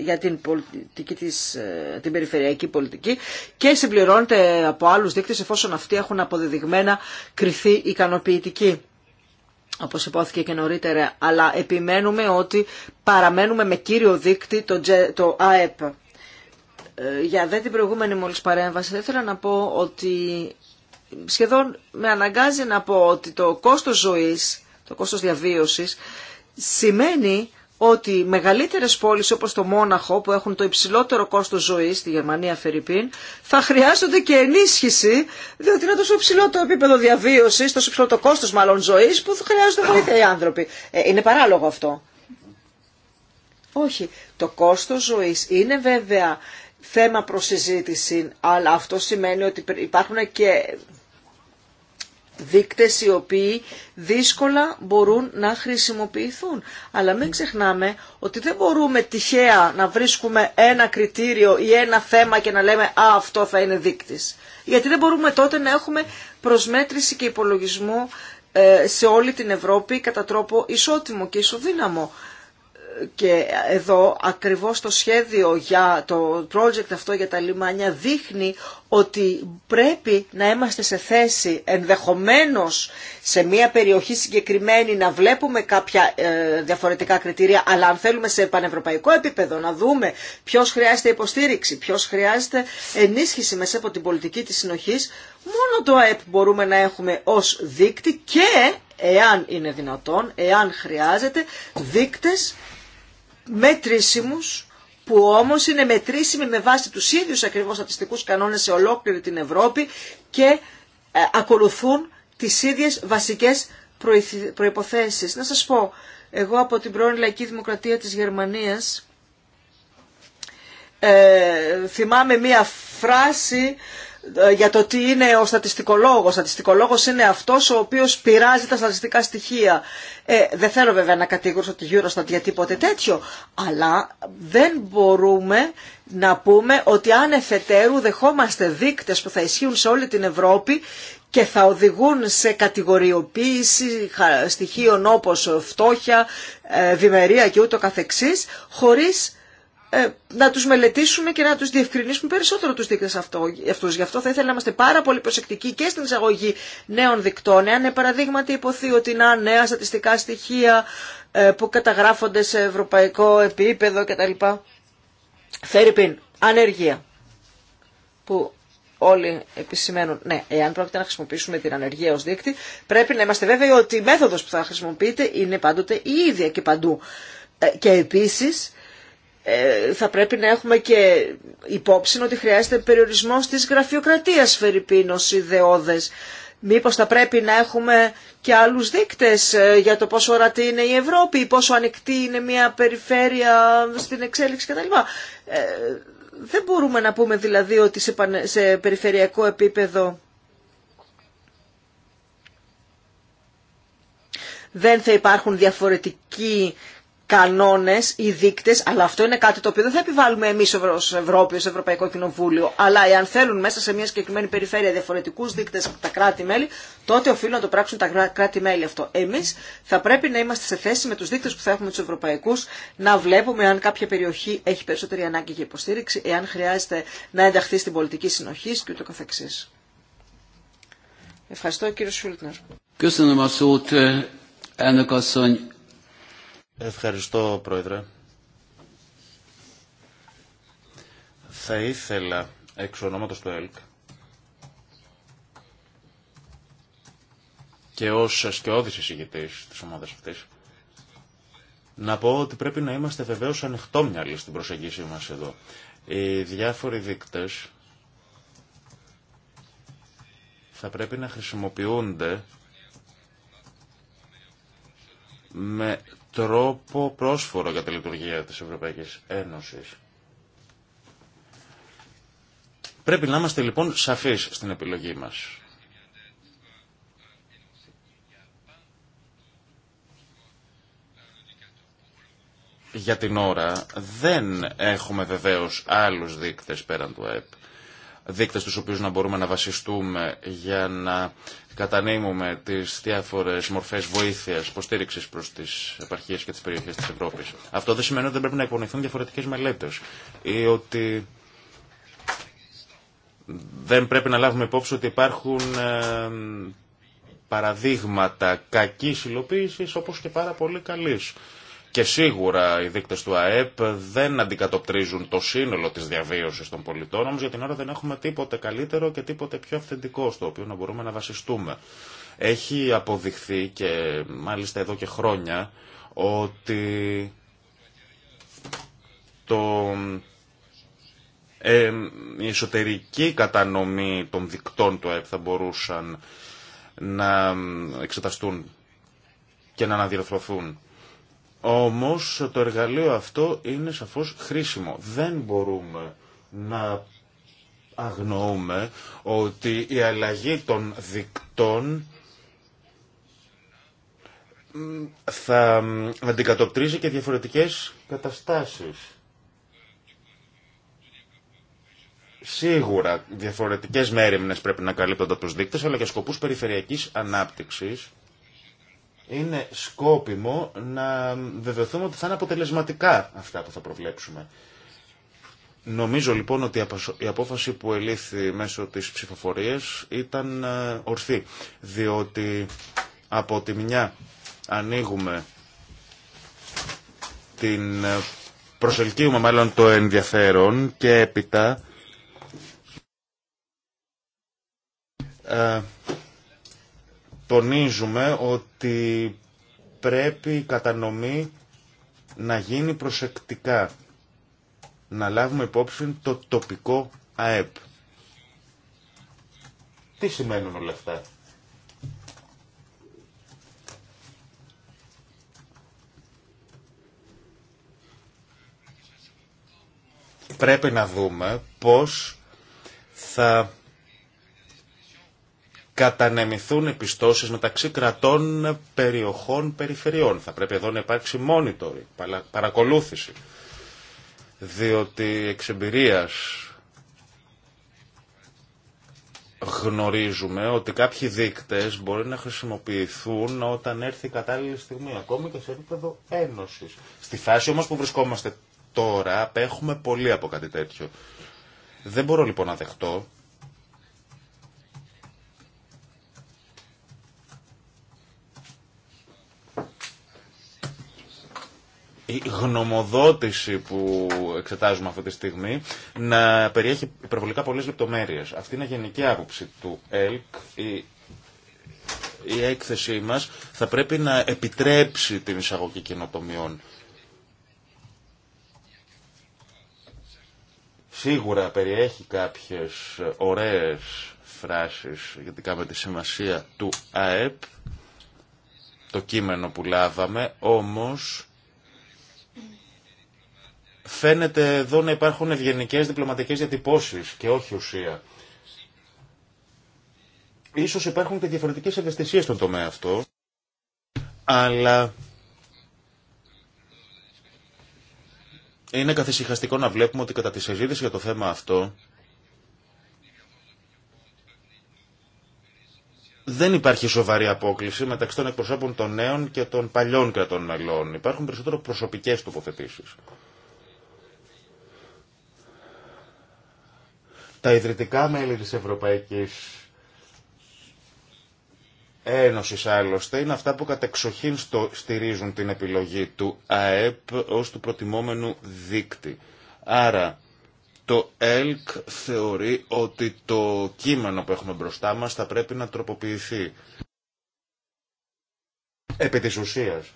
για την, πολιτική της, ε, την περιφερειακή πολιτική και συμπληρώνεται από άλλους δείκτες εφόσον αυτοί έχουν αποδεδειγμένα κριθεί ικανοποιητική όπως υπόθηκε και νωρίτερα, αλλά επιμένουμε ότι παραμένουμε με κύριο δείκτη το, το ΑΕΠ. Ε, για δεν την προηγούμενη μόλις παρέμβαση, θα ήθελα να πω ότι σχεδόν με αναγκάζει να πω ότι το κόστος ζωής, το κόστος διαβίωσης, σημαίνει ότι μεγαλύτερες πόλεις όπως το Μόναχο που έχουν το υψηλότερο κόστος ζωής στη Γερμανία Φερρυπίν θα χρειάζονται και ενίσχυση διότι είναι τόσο υψηλό το επίπεδο διαβίωσης, τόσο υψηλό το κόστος μάλλον ζωής που θα χρειάζονται βοήθεια οι άνθρωποι. Ε, είναι παράλογο αυτό. Όχι. Το κόστος ζωής είναι βέβαια θέμα προσυζήτηση αλλά αυτό σημαίνει ότι υπάρχουν και δείκτες οι οποίοι δύσκολα μπορούν να χρησιμοποιηθούν. Αλλά μην ξεχνάμε ότι δεν μπορούμε τυχαία να βρίσκουμε ένα κριτήριο ή ένα θέμα και να λέμε «Α, αυτό θα είναι δείκτης». Γιατί δεν μπορούμε τότε να έχουμε προσμέτρηση και υπολογισμό ε, σε όλη την Ευρώπη κατά τρόπο ισότιμο και ισοδύναμο και εδώ ακριβώς το σχέδιο για το project αυτό για τα λιμάνια δείχνει ότι πρέπει να είμαστε σε θέση ενδεχομένως σε μια περιοχή συγκεκριμένη να βλέπουμε κάποια ε, διαφορετικά κριτήρια αλλά αν θέλουμε σε πανευρωπαϊκό επίπεδο να δούμε ποιος χρειάζεται υποστήριξη, ποιος χρειάζεται ενίσχυση μέσα από την πολιτική της συνοχής μόνο το ΑΕΠ μπορούμε να έχουμε ως δείκτη και εάν είναι δυνατόν, εάν χρειάζεται δείκτες μετρήσιμους που όμως είναι μετρήσιμοι με βάση τους ίδιους ακριβώς στατιστικούς κανόνες σε ολόκληρη την Ευρώπη και ε, ακολουθούν τις ίδιες βασικές προϋποθέσεις. Να σας πω, εγώ από την πρώην Λαϊκή Δημοκρατία της Γερμανίας ε, θυμάμαι μία φράση ε, για το τι είναι ο στατιστικολόγος. Ο στατιστικολόγος είναι αυτός ο οποίος πειράζει τα στατιστικά στοιχεία. Ε, δεν θέλω βέβαια να κατηγορήσω τη Eurostat για τίποτε τέτοιο, αλλά δεν μπορούμε να πούμε ότι αν εφετέρου δεχόμαστε δείκτες που θα ισχύουν σε όλη την Ευρώπη και θα οδηγούν σε κατηγοριοποίηση στοιχείων όπως φτώχεια, βημερία ε, και ούτω καθεξής, χωρίς ε, να τους μελετήσουμε και να τους διευκρινίσουμε περισσότερο τους δείκτες αυτούς. Γι' αυτό θα ήθελα να είμαστε πάρα πολύ προσεκτικοί και στην εισαγωγή νέων δικτών. Εάν παραδείγματι υποθεί ότι να νέα στατιστικά στοιχεία ε, που καταγράφονται σε ευρωπαϊκό επίπεδο κτλ. Φέρει πίν, ανεργία που όλοι επισημαίνουν. Ναι, εάν πρόκειται να χρησιμοποιήσουμε την ανεργία ως δείκτη, πρέπει να είμαστε βέβαιοι ότι η μέθοδος που θα χρησιμοποιείται είναι πάντοτε η ίδια και παντού. Ε, και επίσης, ε, θα πρέπει να έχουμε και υπόψη ότι χρειάζεται περιορισμό της γραφειοκρατίας φερρυπίνος ιδεώδες. Μήπως θα πρέπει να έχουμε και άλλους δείκτες ε, για το πόσο ορατή είναι η Ευρώπη, πόσο ανοιχτή είναι μια περιφέρεια στην εξέλιξη κτλ. Ε, δεν μπορούμε να πούμε δηλαδή ότι σε περιφερειακό επίπεδο δεν θα υπάρχουν διαφορετικοί κανόνε, ή δείκτε, αλλά αυτό είναι κάτι το οποίο δεν θα επιβάλλουμε εμεί ω Ευρώπη, ω Ευρωπαϊκό Κοινοβούλιο, αλλά εάν θέλουν μέσα σε μια συγκεκριμένη περιφέρεια διαφορετικού δείκτε από τα κράτη-μέλη, τότε οφείλουν να το πράξουν τα κράτη-μέλη αυτό. Εμεί θα πρέπει να είμαστε σε θέση με του δείκτε που θα έχουμε του Ευρωπαϊκού, να βλέπουμε αν κάποια περιοχή έχει περισσότερη ανάγκη για υποστήριξη, εάν χρειάζεται να ενταχθεί στην πολιτική συνοχή κ.ο.κ. Ευχαριστώ κύριο Σούλτνερ. Ευχαριστώ, Πρόεδρε. Θα ήθελα, εξ ονόματος του ΕΛΚ, και ως ασκαιώδης εισηγητής της ομάδας αυτής, να πω ότι πρέπει να είμαστε βεβαίως ανοιχτόμυαλοι στην προσεγγίση μας εδώ. Οι διάφοροι δείκτες θα πρέπει να χρησιμοποιούνται με τρόπο πρόσφορο για τη λειτουργία της Ευρωπαϊκής Ένωσης. Πρέπει να είμαστε λοιπόν σαφείς στην επιλογή μας. Για την ώρα δεν έχουμε βεβαίως άλλους δείκτες πέραν του ΑΕΠ δείκτες στους οποίους να μπορούμε να βασιστούμε για να κατανείμουμε τις διάφορες μορφές βοήθειας, υποστήριξη προς τις επαρχίες και τις περιοχές της Ευρώπης. Αυτό δεν σημαίνει ότι δεν πρέπει να εκπονηθούν διαφορετικές μελέτες ή ότι δεν πρέπει να λάβουμε υπόψη ότι υπάρχουν ε, παραδείγματα κακής υλοποίησης όπως και πάρα πολύ καλής. Και σίγουρα οι δείκτε του ΑΕΠ δεν αντικατοπτρίζουν το σύνολο τη διαβίωση των πολιτών, όμω για την ώρα δεν έχουμε τίποτε καλύτερο και τίποτε πιο αυθεντικό στο οποίο να μπορούμε να βασιστούμε. Έχει αποδειχθεί και μάλιστα εδώ και χρόνια ότι το, ε, η εσωτερική κατανομή των δικτών του ΑΕΠ θα μπορούσαν να εξεταστούν και να αναδιορθωθούν. Όμως το εργαλείο αυτό είναι σαφώς χρήσιμο. Δεν μπορούμε να αγνοούμε ότι η αλλαγή των δικτών θα αντικατοπτρίζει και διαφορετικές καταστάσεις. Σίγουρα διαφορετικές μέρημνες πρέπει να καλύπτονται από τους δείκτες, αλλά και σκοπούς περιφερειακής ανάπτυξης είναι σκόπιμο να βεβαιωθούμε ότι θα είναι αποτελεσματικά αυτά που θα προβλέψουμε. Νομίζω λοιπόν ότι η απόφαση που ελήφθη μέσω της ψηφοφορίας ήταν ε, ορθή, διότι από τη μια ανοίγουμε την ε, προσελκύουμε μάλλον το ενδιαφέρον και έπειτα ε, τονίζουμε ότι πρέπει η κατανομή να γίνει προσεκτικά. Να λάβουμε υπόψη το τοπικό ΑΕΠ. Τι σημαίνουν όλα αυτά. Πρέπει να δούμε πώς θα κατανεμηθούν οι μεταξύ κρατών, περιοχών, περιφερειών. Θα πρέπει εδώ να υπάρξει monitoring, παρακολούθηση. Διότι εξ εμπειρίας γνωρίζουμε ότι κάποιοι δείκτες μπορεί να χρησιμοποιηθούν όταν έρθει η κατάλληλη στιγμή, ακόμη και σε επίπεδο ένωσης. Στη φάση όμως που βρισκόμαστε τώρα, απέχουμε πολύ από κάτι τέτοιο. Δεν μπορώ λοιπόν να δεχτώ η γνωμοδότηση που εξετάζουμε αυτή τη στιγμή να περιέχει υπερβολικά πολλές λεπτομέρειες. Αυτή είναι η γενική άποψη του ΕΛΚ. Η, έκθεσή μας θα πρέπει να επιτρέψει την εισαγωγή καινοτομιών. Σίγουρα περιέχει κάποιες ωραίες φράσεις γιατί με τη σημασία του ΑΕΠ, το κείμενο που λάβαμε, όμως Φαίνεται εδώ να υπάρχουν ευγενικέ διπλωματικέ διατυπώσει και όχι ουσία. Ίσως υπάρχουν και διαφορετικές ευαισθησίε στον τομέα αυτό, αλλά είναι καθησυχαστικό να βλέπουμε ότι κατά τη συζήτηση για το θέμα αυτό δεν υπάρχει σοβαρή απόκληση μεταξύ των εκπροσώπων των νέων και των παλιών κρατών μελών. Υπάρχουν περισσότερο προσωπικές τοποθετήσεις. Τα ιδρυτικά μέλη της Ευρωπαϊκής Ένωσης άλλωστε είναι αυτά που κατεξοχήν στο, στηρίζουν την επιλογή του ΑΕΠ ως του προτιμόμενου δίκτυ. Άρα το ΕΛΚ θεωρεί ότι το κείμενο που έχουμε μπροστά μας θα πρέπει να τροποποιηθεί. Επί της ουσίας.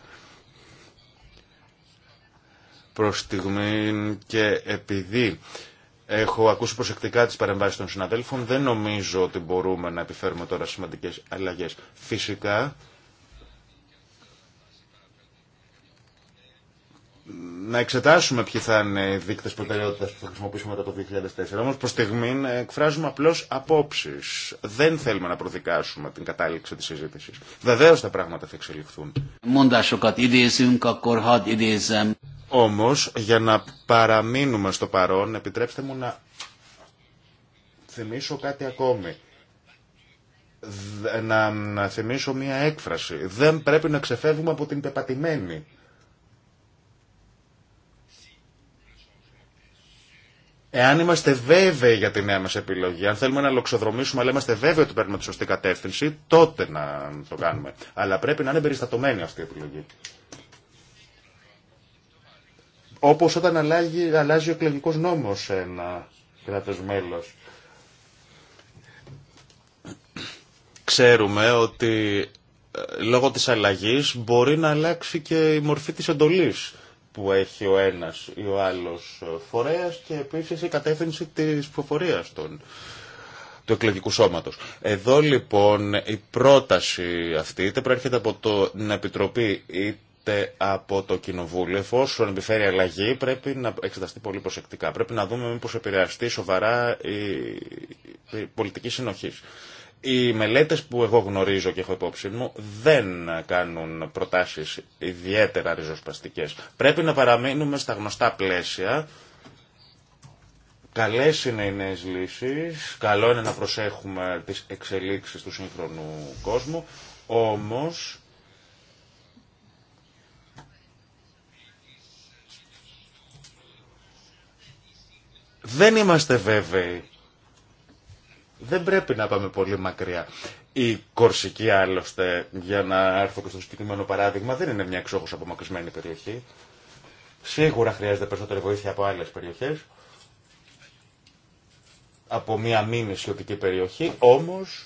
και επειδή Έχω ακούσει προσεκτικά τις παρεμβάσεις των συναδέλφων. Δεν νομίζω ότι μπορούμε να επιφέρουμε τώρα σημαντικέ αλλαγέ. Φυσικά, να εξετάσουμε ποιοι θα είναι οι δείκτε προτεραιότητα που θα χρησιμοποιήσουμε μετά το 2004. Όμω προ στιγμή εκφράζουμε απλώ απόψει. Δεν θέλουμε να προδικάσουμε την κατάληξη τη συζήτηση. Βεβαίω τα πράγματα θα εξελιχθούν. Όμως, για να παραμείνουμε στο παρόν, επιτρέψτε μου να θυμίσω κάτι ακόμη. Να, να θυμίσω μία έκφραση. Δεν πρέπει να ξεφεύγουμε από την πεπατημένη. Εάν είμαστε βέβαιοι για τη νέα μας επιλογή, αν θέλουμε να λοξοδρομήσουμε, αλλά είμαστε βέβαιοι ότι παίρνουμε τη σωστή κατεύθυνση, τότε να το κάνουμε. Αλλά πρέπει να είναι περιστατωμένη αυτή η επιλογή. Όπως όταν αλλάζει, ο εκλογικός νόμος σε ένα κράτος μέλος. Ξέρουμε ότι ε, λόγω της αλλαγής μπορεί να αλλάξει και η μορφή της εντολής που έχει ο ένας ή ο άλλος φορέας και επίσης η κατεύθυνση της προφορίας των του εκλογικού σώματος. Εδώ λοιπόν η πρόταση αυτή είτε προέρχεται από την Επιτροπή είτε τε από το Κοινοβούλιο, εφόσον επιφέρει αλλαγή, πρέπει να εξεταστεί πολύ προσεκτικά. Πρέπει να δούμε μήπως επηρεαστεί σοβαρά η πολιτική συνοχή. Οι μελέτες που εγώ γνωρίζω και έχω υπόψη μου δεν κάνουν προτάσεις ιδιαίτερα ριζοσπαστικές. Πρέπει να παραμείνουμε στα γνωστά πλαίσια. Καλές είναι οι νέες λύσεις, καλό είναι να προσέχουμε τις εξελίξεις του σύγχρονου κόσμου, όμως Δεν είμαστε βέβαιοι. Δεν πρέπει να πάμε πολύ μακριά. Η Κορσική άλλωστε, για να έρθω και στο συγκεκριμένο παράδειγμα, δεν είναι μια εξόχως απομακρυσμένη περιοχή. Σίγουρα χρειάζεται περισσότερη βοήθεια από άλλες περιοχές. Από μια μη νησιωτική περιοχή, όμως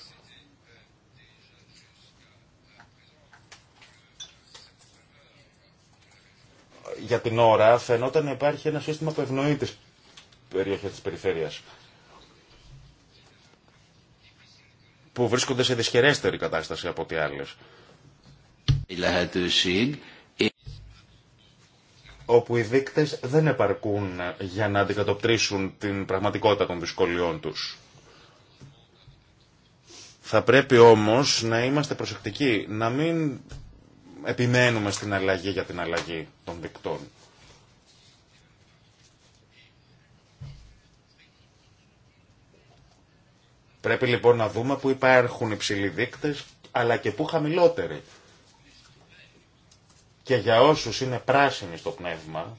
για την ώρα φαινόταν να υπάρχει ένα σύστημα που ευνοεί περιοχές της περιφέρειας που βρίσκονται σε δυσχερέστερη κατάσταση από ό,τι άλλες. Όπου οι δείκτες δεν επαρκούν για να αντικατοπτρίσουν την πραγματικότητα των δυσκολιών τους. Θα πρέπει όμως να είμαστε προσεκτικοί, να μην επιμένουμε στην αλλαγή για την αλλαγή των δικτών. Πρέπει λοιπόν να δούμε που υπάρχουν υψηλοί δείκτες, αλλά και που χαμηλότεροι. Και για όσους είναι πράσινοι στο πνεύμα,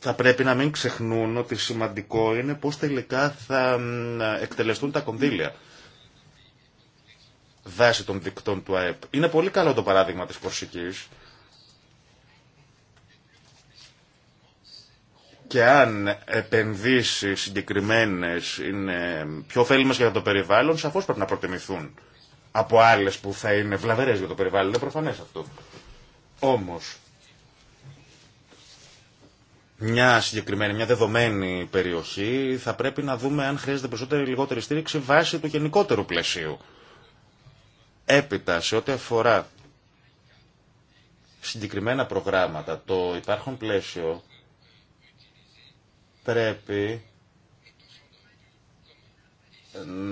θα πρέπει να μην ξεχνούν ότι σημαντικό είναι πώς τελικά θα εκτελεστούν τα κονδύλια δάση των δικτών του ΑΕΠ. Είναι πολύ καλό το παράδειγμα της Κορσικής, και αν επενδύσει συγκεκριμένε είναι πιο ωφέλιμε για το περιβάλλον, σαφώ πρέπει να προτιμηθούν από άλλε που θα είναι βλαβερέ για το περιβάλλον. Είναι προφανέ αυτό. Όμω, μια συγκεκριμένη, μια δεδομένη περιοχή θα πρέπει να δούμε αν χρειάζεται περισσότερη ή λιγότερη στήριξη βάσει του γενικότερου πλαισίου. Έπειτα, σε ό,τι αφορά συγκεκριμένα προγράμματα, το υπάρχον πλαίσιο πρέπει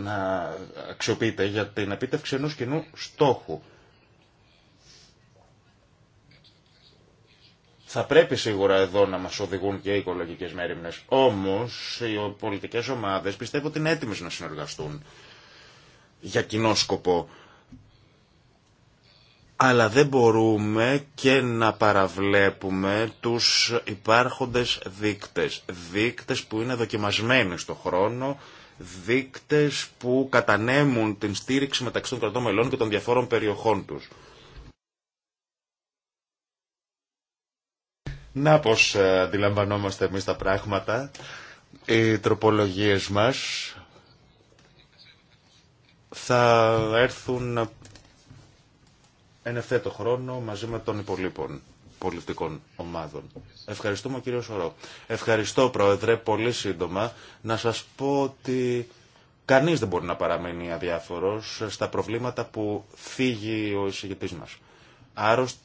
να αξιοποιείται για την επίτευξη ενός κοινού στόχου. Θα πρέπει σίγουρα εδώ να μας οδηγούν και οι οικολογικές μέρημνες. Όμως οι πολιτικές ομάδες πιστεύω ότι είναι έτοιμες να συνεργαστούν για κοινό σκοπό αλλά δεν μπορούμε και να παραβλέπουμε τους υπάρχοντες δείκτες. Δείκτες που είναι δοκιμασμένοι στο χρόνο, δείκτες που κατανέμουν την στήριξη μεταξύ των κρατών μελών και των διαφόρων περιοχών τους. Να πως ε, αντιλαμβανόμαστε εμείς τα πράγματα. Οι τροπολογίες μας θα έρθουν εν ευθέτω χρόνο μαζί με των υπολείπων πολιτικών ομάδων. Ευχαριστούμε κύριο Σωρό. Ευχαριστώ Πρόεδρε, πολύ σύντομα να σας πω ότι κανείς δεν μπορεί να παραμείνει αδιάφορος στα προβλήματα που φύγει ο εισηγητής μας.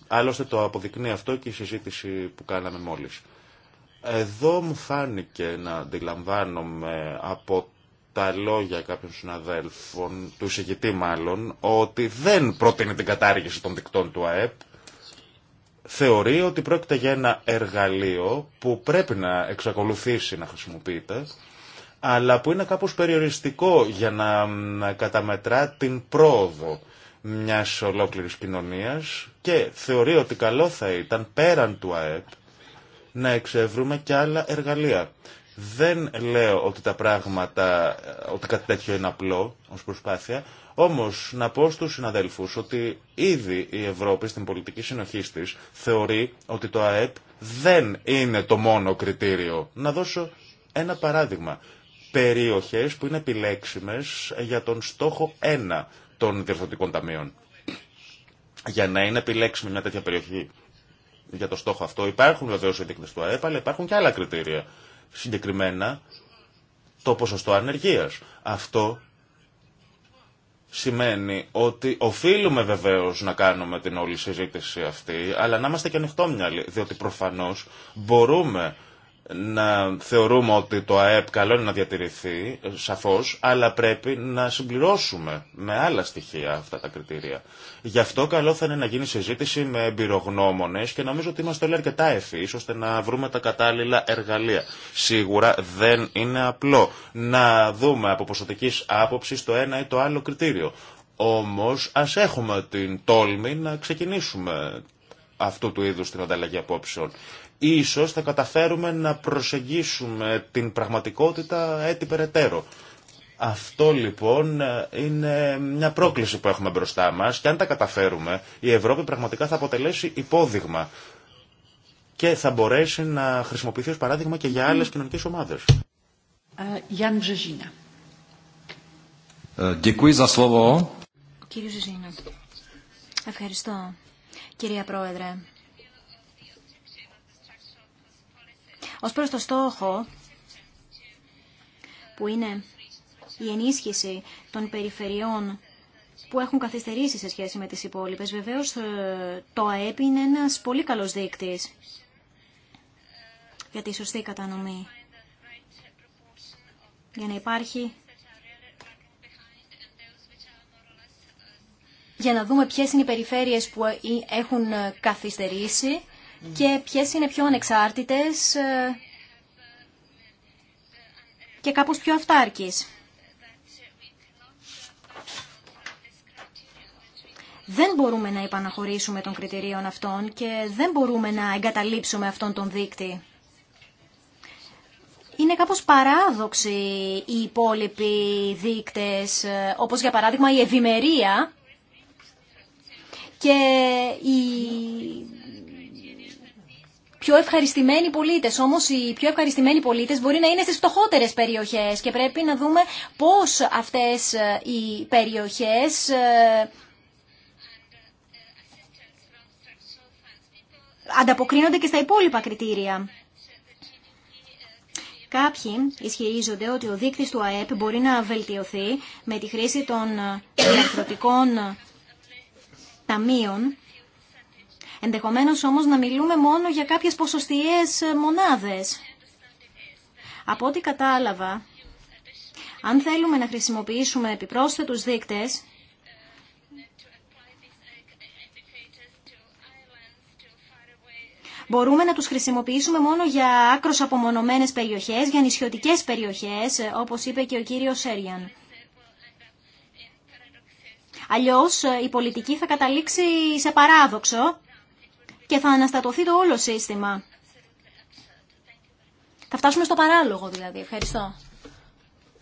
Άλλωστε το αποδεικνύει αυτό και η συζήτηση που κάναμε μόλις. Εδώ μου φάνηκε να αντιλαμβάνομαι από τα λόγια κάποιων συναδέλφων, του εισηγητή μάλλον, ότι δεν προτείνει την κατάργηση των δικτών του ΑΕΠ, θεωρεί ότι πρόκειται για ένα εργαλείο που πρέπει να εξακολουθήσει να χρησιμοποιείται, αλλά που είναι κάπως περιοριστικό για να καταμετρά την πρόοδο μιας ολόκληρης κοινωνίας και θεωρεί ότι καλό θα ήταν πέραν του ΑΕΠ να εξεύρουμε και άλλα εργαλεία. Δεν λέω ότι τα πράγματα, ότι κάτι τέτοιο είναι απλό ω προσπάθεια, Όμω να πω στου συναδέλφου ότι ήδη η Ευρώπη στην πολιτική συνοχή τη θεωρεί ότι το ΑΕΠ δεν είναι το μόνο κριτήριο. Να δώσω ένα παράδειγμα. Περιοχές που είναι επιλέξιμες για τον στόχο 1 των διευθυντικών ταμείων. Για να είναι επιλέξιμη μια τέτοια περιοχή για το στόχο αυτό υπάρχουν βεβαίω οι δείκτε του ΑΕΠ, αλλά υπάρχουν και άλλα κριτήρια συγκεκριμένα το ποσοστό ανεργίας. Αυτό σημαίνει ότι οφείλουμε βεβαίως να κάνουμε την όλη συζήτηση αυτή, αλλά να είμαστε και ανοιχτόμυαλοι, διότι προφανώς μπορούμε να θεωρούμε ότι το ΑΕΠ καλό είναι να διατηρηθεί, σαφώς, αλλά πρέπει να συμπληρώσουμε με άλλα στοιχεία αυτά τα κριτήρια. Γι' αυτό καλό θα είναι να γίνει συζήτηση με εμπειρογνώμονες και νομίζω ότι είμαστε όλοι αρκετά ευφύς ώστε να βρούμε τα κατάλληλα εργαλεία. Σίγουρα δεν είναι απλό να δούμε από ποσοτικής άποψης το ένα ή το άλλο κριτήριο. Όμως ας έχουμε την τόλμη να ξεκινήσουμε αυτού του είδους την ανταλλαγή απόψεων ίσως θα καταφέρουμε να προσεγγίσουμε την πραγματικότητα έτσι περαιτέρω. Αυτό λοιπόν είναι μια πρόκληση που έχουμε μπροστά μας και αν τα καταφέρουμε η Ευρώπη πραγματικά θα αποτελέσει υπόδειγμα και θα μπορέσει να χρησιμοποιηθεί ως παράδειγμα και για άλλες κοινωνικές ομάδες. Ε, ε, Ζεζίνα. Ευχαριστώ. Κυρία Πρόεδρε, Ως προς το στόχο που είναι η ενίσχυση των περιφερειών που έχουν καθυστερήσει σε σχέση με τις υπόλοιπες. Βεβαίως ε, το ΑΕΠ είναι ένας πολύ καλός δείκτης για τη σωστή κατανομή. Για να υπάρχει... Για να δούμε ποιες είναι οι περιφέρειες που ε, έχουν ε, καθυστερήσει και ποιες είναι πιο ανεξάρτητες ε, και κάπως πιο αυτάρκεις. Δεν μπορούμε να υπαναχωρήσουμε των κριτηρίων αυτών και δεν μπορούμε να εγκαταλείψουμε αυτόν τον δείκτη. Είναι κάπως παράδοξοι οι υπόλοιποι δείκτες, ε, όπως για παράδειγμα η ευημερία και η πιο ευχαριστημένοι πολίτες. Όμως οι πιο ευχαριστημένοι πολίτες μπορεί να είναι στις φτωχότερε περιοχές και πρέπει να δούμε πώς αυτές ε, οι περιοχές ε, ανταποκρίνονται και στα υπόλοιπα κριτήρια. Κάποιοι ισχυρίζονται ότι ο δείκτης του ΑΕΠ μπορεί να βελτιωθεί με τη χρήση των ε, ηλεκτροτικών ταμείων Ενδεχομένως όμως να μιλούμε μόνο για κάποιες ποσοστιαίες ε, μονάδες. Από ό,τι κατάλαβα, αν θέλουμε να χρησιμοποιήσουμε επιπρόσθετους δείκτες, μπορούμε να τους χρησιμοποιήσουμε μόνο για άκρος απομονωμένες περιοχές, για νησιωτικές περιοχές, ε, όπως είπε και ο κύριος Σέριαν. Αλλιώς ε, η πολιτική θα καταλήξει σε παράδοξο και θα αναστατωθεί το όλο σύστημα. Θα φτάσουμε στο παράλογο δηλαδή. Ευχαριστώ.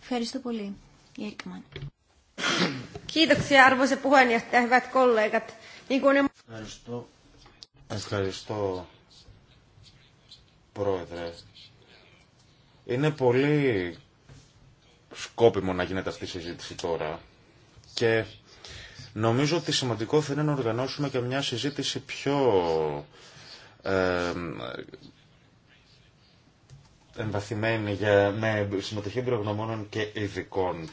Ευχαριστώ πολύ. Ευχαριστώ. Ευχαριστώ, Πρόεδρε. Είναι πολύ σκόπιμο να γίνεται αυτή η συζήτηση τώρα και Νομίζω ότι σημαντικό θα είναι να οργανώσουμε και μια συζήτηση πιο ε, εμβαθυμένη για, με συμμετοχή εμπειρογνωμόνων και ειδικών.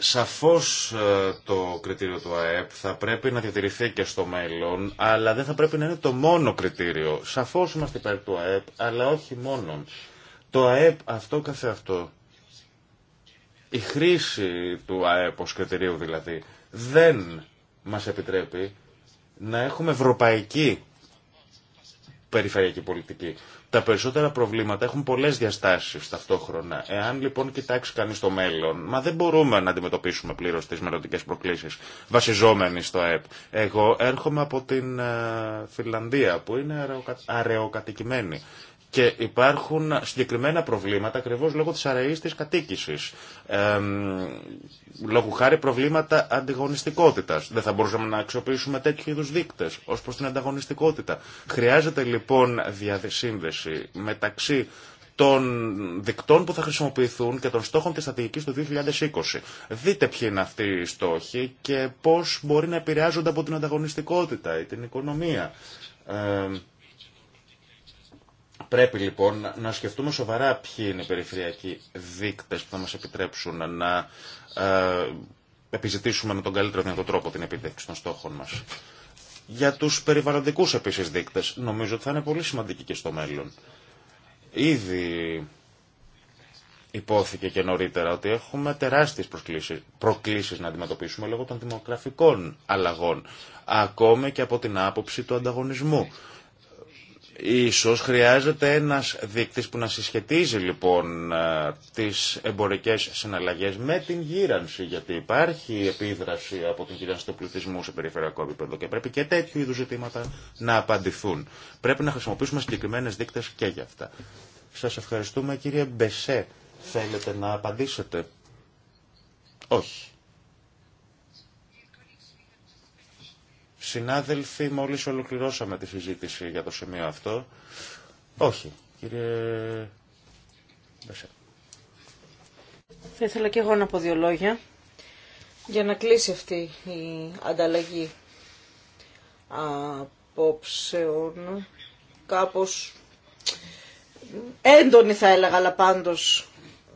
Σαφώς ε, το κριτήριο του ΑΕΠ θα πρέπει να διατηρηθεί και στο μέλλον, αλλά δεν θα πρέπει να είναι το μόνο κριτήριο. Σαφώς είμαστε υπέρ του ΑΕΠ, αλλά όχι μόνον. Το ΑΕΠ αυτό καθεαυτό η χρήση του ΑΕΠ ως κριτηρίου δηλαδή δεν μας επιτρέπει να έχουμε ευρωπαϊκή περιφερειακή πολιτική. Τα περισσότερα προβλήματα έχουν πολλές διαστάσεις ταυτόχρονα. Εάν λοιπόν κοιτάξει κανείς το μέλλον, μα δεν μπορούμε να αντιμετωπίσουμε πλήρως τις μελλοντικές προκλήσεις βασιζόμενοι στο ΑΕΠ. Εγώ έρχομαι από την ε, Φιλανδία που είναι αραιοκατοικημένη. Και υπάρχουν συγκεκριμένα προβλήματα ακριβώ λόγω τη αραιή τη κατοίκηση. Ε, λόγω χάρη προβλήματα αντιγωνιστικότητα. Δεν θα μπορούσαμε να αξιοποιήσουμε τέτοιου είδου δείκτε ω προ την ανταγωνιστικότητα. Χρειάζεται λοιπόν διασύνδεση μεταξύ των δικτών που θα χρησιμοποιηθούν και των στόχων της στρατηγικής του 2020. Δείτε ποιοι είναι αυτοί οι στόχοι και πώς μπορεί να επηρεάζονται από την ανταγωνιστικότητα ή την οικονομία. Ε, πρέπει λοιπόν να σκεφτούμε σοβαρά ποιοι είναι οι περιφερειακοί δείκτες που θα μας επιτρέψουν να ε, επιζητήσουμε με τον καλύτερο δυνατό τρόπο την επίτευξη των στόχων μας. Για τους περιβαλλοντικούς επίσης δείκτες νομίζω ότι θα είναι πολύ σημαντικοί και στο μέλλον. Ήδη υπόθηκε και νωρίτερα ότι έχουμε τεράστιες προκλήσεις να αντιμετωπίσουμε λόγω των δημογραφικών αλλαγών, ακόμη και από την άποψη του ανταγωνισμού. Ίσως χρειάζεται ένας δείκτης που να συσχετίζει λοιπόν ε, τις εμπορικές συναλλαγές με την γύρανση, γιατί υπάρχει επίδραση από την γύρανση του πληθυσμού σε περιφερειακό επίπεδο και πρέπει και τέτοιου είδους ζητήματα να απαντηθούν. Πρέπει να χρησιμοποιήσουμε συγκεκριμένες δείκτες και για αυτά. Σας ευχαριστούμε κύριε Μπεσέ. Θέλετε να απαντήσετε. Όχι. Συνάδελφοι, μόλις ολοκληρώσαμε τη συζήτηση για το σημείο αυτό. Όχι, κύριε Θα ήθελα και εγώ να πω δύο λόγια για να κλείσει αυτή η ανταλλαγή απόψεων. Κάπως έντονη θα έλεγα, αλλά πάντως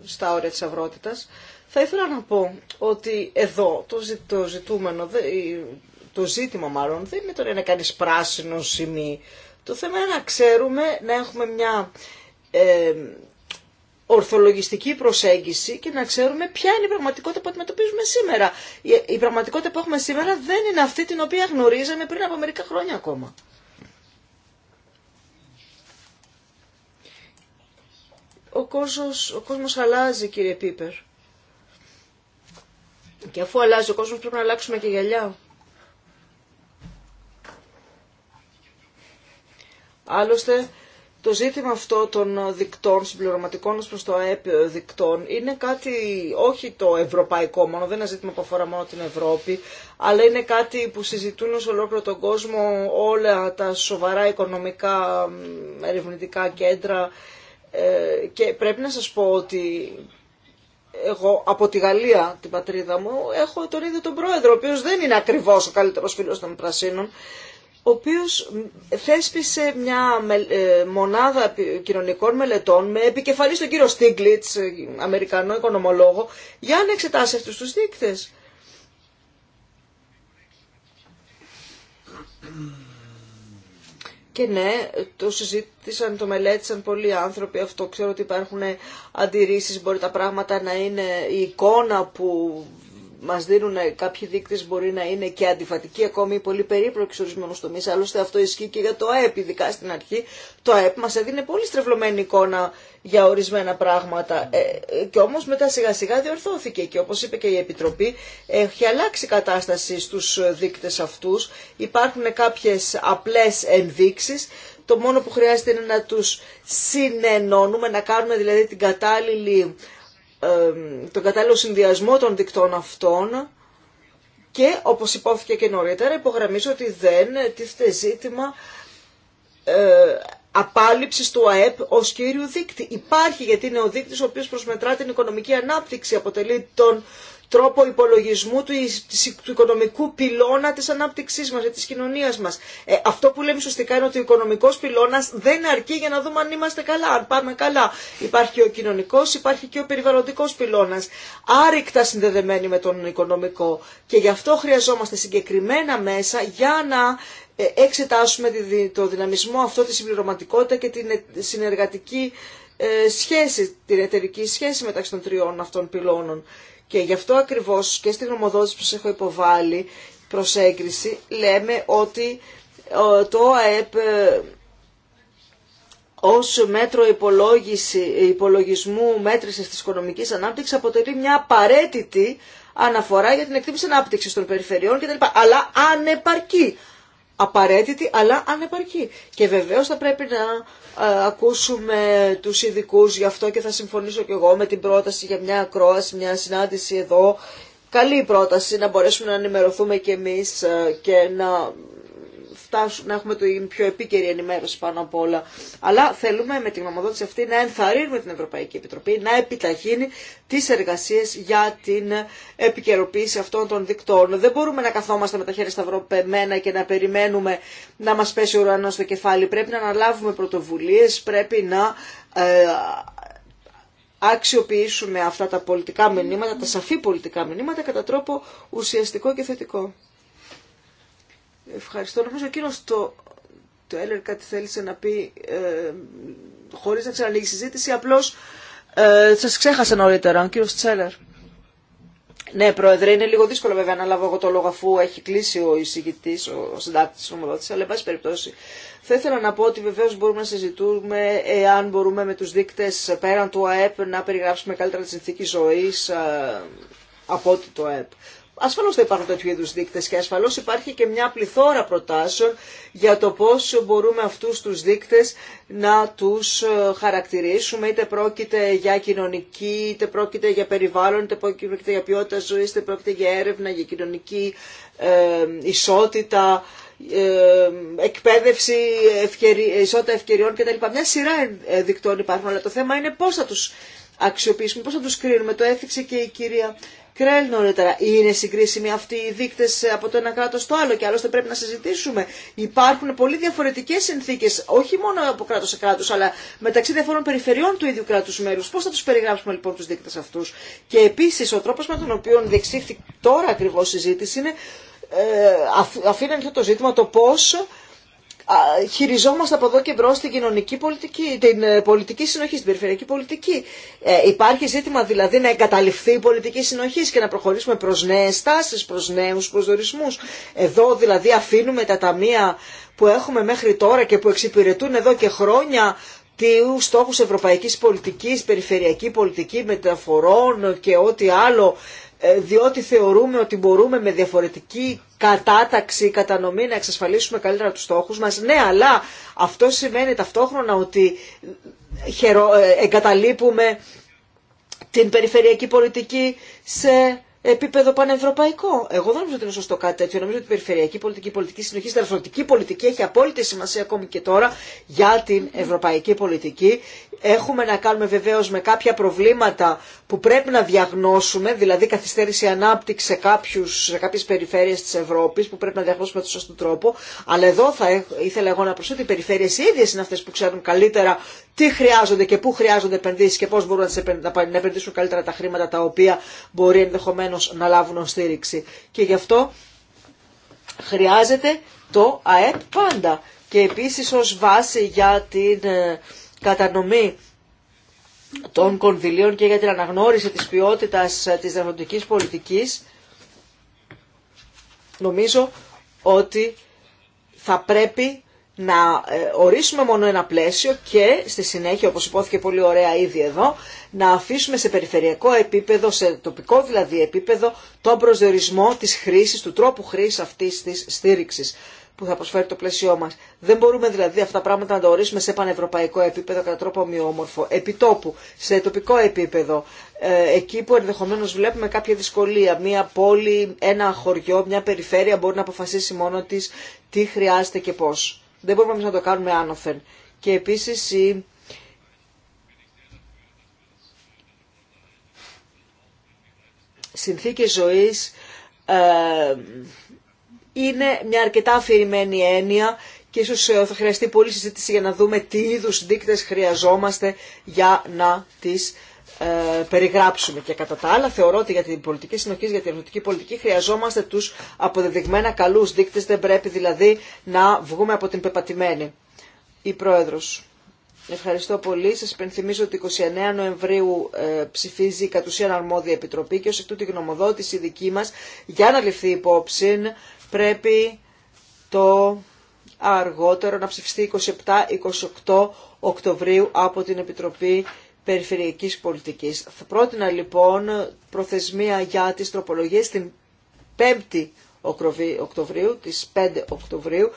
στα όρια της αυρότητας. Θα ήθελα να πω ότι εδώ το, ζητούμενο, το ζήτημα μάλλον δεν είναι τώρα να κάνεις πράσινο σημείο. Το θέμα είναι να ξέρουμε, να έχουμε μια ορθολογιστική προσέγγιση και να ξέρουμε ποια είναι η πραγματικότητα που αντιμετωπίζουμε σήμερα. Η, πραγματικότητα που έχουμε σήμερα δεν είναι αυτή την οποία γνωρίζαμε πριν από μερικά χρόνια ακόμα. Ο κόσμος, ο κόσμος αλλάζει κύριε Πίπερ. Και αφού αλλάζει ο κόσμος πρέπει να αλλάξουμε και γυαλιά. Άλλωστε, το ζήτημα αυτό των δικτών, συμπληρωματικών ως προ το ΑΕΠ δικτών, είναι κάτι όχι το ευρωπαϊκό μόνο, δεν είναι ζήτημα που αφορά μόνο την Ευρώπη, αλλά είναι κάτι που συζητούν σε ολόκληρο τον κόσμο όλα τα σοβαρά οικονομικά ερευνητικά κέντρα ε, και πρέπει να σας πω ότι εγώ από τη Γαλλία, την πατρίδα μου, έχω τον ίδιο τον πρόεδρο, ο οποίος δεν είναι ακριβώς ο καλύτερος φίλος των Πρασίνων ο οποίος θέσπισε μια ε, μονάδα κοινωνικών μελετών με επικεφαλή τον κύριο Στίγκλιτς, ε, Αμερικανό οικονομολόγο, για να εξετάσει αυτούς τους δείκτες. Και ναι, το συζήτησαν, το μελέτησαν πολλοί άνθρωποι αυτό. Ξέρω ότι υπάρχουν αντιρρήσεις, μπορεί τα πράγματα να είναι η εικόνα που Μα δίνουν κάποιοι δείκτε μπορεί να είναι και αντιφατικοί ακόμη πολύ περίπλοκοι σε ορισμένου τομεί. Άλλωστε αυτό ισχύει και για το ΑΕΠ, ειδικά στην αρχή. Το ΑΕΠ μα έδινε πολύ στρεβλωμένη εικόνα για ορισμένα πράγματα ε, και όμω μετά σιγά σιγά διορθώθηκε και όπω είπε και η Επιτροπή έχει αλλάξει η κατάσταση στου δείκτε αυτού. Υπάρχουν κάποιε απλέ ενδείξει. το μόνο που χρειάζεται είναι να τους συνενώνουμε, να κάνουμε δηλαδή την κατάλληλη τον κατάλληλο συνδυασμό των δικτών αυτών και όπως υπόθηκε και νωρίτερα υπογραμμίζω ότι δεν τίθεται ζήτημα ε, απάλληψης του ΑΕΠ ως κύριου δίκτυ. Υπάρχει γιατί είναι ο δίκτυς ο οποίος προσμετρά την οικονομική ανάπτυξη, αποτελεί τον τρόπο υπολογισμού του, οικονομικού πυλώνα της ανάπτυξής μας, της κοινωνίας μας. Ε, αυτό που λέμε σωστικά είναι ότι ο οικονομικός πυλώνας δεν αρκεί για να δούμε αν είμαστε καλά, αν πάμε καλά. Υπάρχει και ο κοινωνικός, υπάρχει και ο περιβαλλοντικός πυλώνας, άρρηκτα συνδεδεμένοι με τον οικονομικό. Και γι' αυτό χρειαζόμαστε συγκεκριμένα μέσα για να ε, εξετάσουμε το δυναμισμό αυτό, τη συμπληρωματικότητα και την ε, συνεργατική ε, σχέση, την εταιρική σχέση μεταξύ των τριών αυτών πυλώνων. Και γι' αυτό ακριβώς και στην γνωμοδότηση που σας έχω υποβάλει προς έγκριση λέμε ότι ε, το ΑΕΠ ε, ως μέτρο υπολογισμού μέτρησης της οικονομικής ανάπτυξης αποτελεί μια απαραίτητη αναφορά για την εκτίμηση ανάπτυξης των περιφερειών κτλ. Αλλά ανεπαρκή απαραίτητη αλλά ανεπαρκή. Και βεβαίως θα πρέπει να ε, ακούσουμε τους ειδικού γι' αυτό και θα συμφωνήσω κι εγώ με την πρόταση για μια ακρόαση, μια συνάντηση εδώ. Καλή πρόταση να μπορέσουμε να ενημερωθούμε κι εμείς ε, και να φτάσουν, να έχουμε την πιο επίκαιρη ενημέρωση πάνω απ' όλα. Αλλά θέλουμε με την γνωμοδότηση αυτή να ενθαρρύνουμε την Ευρωπαϊκή Επιτροπή να επιταχύνει τι εργασίε για την επικαιροποίηση αυτών των δικτών. Δεν μπορούμε να καθόμαστε με τα χέρια σταυροπεμένα και να περιμένουμε να μα πέσει ο ουρανό στο κεφάλι. Πρέπει να αναλάβουμε πρωτοβουλίε, πρέπει να ε, αξιοποιήσουμε αυτά τα πολιτικά μηνύματα, τα σαφή πολιτικά μηνύματα κατά τρόπο ουσιαστικό και θετικό. Ευχαριστώ. Νομίζω ο κύριος το, το Έλερ κάτι θέλησε να πει ε, χωρίς να ξαναλύγει συζήτηση, απλώ ε, σας ξέχασα νωρίτερα, ο κύριο Τσέλερ. Ναι, Πρόεδρε, είναι λίγο δύσκολο βέβαια να λάβω εγώ το λόγο αφού έχει κλείσει ο εισηγητή, ο συντάκτη τη νομοδότηση, αλλά εν πάση περιπτώσει θα ήθελα να πω ότι βεβαίω μπορούμε να συζητούμε εάν μπορούμε με του δείκτε πέραν του ΑΕΠ να περιγράψουμε καλύτερα τη συνθήκη ζωή ε, από ότι το ΑΕΠ. Ασφαλώ θα υπάρχουν τέτοιου είδου δείκτε και ασφαλώ, υπάρχει και μια πληθώρα προτάσεων για το πώ μπορούμε αυτού του δείκτε να του ε, χαρακτηρίσουμε, είτε πρόκειται για κοινωνική, είτε πρόκειται για περιβάλλον, είτε πρόκειται για ποιότητα ζωή, είτε πρόκειται για έρευνα, για κοινωνική ε, ισότητα, ε, εκπαίδευση, ευκαιρι... ισότητα ευκαιριών κτλ. Μια σειρά δικτών υπάρχουν, αλλά το θέμα είναι πώ θα του αξιοποιήσουμε, πώ θα του κρίνουμε. Το έθιξε και η κυρία Κρέλ νωρίτερα. Είναι συγκρίσιμοι αυτοί οι δείκτε από το ένα κράτο στο άλλο και άλλωστε πρέπει να συζητήσουμε. Υπάρχουν πολύ διαφορετικέ συνθήκε, όχι μόνο από κράτο σε κράτο, αλλά μεταξύ διαφόρων περιφερειών του ίδιου κράτου μέλου. Πώ θα του περιγράψουμε λοιπόν του δείκτε αυτού. Και επίση ο τρόπο με τον οποίο διεξήχθη τώρα ακριβώ συζήτηση είναι ε, αφήνει αυτό το ζήτημα το πώ χειριζόμαστε από εδώ και μπρος την κοινωνική πολιτική, την ε, πολιτική συνοχή, την περιφερειακή πολιτική. Ε, υπάρχει ζήτημα δηλαδή να εγκαταληφθεί η πολιτική συνοχή και να προχωρήσουμε προς νέες τάσεις, προς νέους προσδορισμούς. Εδώ δηλαδή αφήνουμε τα ταμεία που έχουμε μέχρι τώρα και που εξυπηρετούν εδώ και χρόνια του στόχους ευρωπαϊκής πολιτικής, περιφερειακή πολιτική μεταφορών και ό,τι άλλο, ε, διότι θεωρούμε ότι μπορούμε με διαφορετική κατάταξη, κατανομή, να εξασφαλίσουμε καλύτερα τους στόχους μας. Ναι, αλλά αυτό σημαίνει ταυτόχρονα ότι ε, εγκαταλείπουμε την περιφερειακή πολιτική σε επίπεδο πανευρωπαϊκό. Εγώ δεν νομίζω ότι είναι σωστό κάτι τέτοιο. Νομίζω ότι η περιφερειακή πολιτική, η πολιτική συνοχή, η στρατιωτική πολιτική έχει απόλυτη σημασία ακόμη και τώρα για την ευρωπαϊκή πολιτική. Έχουμε να κάνουμε βεβαίω με κάποια προβλήματα που πρέπει να διαγνώσουμε, δηλαδή καθυστέρηση ανάπτυξη σε, κάποιους, σε κάποιε περιφέρειε τη Ευρώπη που πρέπει να διαγνώσουμε με τον σωστό τρόπο. Αλλά εδώ θα ήθελα εγώ να προσθέσω ότι οι περιφέρειε ίδιε είναι αυτέ που ξέρουν καλύτερα τι χρειάζονται και πού χρειάζονται επενδύσει και πώ μπορούν να επενδύσουν καλύτερα τα χρήματα τα οποία μπορεί ενδεχομένω να λάβουν ως στήριξη. Και γι' αυτό χρειάζεται το ΑΕΠ πάντα. Και επίσης ως βάση για την ε, κατανομή των κονδυλίων και για την αναγνώριση της ποιότητας ε, της δραματικής πολιτικής, νομίζω ότι θα πρέπει να ε, ορίσουμε μόνο ένα πλαίσιο και στη συνέχεια, όπως υπόθηκε πολύ ωραία ήδη εδώ, να αφήσουμε σε περιφερειακό επίπεδο, σε τοπικό δηλαδή επίπεδο, τον προσδιορισμό της χρήσης, του τρόπου χρήσης αυτής της στήριξης που θα προσφέρει το πλαίσιό μας. Δεν μπορούμε δηλαδή αυτά τα πράγματα να τα ορίσουμε σε πανευρωπαϊκό επίπεδο κατά τρόπο ομοιόμορφο, επιτόπου, σε τοπικό επίπεδο, ε, εκεί που ενδεχομένως βλέπουμε κάποια δυσκολία. Μία πόλη, ένα χωριό, μια περιφέρεια μπορεί να αποφασίσει μόνο της τι χρειάζεται και πώς. Δεν μπορούμε εμείς να το κάνουμε άνοφεν. Και επίσης η... Συνθήκες ζωής ε, είναι μια αρκετά αφηρημένη έννοια και ίσως ε, θα χρειαστεί πολύ συζήτηση για να δούμε τι είδους δείκτες χρειαζόμαστε για να τις ε, περιγράψουμε. Και κατά τα άλλα θεωρώ ότι για την πολιτική συνοχή, για την ερωτική πολιτική χρειαζόμαστε τους αποδεδειγμένα καλούς δείκτες, δεν πρέπει δηλαδή να βγούμε από την πεπατημένη. Η Πρόεδρος. Ευχαριστώ πολύ. Σα υπενθυμίζω ότι 29 Νοεμβρίου ε, ψηφίζει η κατ' ουσίαν αρμόδια επιτροπή και ω εκ τούτη γνωμοδότηση δική μα για να ληφθεί υπόψη πρέπει το αργότερο να ψηφιστεί 27-28 Οκτωβρίου από την Επιτροπή περιφερειακής πολιτικής. Θα πρότεινα λοιπόν προθεσμία για τις τροπολογίες την 5η Οκτωβρίου, τις 5 Οκτωβρίου.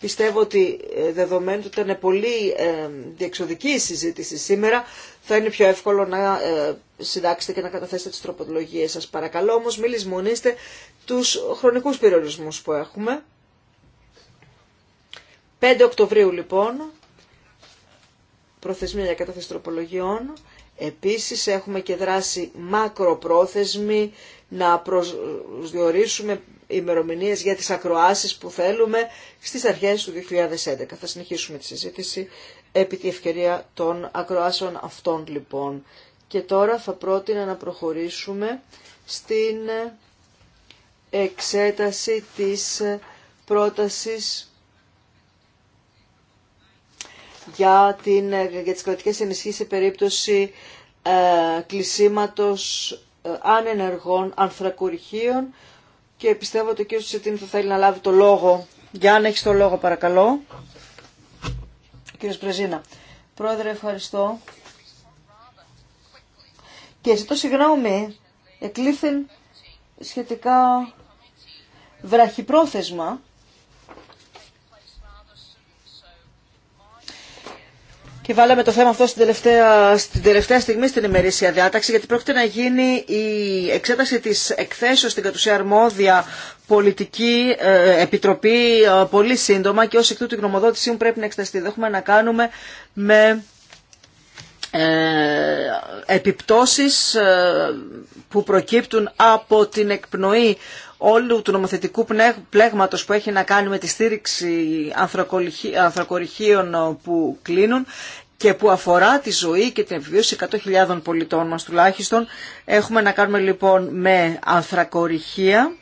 Πιστεύω ότι ε, δεδομένου ότι ήταν πολύ ε, διεξοδική η συζήτηση σήμερα, θα είναι πιο εύκολο να ε, συντάξετε και να καταθέσετε τις τροπολογίες σας. Παρακαλώ όμως μη τους χρονικούς περιορισμούς που έχουμε. 5 Οκτωβρίου λοιπόν προθεσμία για κατάθεση τροπολογιών. Επίσης έχουμε και δράση μακροπρόθεσμη να προσδιορίσουμε ημερομηνίες για τις ακροάσεις που θέλουμε στις αρχές του 2011. Θα συνεχίσουμε τη συζήτηση επί τη ευκαιρία των ακροάσεων αυτών λοιπόν. Και τώρα θα πρότεινα να προχωρήσουμε στην εξέταση της πρότασης για, την, για τις κρατικές ενισχύσεις σε περίπτωση ε, κλεισίματος ε, ανενεργών ανθρακουριχίων και πιστεύω ότι ο κ. Σετίνη θα θέλει να λάβει το λόγο. Για αν έχει το λόγο παρακαλώ. Κύριος Πρεζίνα. Πρόεδρε ευχαριστώ. Και ζητώ συγγνώμη, εκλήθεν σχετικά βραχυπρόθεσμα και βάλαμε το θέμα αυτό στην τελευταία, στην τελευταία στιγμή στην ημερήσια διάταξη γιατί πρόκειται να γίνει η εξέταση της εκθέσεως στην κατουσία αρμόδια πολιτική ε, επιτροπή ε, πολύ σύντομα και ως εκ τούτου η γνωμοδότησή μου πρέπει να εξεταστεί. Δεν έχουμε να κάνουμε με ε, επιπτώσεις που προκύπτουν από την εκπνοή όλου του νομοθετικού πλέγματος που έχει να κάνει με τη στήριξη ανθρακοριχείων που κλείνουν και που αφορά τη ζωή και την επιβίωση 100.000 πολιτών μας τουλάχιστον. Έχουμε να κάνουμε λοιπόν με ανθρακοριχεία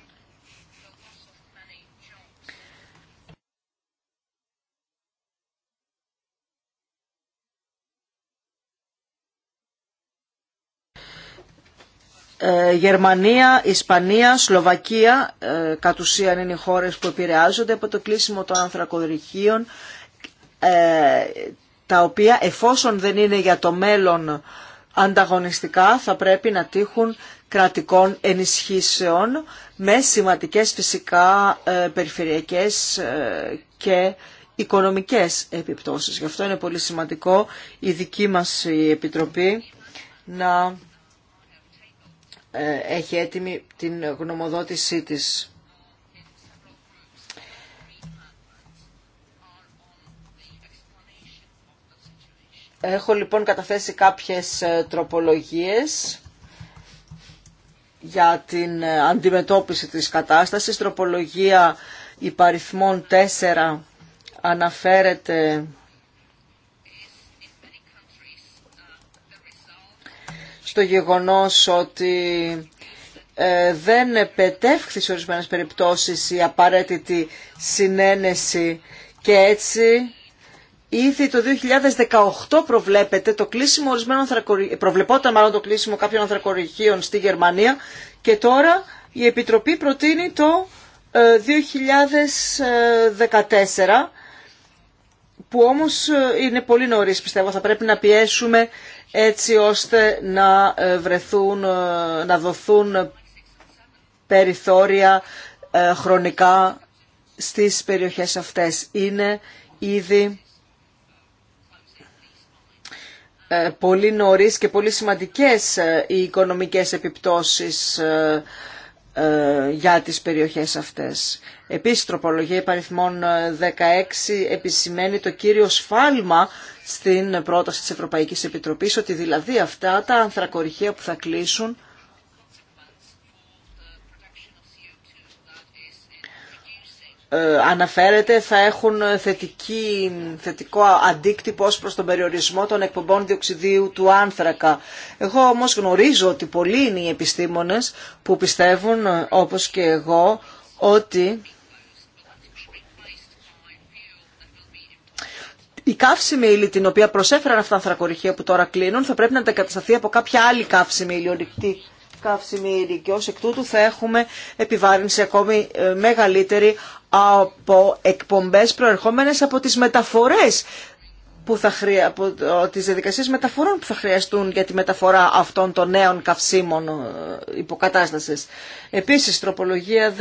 Ε, Γερμανία, Ισπανία, Σλοβακία, ε, κατ' ουσίαν είναι οι χώρες που επηρεάζονται από το κλείσιμο των ανθρακοδρυχείων, ε, τα οποία εφόσον δεν είναι για το μέλλον ανταγωνιστικά θα πρέπει να τύχουν κρατικών ενισχύσεων με σημαντικές φυσικά περιφερειακές και οικονομικές επιπτώσεις. Γι' αυτό είναι πολύ σημαντικό η δική μας Επιτροπή να ε, έχει έτοιμη την γνωμοδότησή της. Έχω λοιπόν καταθέσει κάποιες ε, τροπολογίες για την ε, αντιμετώπιση της κατάστασης. Τροπολογία υπαριθμών 4 αναφέρεται στο γεγονός ότι ε, δεν επετεύχθη σε ορισμένες περιπτώσεις η απαραίτητη συνένεση και έτσι Ήδη το 2018 προβλέπεται το κλείσιμο ορισμένων προβλεπόταν μάλλον το κλείσιμο κάποιων ανθρακοριχείων στη Γερμανία και τώρα η Επιτροπή προτείνει το 2014 ε, που όμως ε, είναι πολύ νωρίς πιστεύω θα πρέπει να πιέσουμε έτσι ώστε να ε, βρεθούν, ε, να δοθούν περιθώρια ε, χρονικά στις περιοχές αυτές. Είναι ήδη πολύ νωρίς και πολύ σημαντικές οι οικονομικές επιπτώσεις ε, για τις περιοχές αυτές. Επίσης, τροπολογία υπαριθμών 16 ε, επισημαίνει το κύριο σφάλμα στην πρόταση της Ευρωπαϊκής Επιτροπής ότι δηλαδή αυτά τα ανθρακοριχεία που θα κλείσουν Ε, αναφέρεται θα έχουν θετική, θετικό αντίκτυπο ως προς τον περιορισμό των εκπομπών διοξιδίου του άνθρακα. Εγώ όμως γνωρίζω ότι πολλοί είναι οι επιστήμονες που πιστεύουν όπως και εγώ ότι Η καύσιμη ύλη την οποία προσέφεραν αυτά τα ανθρακοριχεία που τώρα κλείνουν θα πρέπει να αντικατασταθεί από κάποια άλλη καύσιμη ύλη καύσιμη και ως εκ τούτου θα έχουμε επιβάρυνση ακόμη ε, μεγαλύτερη από εκπομπές προερχόμενες από τις μεταφορές που θα από τις διαδικασίες μεταφορών που θα χρειαστούν για τη μεταφορά αυτών των νέων καυσίμων ε, υποκατάστασης. Επίσης, τροπολογία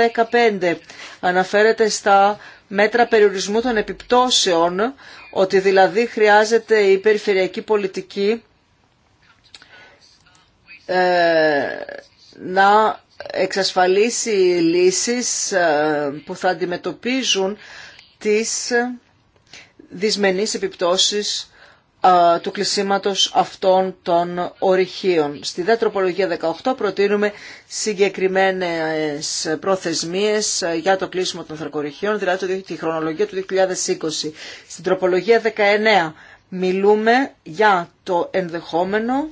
15 αναφέρεται στα μέτρα περιορισμού των επιπτώσεων, ότι δηλαδή χρειάζεται η περιφερειακή πολιτική ε, να εξασφαλίσει λύσεις ε, που θα αντιμετωπίζουν τις δυσμενείς επιπτώσεις ε, του κλεισίματος αυτών των ορυχείων. Στη δε τροπολογία 18 προτείνουμε συγκεκριμένες προθεσμίες για το κλείσιμο των θερκορυχείων, δηλαδή τη χρονολογία του 2020. Στην τροπολογία 19 μιλούμε για το ενδεχόμενο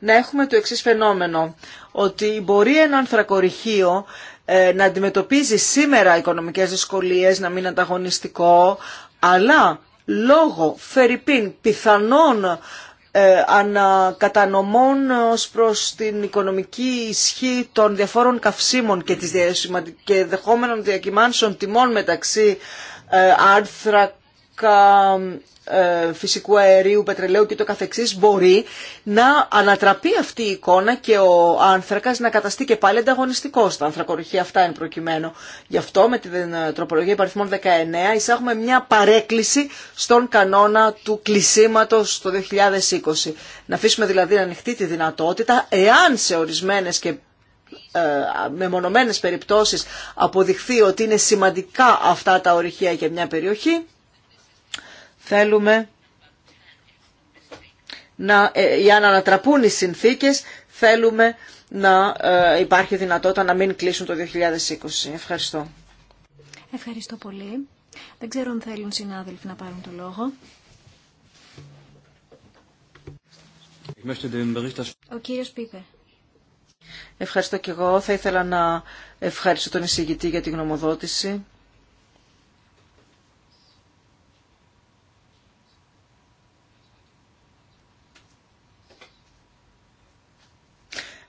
να έχουμε το εξής φαινόμενο, ότι μπορεί ένα ανθρακοριχείο ε, να αντιμετωπίζει σήμερα οικονομικές δυσκολίες, να μην είναι ανταγωνιστικό, αλλά λόγω φερρυπίν πιθανών ε, ανακατανομών ως προς την οικονομική ισχύ των διαφόρων καυσίμων και, τις και δεχόμενων διακυμάνσεων τιμών μεταξύ ε, ε, φυσικού αερίου, πετρελαίου και το καθεξής μπορεί να ανατραπεί αυτή η εικόνα και ο άνθρακας να καταστεί και πάλι ανταγωνιστικό στα ανθρακοριχεία αυτά εν προκειμένου. Γι' αυτό με την ε, τροπολογία υπαριθμών 19 εισάγουμε μια παρέκκληση στον κανόνα του κλεισίματος το 2020. Να αφήσουμε δηλαδή να ανοιχτή τη δυνατότητα εάν σε ορισμένες και ε, με περιπτώσεις αποδειχθεί ότι είναι σημαντικά αυτά τα ορυχεία για μια περιοχή, Θέλουμε να, ε, για να ανατραπούν οι συνθήκες θέλουμε να ε, υπάρχει δυνατότητα να μην κλείσουν το 2020. Ευχαριστώ. Ευχαριστώ πολύ. Δεν ξέρω αν θέλουν συνάδελφοι να πάρουν το λόγο. Ο κύριος Πίπε. Ευχαριστώ και εγώ. Θα ήθελα να ευχαριστώ τον εισηγητή για την γνωμοδότηση.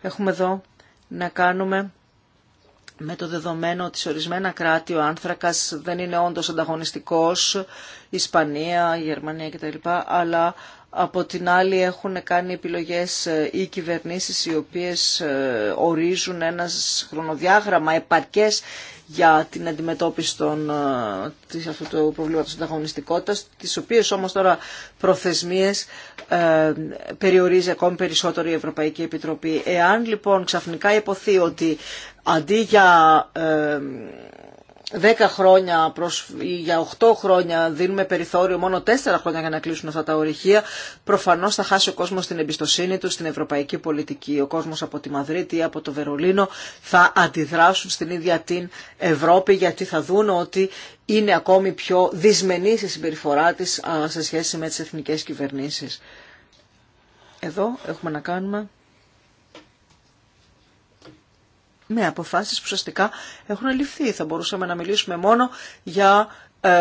Έχουμε εδώ να κάνουμε με το δεδομένο ότι σε ορισμένα κράτη ο άνθρακας δεν είναι όντως ανταγωνιστικός, Ισπανία, Γερμανία κτλ. Αλλά από την άλλη έχουν κάνει επιλογές ε, οι κυβερνήσεις οι οποίες ε, ορίζουν ένα χρονοδιάγραμμα επαρκές για την αντιμετώπιση των, ε, της, αυτού του προβλήματος ανταγωνιστικότητας, τις οποίες όμως τώρα προθεσμίες περιορίζει ακόμη περισσότερο η Ευρωπαϊκή Επιτροπή. Εάν λοιπόν ξαφνικά υποθεί ότι αντί για... 10 χρόνια προς, ή για 8 χρόνια δίνουμε περιθώριο μόνο 4 χρόνια για να κλείσουν αυτά τα ορυχεία, Προφανώ θα χάσει ο κόσμο την εμπιστοσύνη του στην ευρωπαϊκή πολιτική. Ο κόσμο από τη Μαδρίτη ή από το Βερολίνο θα αντιδράσουν στην ίδια την Ευρώπη γιατί θα δουν ότι είναι ακόμη πιο δυσμενή η συμπεριφορά τη σε σχέση με τι εθνικέ κυβερνήσει. Εδώ έχουμε να κάνουμε με αποφάσεις που ουσιαστικά έχουν ληφθεί. Θα μπορούσαμε να μιλήσουμε μόνο για ε,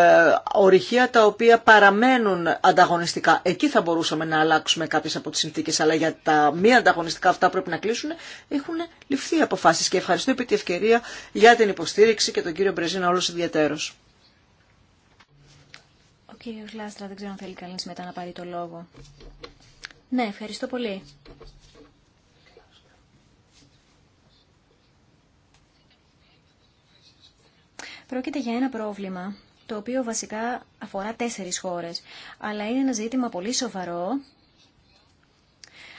ορυχεία τα οποία παραμένουν ανταγωνιστικά. Εκεί θα μπορούσαμε να αλλάξουμε κάποιες από τις συνθήκες, αλλά για τα μη ανταγωνιστικά αυτά που πρέπει να κλείσουν έχουν ληφθεί αποφάσεις. Και ευχαριστώ επί τη ευκαιρία για την υποστήριξη και τον κύριο Μπρεζίνα όλος ιδιαίτερος. Ο κύριος Λάστρα δεν ξέρω αν θέλει κανείς μετά να πάρει το λόγο. Ναι, ευχαριστώ πολύ. Πρόκειται για ένα πρόβλημα το οποίο βασικά αφορά τέσσερις χώρες, αλλά είναι ένα ζήτημα πολύ σοβαρό,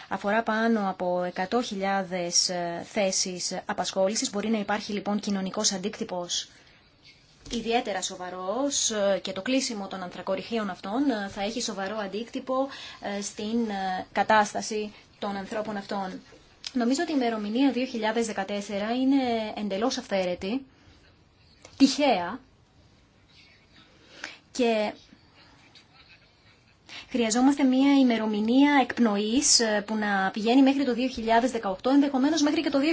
αφορά πάνω από 100.000 ε, θέσεις απασχόλησης, μπορεί να υπάρχει λοιπόν κοινωνικός αντίκτυπος ιδιαίτερα σοβαρός ε, και το κλείσιμο των ανθρακοριχείων αυτών ε, θα έχει σοβαρό αντίκτυπο στην κατάσταση των ανθρώπων αυτών. Νομίζω ότι η ημερομηνία 2014 είναι εντελώς αυθαίρετη τυχαία και χρειαζόμαστε μια ημερομηνία εκπνοής ε, που να πηγαίνει μέχρι το 2018, ενδεχομένως μέχρι και το 2020.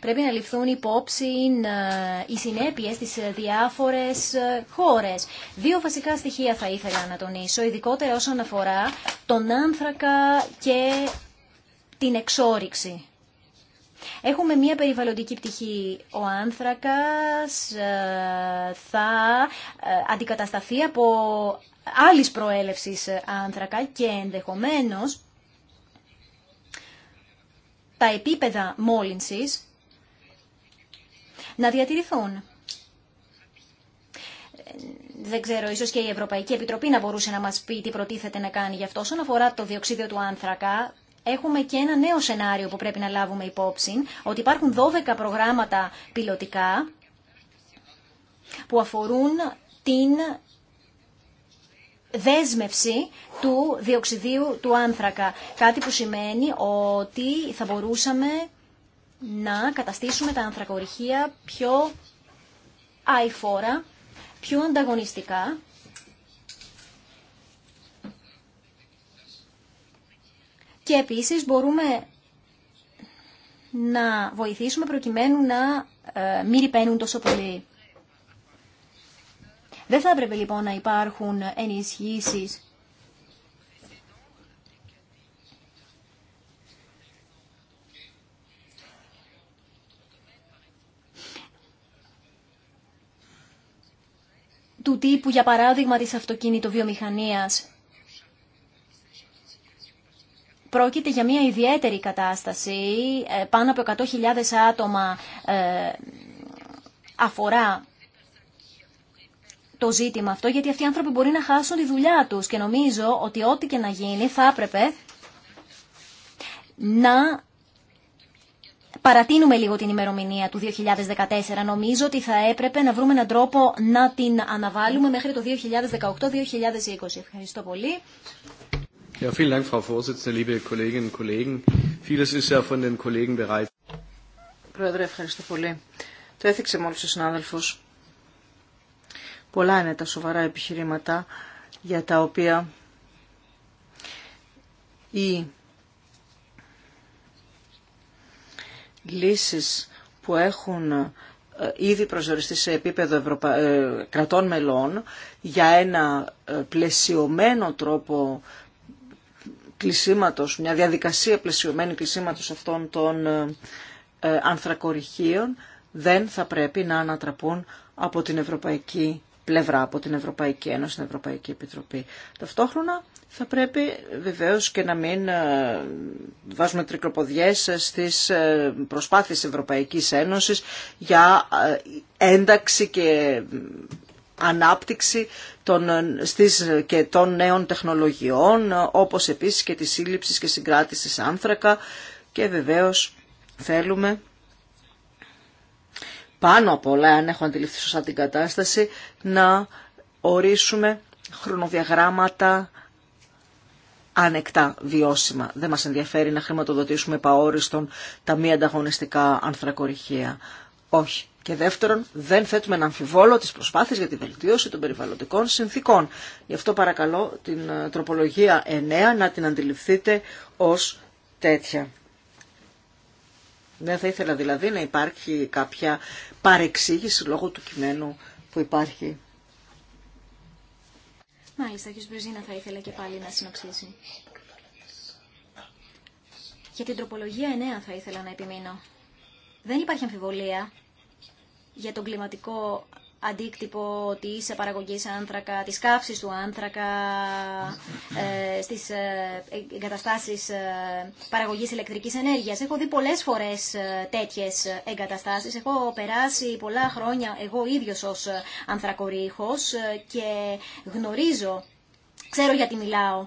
Πρέπει να ληφθούν υπόψη ε, οι συνέπειες στις ε, διάφορες χώρες. Δύο βασικά στοιχεία θα ήθελα να τονίσω, ειδικότερα όσον αφορά τον άνθρακα και την εξόριξη. Έχουμε μία περιβαλλοντική πτυχή. Ο άνθρακας ε, θα ε, αντικατασταθεί από άλλης προέλευσης ε, άνθρακα και ενδεχομένως τα επίπεδα μόλυνσης να διατηρηθούν. Δεν ξέρω, ίσως και η Ευρωπαϊκή Επιτροπή να μπορούσε να μας πει τι προτίθεται να κάνει γι' αυτό. Όσον αφορά το διοξίδιο του άνθρακα, έχουμε και ένα νέο σενάριο που πρέπει να λάβουμε υπόψη, ότι υπάρχουν 12 προγράμματα πιλωτικά που αφορούν την δέσμευση του διοξιδίου του άνθρακα. Κάτι που σημαίνει ότι θα μπορούσαμε να καταστήσουμε τα ανθρακοριχεία πιο αηφόρα, πιο ανταγωνιστικά και επίσης μπορούμε να βοηθήσουμε προκειμένου να ε, μην ρηπαίνουν τόσο πολύ. Δεν θα έπρεπε λοιπόν να υπάρχουν ενισχύσεις του τύπου, για παράδειγμα, της βιομηχανίας. Πρόκειται για μια ιδιαίτερη κατάσταση. Ε, πάνω από 100.000 άτομα ε, αφορά το ζήτημα αυτό, γιατί αυτοί οι άνθρωποι μπορεί να χάσουν τη δουλειά τους και νομίζω ότι ό,τι και να γίνει θα έπρεπε να παρατείνουμε λίγο την ημερομηνία του 2014. Νομίζω ότι θα έπρεπε να βρούμε έναν τρόπο να την αναβάλουμε μέχρι το 2018-2020. Ευχαριστώ πολύ. Ja, vielen Dank, Frau Vorsitzende, liebe Kolleginnen und Kollegen. Vieles ist ja von den Kollegen bereits. Πρόεδρε, ευχαριστώ πολύ. Το έθιξε μόλις ο συνάδελφος. Πολλά είναι τα σοβαρά επιχειρήματα για τα οποία οι λύσεις που έχουν ε, ήδη προσδιοριστεί σε επίπεδο Ευρωπα... Ε, κρατών μελών για ένα ε, πλαισιωμένο τρόπο κλεισίματος, μια διαδικασία πλαισιωμένη κλεισίματος αυτών των ε, ε, ανθρακοριχείων δεν θα πρέπει να ανατραπούν από την Ευρωπαϊκή πλευρά, από την Ευρωπαϊκή Ένωση, την Ευρωπαϊκή Επιτροπή. Ταυτόχρονα θα πρέπει βεβαίως και να μην ε, βάζουμε τρικροποδιές στις προσπάθειες Ευρωπαϊκής Ένωσης για ένταξη και ανάπτυξη των, στις, και των νέων τεχνολογιών, όπως επίσης και της σύλληψη και συγκράτησης άνθρακα και βεβαίως θέλουμε πάνω από όλα, αν έχω αντιληφθεί σωστά την κατάσταση, να ορίσουμε χρονοδιαγράμματα ανεκτά βιώσιμα. Δεν μας ενδιαφέρει να χρηματοδοτήσουμε παόριστον τα μη ανταγωνιστικά ανθρακοριχεία. Όχι. Και δεύτερον, δεν θέτουμε να αμφιβόλο τις προσπάθειες για τη βελτίωση των περιβαλλοντικών συνθήκων. Γι' αυτό παρακαλώ την ε, τροπολογία 9 να την αντιληφθείτε ως τέτοια. Δεν θα ήθελα δηλαδή να υπάρχει κάποια παρεξήγηση λόγω του κειμένου που υπάρχει. Μάλιστα, κ. Μπριζίνα θα ήθελα και πάλι να συνοψίσει. Για την τροπολογία 9 θα ήθελα να επιμείνω. Δεν υπάρχει αμφιβολία για τον κλιματικό αντίκτυπο της παραγωγής άνθρακα, της καύσης του άνθρακα, ε, στις ε, εγκαταστάσεις ε, παραγωγής ηλεκτρικής ενέργειας. Έχω δει πολλές φορές τέτοιες εγκαταστάσεις. Έχω περάσει πολλά χρόνια εγώ ίδιος ως ανθρακορίχος και γνωρίζω, ξέρω γιατί μιλάω.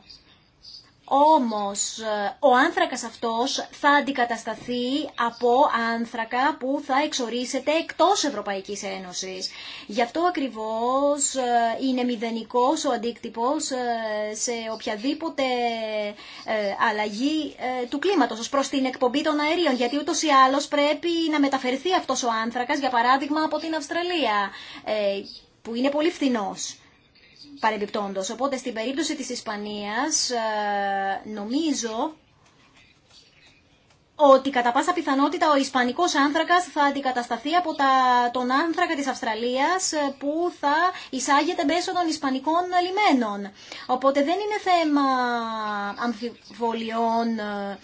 Όμως ε, ο άνθρακας αυτός θα αντικατασταθεί από άνθρακα που θα εξορίσεται εκτός Ευρωπαϊκής Ένωσης. Γι' αυτό ακριβώς ε, είναι μηδενικός ο αντίκτυπος ε, σε οποιαδήποτε αλλαγή του κλίματος ως προς την εκπομπή των αερίων. Γιατί ούτως ή άλλως πρέπει να μεταφερθεί αυτός ο άνθρακας, για παράδειγμα, από την Αυστραλία, που είναι πολύ φθηνός παρεμπιπτόντος. Οπότε στην περίπτωση της Ισπανίας ε, νομίζω ότι κατά πάσα πιθανότητα ο ισπανικός άνθρακας θα αντικατασταθεί από τα, τον άνθρακα της Αυστραλίας ε, που θα εισάγεται μέσω των ισπανικών λιμένων. Οπότε δεν είναι θέμα αμφιβολιών ε,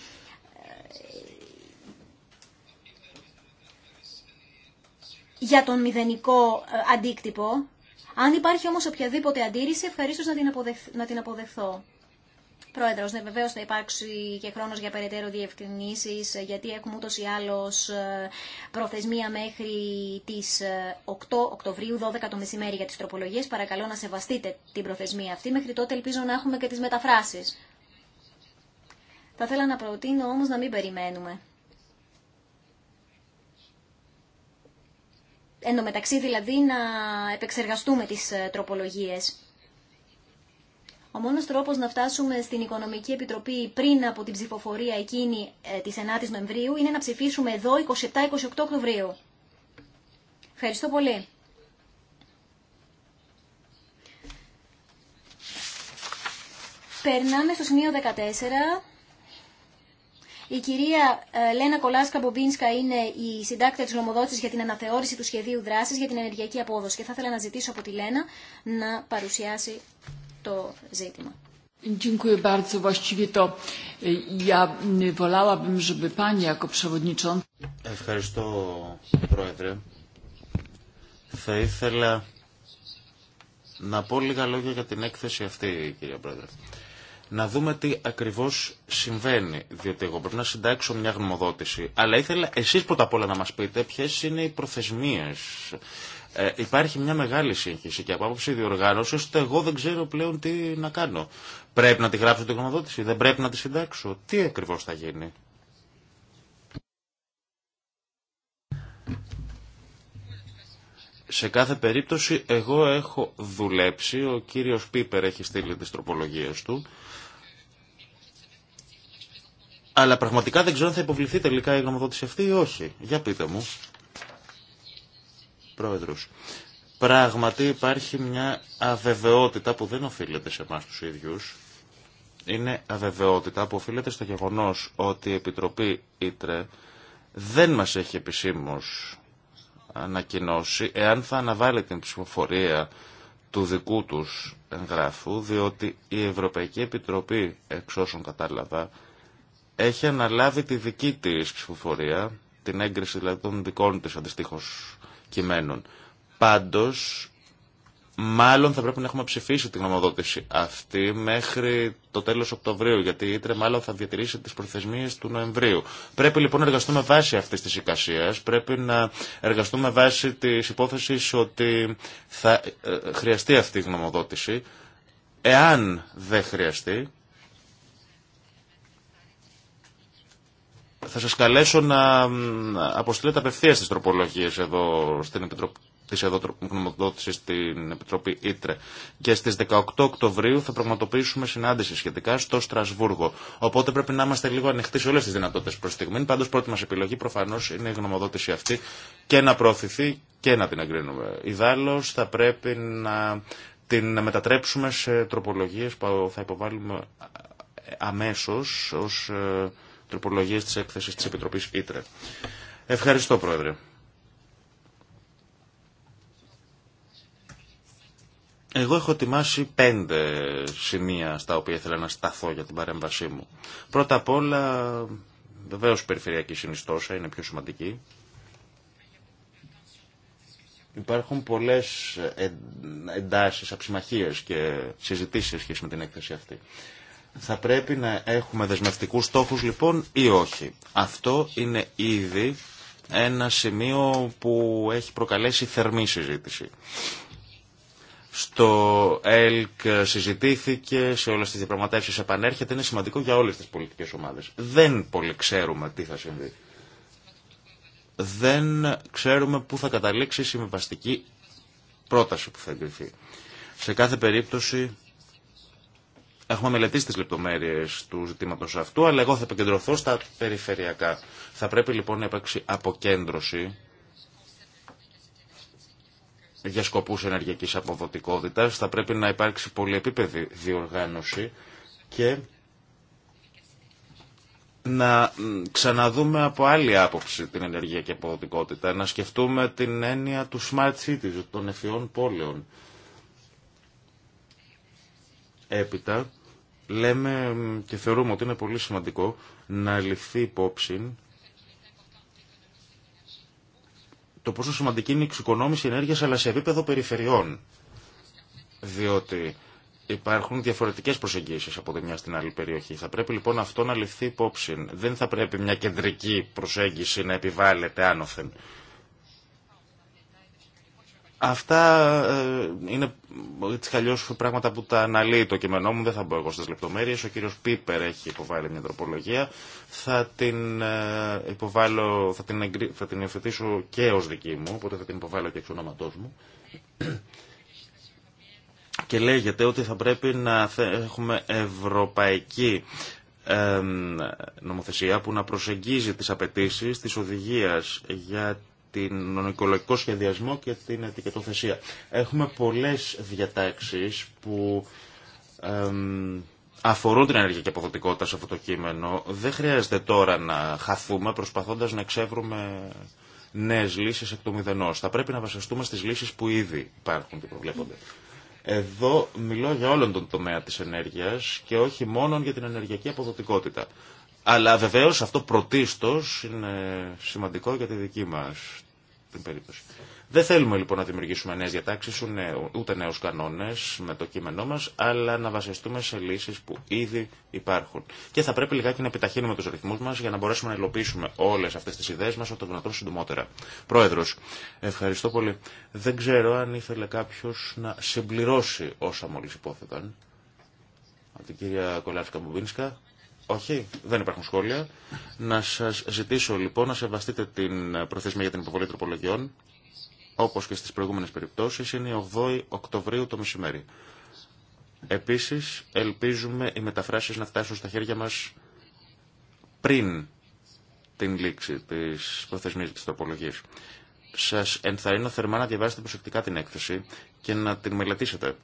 για τον μηδενικό αντίκτυπο. Αν υπάρχει όμως οποιαδήποτε αντίρρηση, ευχαρίστω να, την να την αποδεχθώ. Πρόεδρο, ναι, βεβαίω θα υπάρξει και χρόνος για περαιτέρω διευκρινήσει, γιατί έχουμε ούτω ή άλλω ε, προθεσμία μέχρι τι 8 ε, Οκτωβρίου, 12 το μεσημέρι για τις τροπολογίες. Παρακαλώ να σεβαστείτε την προθεσμία αυτή. Μέχρι τότε ελπίζω να έχουμε και τι μεταφράσει. Θα ήθελα να προτείνω όμω να μην περιμένουμε. μεταξύ δηλαδή να επεξεργαστούμε τις ε, τροπολογίες. Ο μόνος τρόπος να φτάσουμε στην Οικονομική Επιτροπή πριν από την ψηφοφορία εκείνη ε, της 9ης Νοεμβρίου είναι να ψηφίσουμε εδώ 27-28 Οκτωβρίου. Ευχαριστώ πολύ. Περνάμε στο σημείο 14. Η κυρία ε, Λένα Κολάσκα Μπομπίνσκα είναι η συντάκτρια τη γνωμοδότηση για την αναθεώρηση του σχεδίου δράση για την ενεργειακή απόδοση. Και θα ήθελα να ζητήσω από τη Λένα να παρουσιάσει το ζήτημα. Dziękuję bardzo. Właściwie to e, ja wolałabym, żeby pani jako przewodnicząca. Ευχαριστώ, Πρόεδρε. Θα ήθελα να πω λίγα λόγια για την έκθεση αυτή, κυρία Πρόεδρε να δούμε τι ακριβώς συμβαίνει. Διότι εγώ πρέπει να συντάξω μια γνωμοδότηση. Αλλά ήθελα εσείς πρώτα απ' όλα να μας πείτε ποιες είναι οι προθεσμίες. Ε, υπάρχει μια μεγάλη σύγχυση και από άποψη διοργάνωση, ώστε εγώ δεν ξέρω πλέον τι να κάνω. Πρέπει να τη γράψω τη γνωμοδότηση, δεν πρέπει να τη συντάξω. Τι ακριβώς θα γίνει. σε κάθε περίπτωση εγώ έχω δουλέψει, ο κύριος Πίπερ έχει στείλει τις τροπολογίες του αλλά πραγματικά δεν ξέρω αν θα υποβληθεί τελικά η γνωμοδότηση αυτή ή όχι. Για πείτε μου. Πρόεδρος. Πράγματι υπάρχει μια αβεβαιότητα που δεν οφείλεται σε εμά τους ίδιους. Είναι αβεβαιότητα που οφείλεται στο γεγονός ότι η Επιτροπή Ήτρε δεν μας έχει επισήμως ανακοινώσει εάν θα αναβάλει την ψηφοφορία του δικού τους εγγράφου, διότι η Ευρωπαϊκή Επιτροπή, εξ όσων κατάλαβα, έχει αναλάβει τη δική της ψηφοφορία, την έγκριση δηλαδή των δικών της αντιστοίχως κειμένων. Πάντως, μάλλον θα πρέπει να έχουμε ψηφίσει την γνωμοδότηση αυτή μέχρι το τέλος Οκτωβρίου, γιατί η Ήτρε μάλλον θα διατηρήσει τις προθεσμίες του Νοεμβρίου. Πρέπει λοιπόν να εργαστούμε βάσει αυτής της εικασίας, πρέπει να εργαστούμε βάσει της υπόθεσης ότι θα ε, ε, χρειαστεί αυτή η γνωμοδότηση. Εάν δεν χρειαστεί, Θα σας καλέσω να αποστείλετε απευθείας τις τροπολογίες εδώ στην Επιτροπή της εδώ γνωμοδότησης στην Επιτροπή Ήτρε. Και στις 18 Οκτωβρίου θα πραγματοποιήσουμε συνάντηση σχετικά στο Στρασβούργο. Οπότε πρέπει να είμαστε λίγο ανοιχτοί σε όλες τις δυνατότητες προς στιγμή. Πάντως πρώτη μας επιλογή προφανώς είναι η γνωμοδότηση αυτή και να προωθηθεί και να την εγκρίνουμε. Ιδάλλως θα πρέπει να την μετατρέψουμε σε τροπολογίες που θα υποβάλουμε αμέσως ως ε, τροπολογίες της έκθεσης της Επιτροπής Ήτρε. Ευχαριστώ, Πρόεδρε. Εγώ έχω ετοιμάσει πέντε σημεία στα οποία ήθελα να σταθώ για την παρέμβασή μου. Πρώτα απ' όλα, βεβαίως, η περιφερειακή συνιστόσα είναι πιο σημαντική. Υπάρχουν πολλές εντάσεις, αψημαχίες και συζητήσεις σχέση με την έκθεση αυτή. Θα πρέπει να έχουμε δεσμευτικούς στόχους λοιπόν ή όχι. Αυτό είναι ήδη ένα σημείο που έχει προκαλέσει θερμή συζήτηση. Στο ΕΛΚ συζητήθηκε, σε όλες τις διαπραγματεύσεις επανέρχεται, είναι σημαντικό για όλες τις πολιτικές ομάδες. Δεν πολύ ξέρουμε τι θα συμβεί. Δεν ξέρουμε πού θα καταλήξει η συμβαστική πρόταση που θα εγκριθεί. Σε κάθε περίπτωση Έχουμε μελετήσει τις λεπτομέρειες του ζητήματο αυτού, αλλά εγώ θα επικεντρωθώ στα περιφερειακά. Θα πρέπει λοιπόν να υπάρξει αποκέντρωση για σκοπούς ενεργειακής αποδοτικότητας. Θα πρέπει να υπάρξει πολυεπίπεδη διοργάνωση και να ξαναδούμε από άλλη άποψη την ενεργειακή αποδοτικότητα, να σκεφτούμε την έννοια του smart cities, των ευφυών πόλεων. Έπειτα, λέμε και θεωρούμε ότι είναι πολύ σημαντικό να ληφθεί υπόψη το πόσο σημαντική είναι η εξοικονόμηση ενέργειας αλλά σε επίπεδο περιφερειών. Διότι υπάρχουν διαφορετικέ προσεγγίσεις από τη μια στην άλλη περιοχή. Θα πρέπει λοιπόν αυτό να ληφθεί υπόψη. Δεν θα πρέπει μια κεντρική προσέγγιση να επιβάλλεται άνωθεν. Αυτά ε, είναι έτσι αλλιώ πράγματα που τα αναλύει το κείμενό μου, δεν θα μπω εγώ στι λεπτομέρειε. Ο κύριο Πίπερ έχει υποβάλει μια τροπολογία. Θα την ε, υποβάλω, θα την, εγκρι... θα την υιοθετήσω και ω δική μου, οπότε θα την υποβάλω και εξ ονόματό μου. Και λέγεται ότι θα πρέπει να έχουμε ευρωπαϊκή νομοθεσία που να προσεγγίζει τις απαιτήσεις της οδηγίας για την οικολογικό σχεδιασμό και την ετικετοθεσία. Έχουμε πολλές διατάξεις που αφορούν την ενεργειακή αποδοτικότητα σε αυτό το κείμενο. Δεν χρειάζεται τώρα να χαθούμε προσπαθώντας να εξεύρουμε νέες λύσεις εκ του μηδενός. Θα πρέπει να βασιστούμε στις λύσεις που ήδη υπάρχουν και προβλέπονται. Εδώ μιλώ για όλον τον τομέα της ενέργειας και όχι μόνο για την ενεργειακή αποδοτικότητα. Αλλά βεβαίως αυτό πρωτίστως είναι σημαντικό για τη δική μας την Δεν θέλουμε λοιπόν να δημιουργήσουμε νέε διατάξει ούτε νέου κανόνε με το κείμενό μα, αλλά να βασιστούμε σε λύσει που ήδη υπάρχουν. Και θα πρέπει λιγάκι να επιταχύνουμε του ρυθμού μα για να μπορέσουμε να υλοποιήσουμε όλε αυτέ τι ιδέε μα όταν το δυνατόν συντομότερα. Πρόεδρο, ευχαριστώ πολύ. Δεν ξέρω αν ήθελε κάποιο να συμπληρώσει όσα μόλι υπόθεταν. Από την κυρία Κολάρσκα Μπουμπίνσκα. Όχι, δεν υπάρχουν σχόλια. Να σα ζητήσω λοιπόν να σεβαστείτε την προθεσμία για την υποβολή τροπολογιών, όπω και στι προηγούμενε περιπτώσει, είναι 8η Οκτωβρίου το μεσημέρι. Επίση, ελπίζουμε οι μεταφράσει να φτάσουν στα χέρια μα πριν την λήξη τη προθεσμία τη τροπολογία. Σα ενθαρρύνω θερμά να διαβάσετε προσεκτικά την έκθεση και να την μελετήσετε.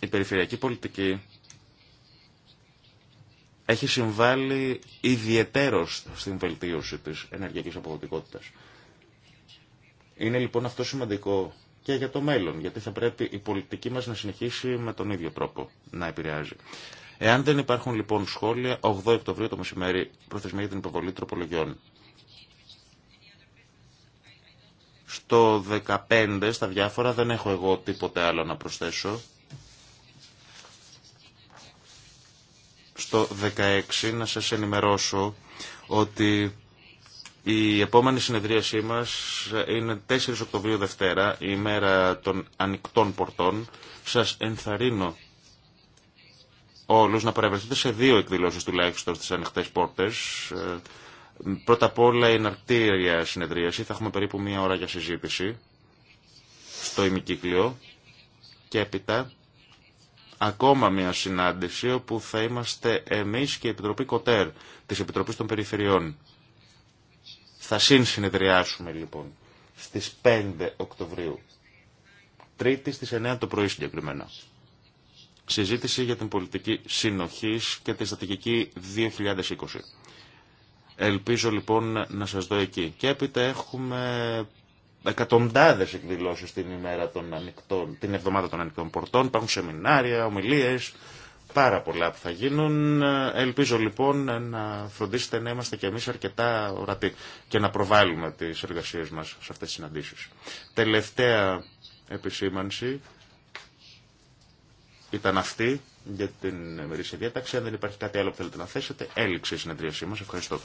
Η περιφερειακή πολιτική έχει συμβάλει ιδιαιτέρως στην βελτίωση της ενεργειακής αποδοτικότητας. Είναι λοιπόν αυτό σημαντικό και για το μέλλον, γιατί θα πρέπει η πολιτική μας να συνεχίσει με τον ίδιο τρόπο να επηρεάζει. Εάν δεν υπάρχουν λοιπόν σχόλια, 8 Οκτωβρίου το μεσημέρι προθεσμία για την υποβολή τροπολογιών. Στο 15, στα διάφορα, δεν έχω εγώ τίποτε άλλο να προσθέσω. στο 16 να σας ενημερώσω ότι η επόμενη συνεδρίασή μας είναι 4 Οκτωβρίου Δευτέρα, η ημέρα των ανοιχτών πορτών. Σας ενθαρρύνω όλους να παρευρεθείτε σε δύο εκδηλώσεις τουλάχιστον στις ανοιχτές πόρτες. Πρώτα απ' όλα η εναρκτήρια συνεδρίαση, θα έχουμε περίπου μία ώρα για συζήτηση στο ημικύκλιο και έπειτα ακόμα μια συνάντηση όπου θα είμαστε εμείς και η Επιτροπή Κοτέρ της Επιτροπής των Περιφερειών. Θα συνσυνεδριάσουμε λοιπόν στις 5 Οκτωβρίου, Τρίτη στις 9 το πρωί συγκεκριμένα. Συζήτηση για την πολιτική συνοχής και τη στρατηγική 2020. Ελπίζω λοιπόν να σας δω εκεί. Και έπειτα έχουμε Εκατοντάδε εκδηλώσει την ημέρα των ανοιχτών, την εβδομάδα των ανοιχτών πορτών, υπάρχουν σεμινάρια, ομιλίε, πάρα πολλά που θα γίνουν. Ελπίζω λοιπόν να φροντίσετε να είμαστε κι εμεί αρκετά ορατοί και να προβάλλουμε τι εργασίε μα σε αυτέ τι συναντήσεις. Τελευταία επισήμανση ήταν αυτή για την μερίσια διάταξη. Αν δεν υπάρχει κάτι άλλο που θέλετε να θέσετε, έληξε η συνεδρίασή μα. Ευχαριστώ.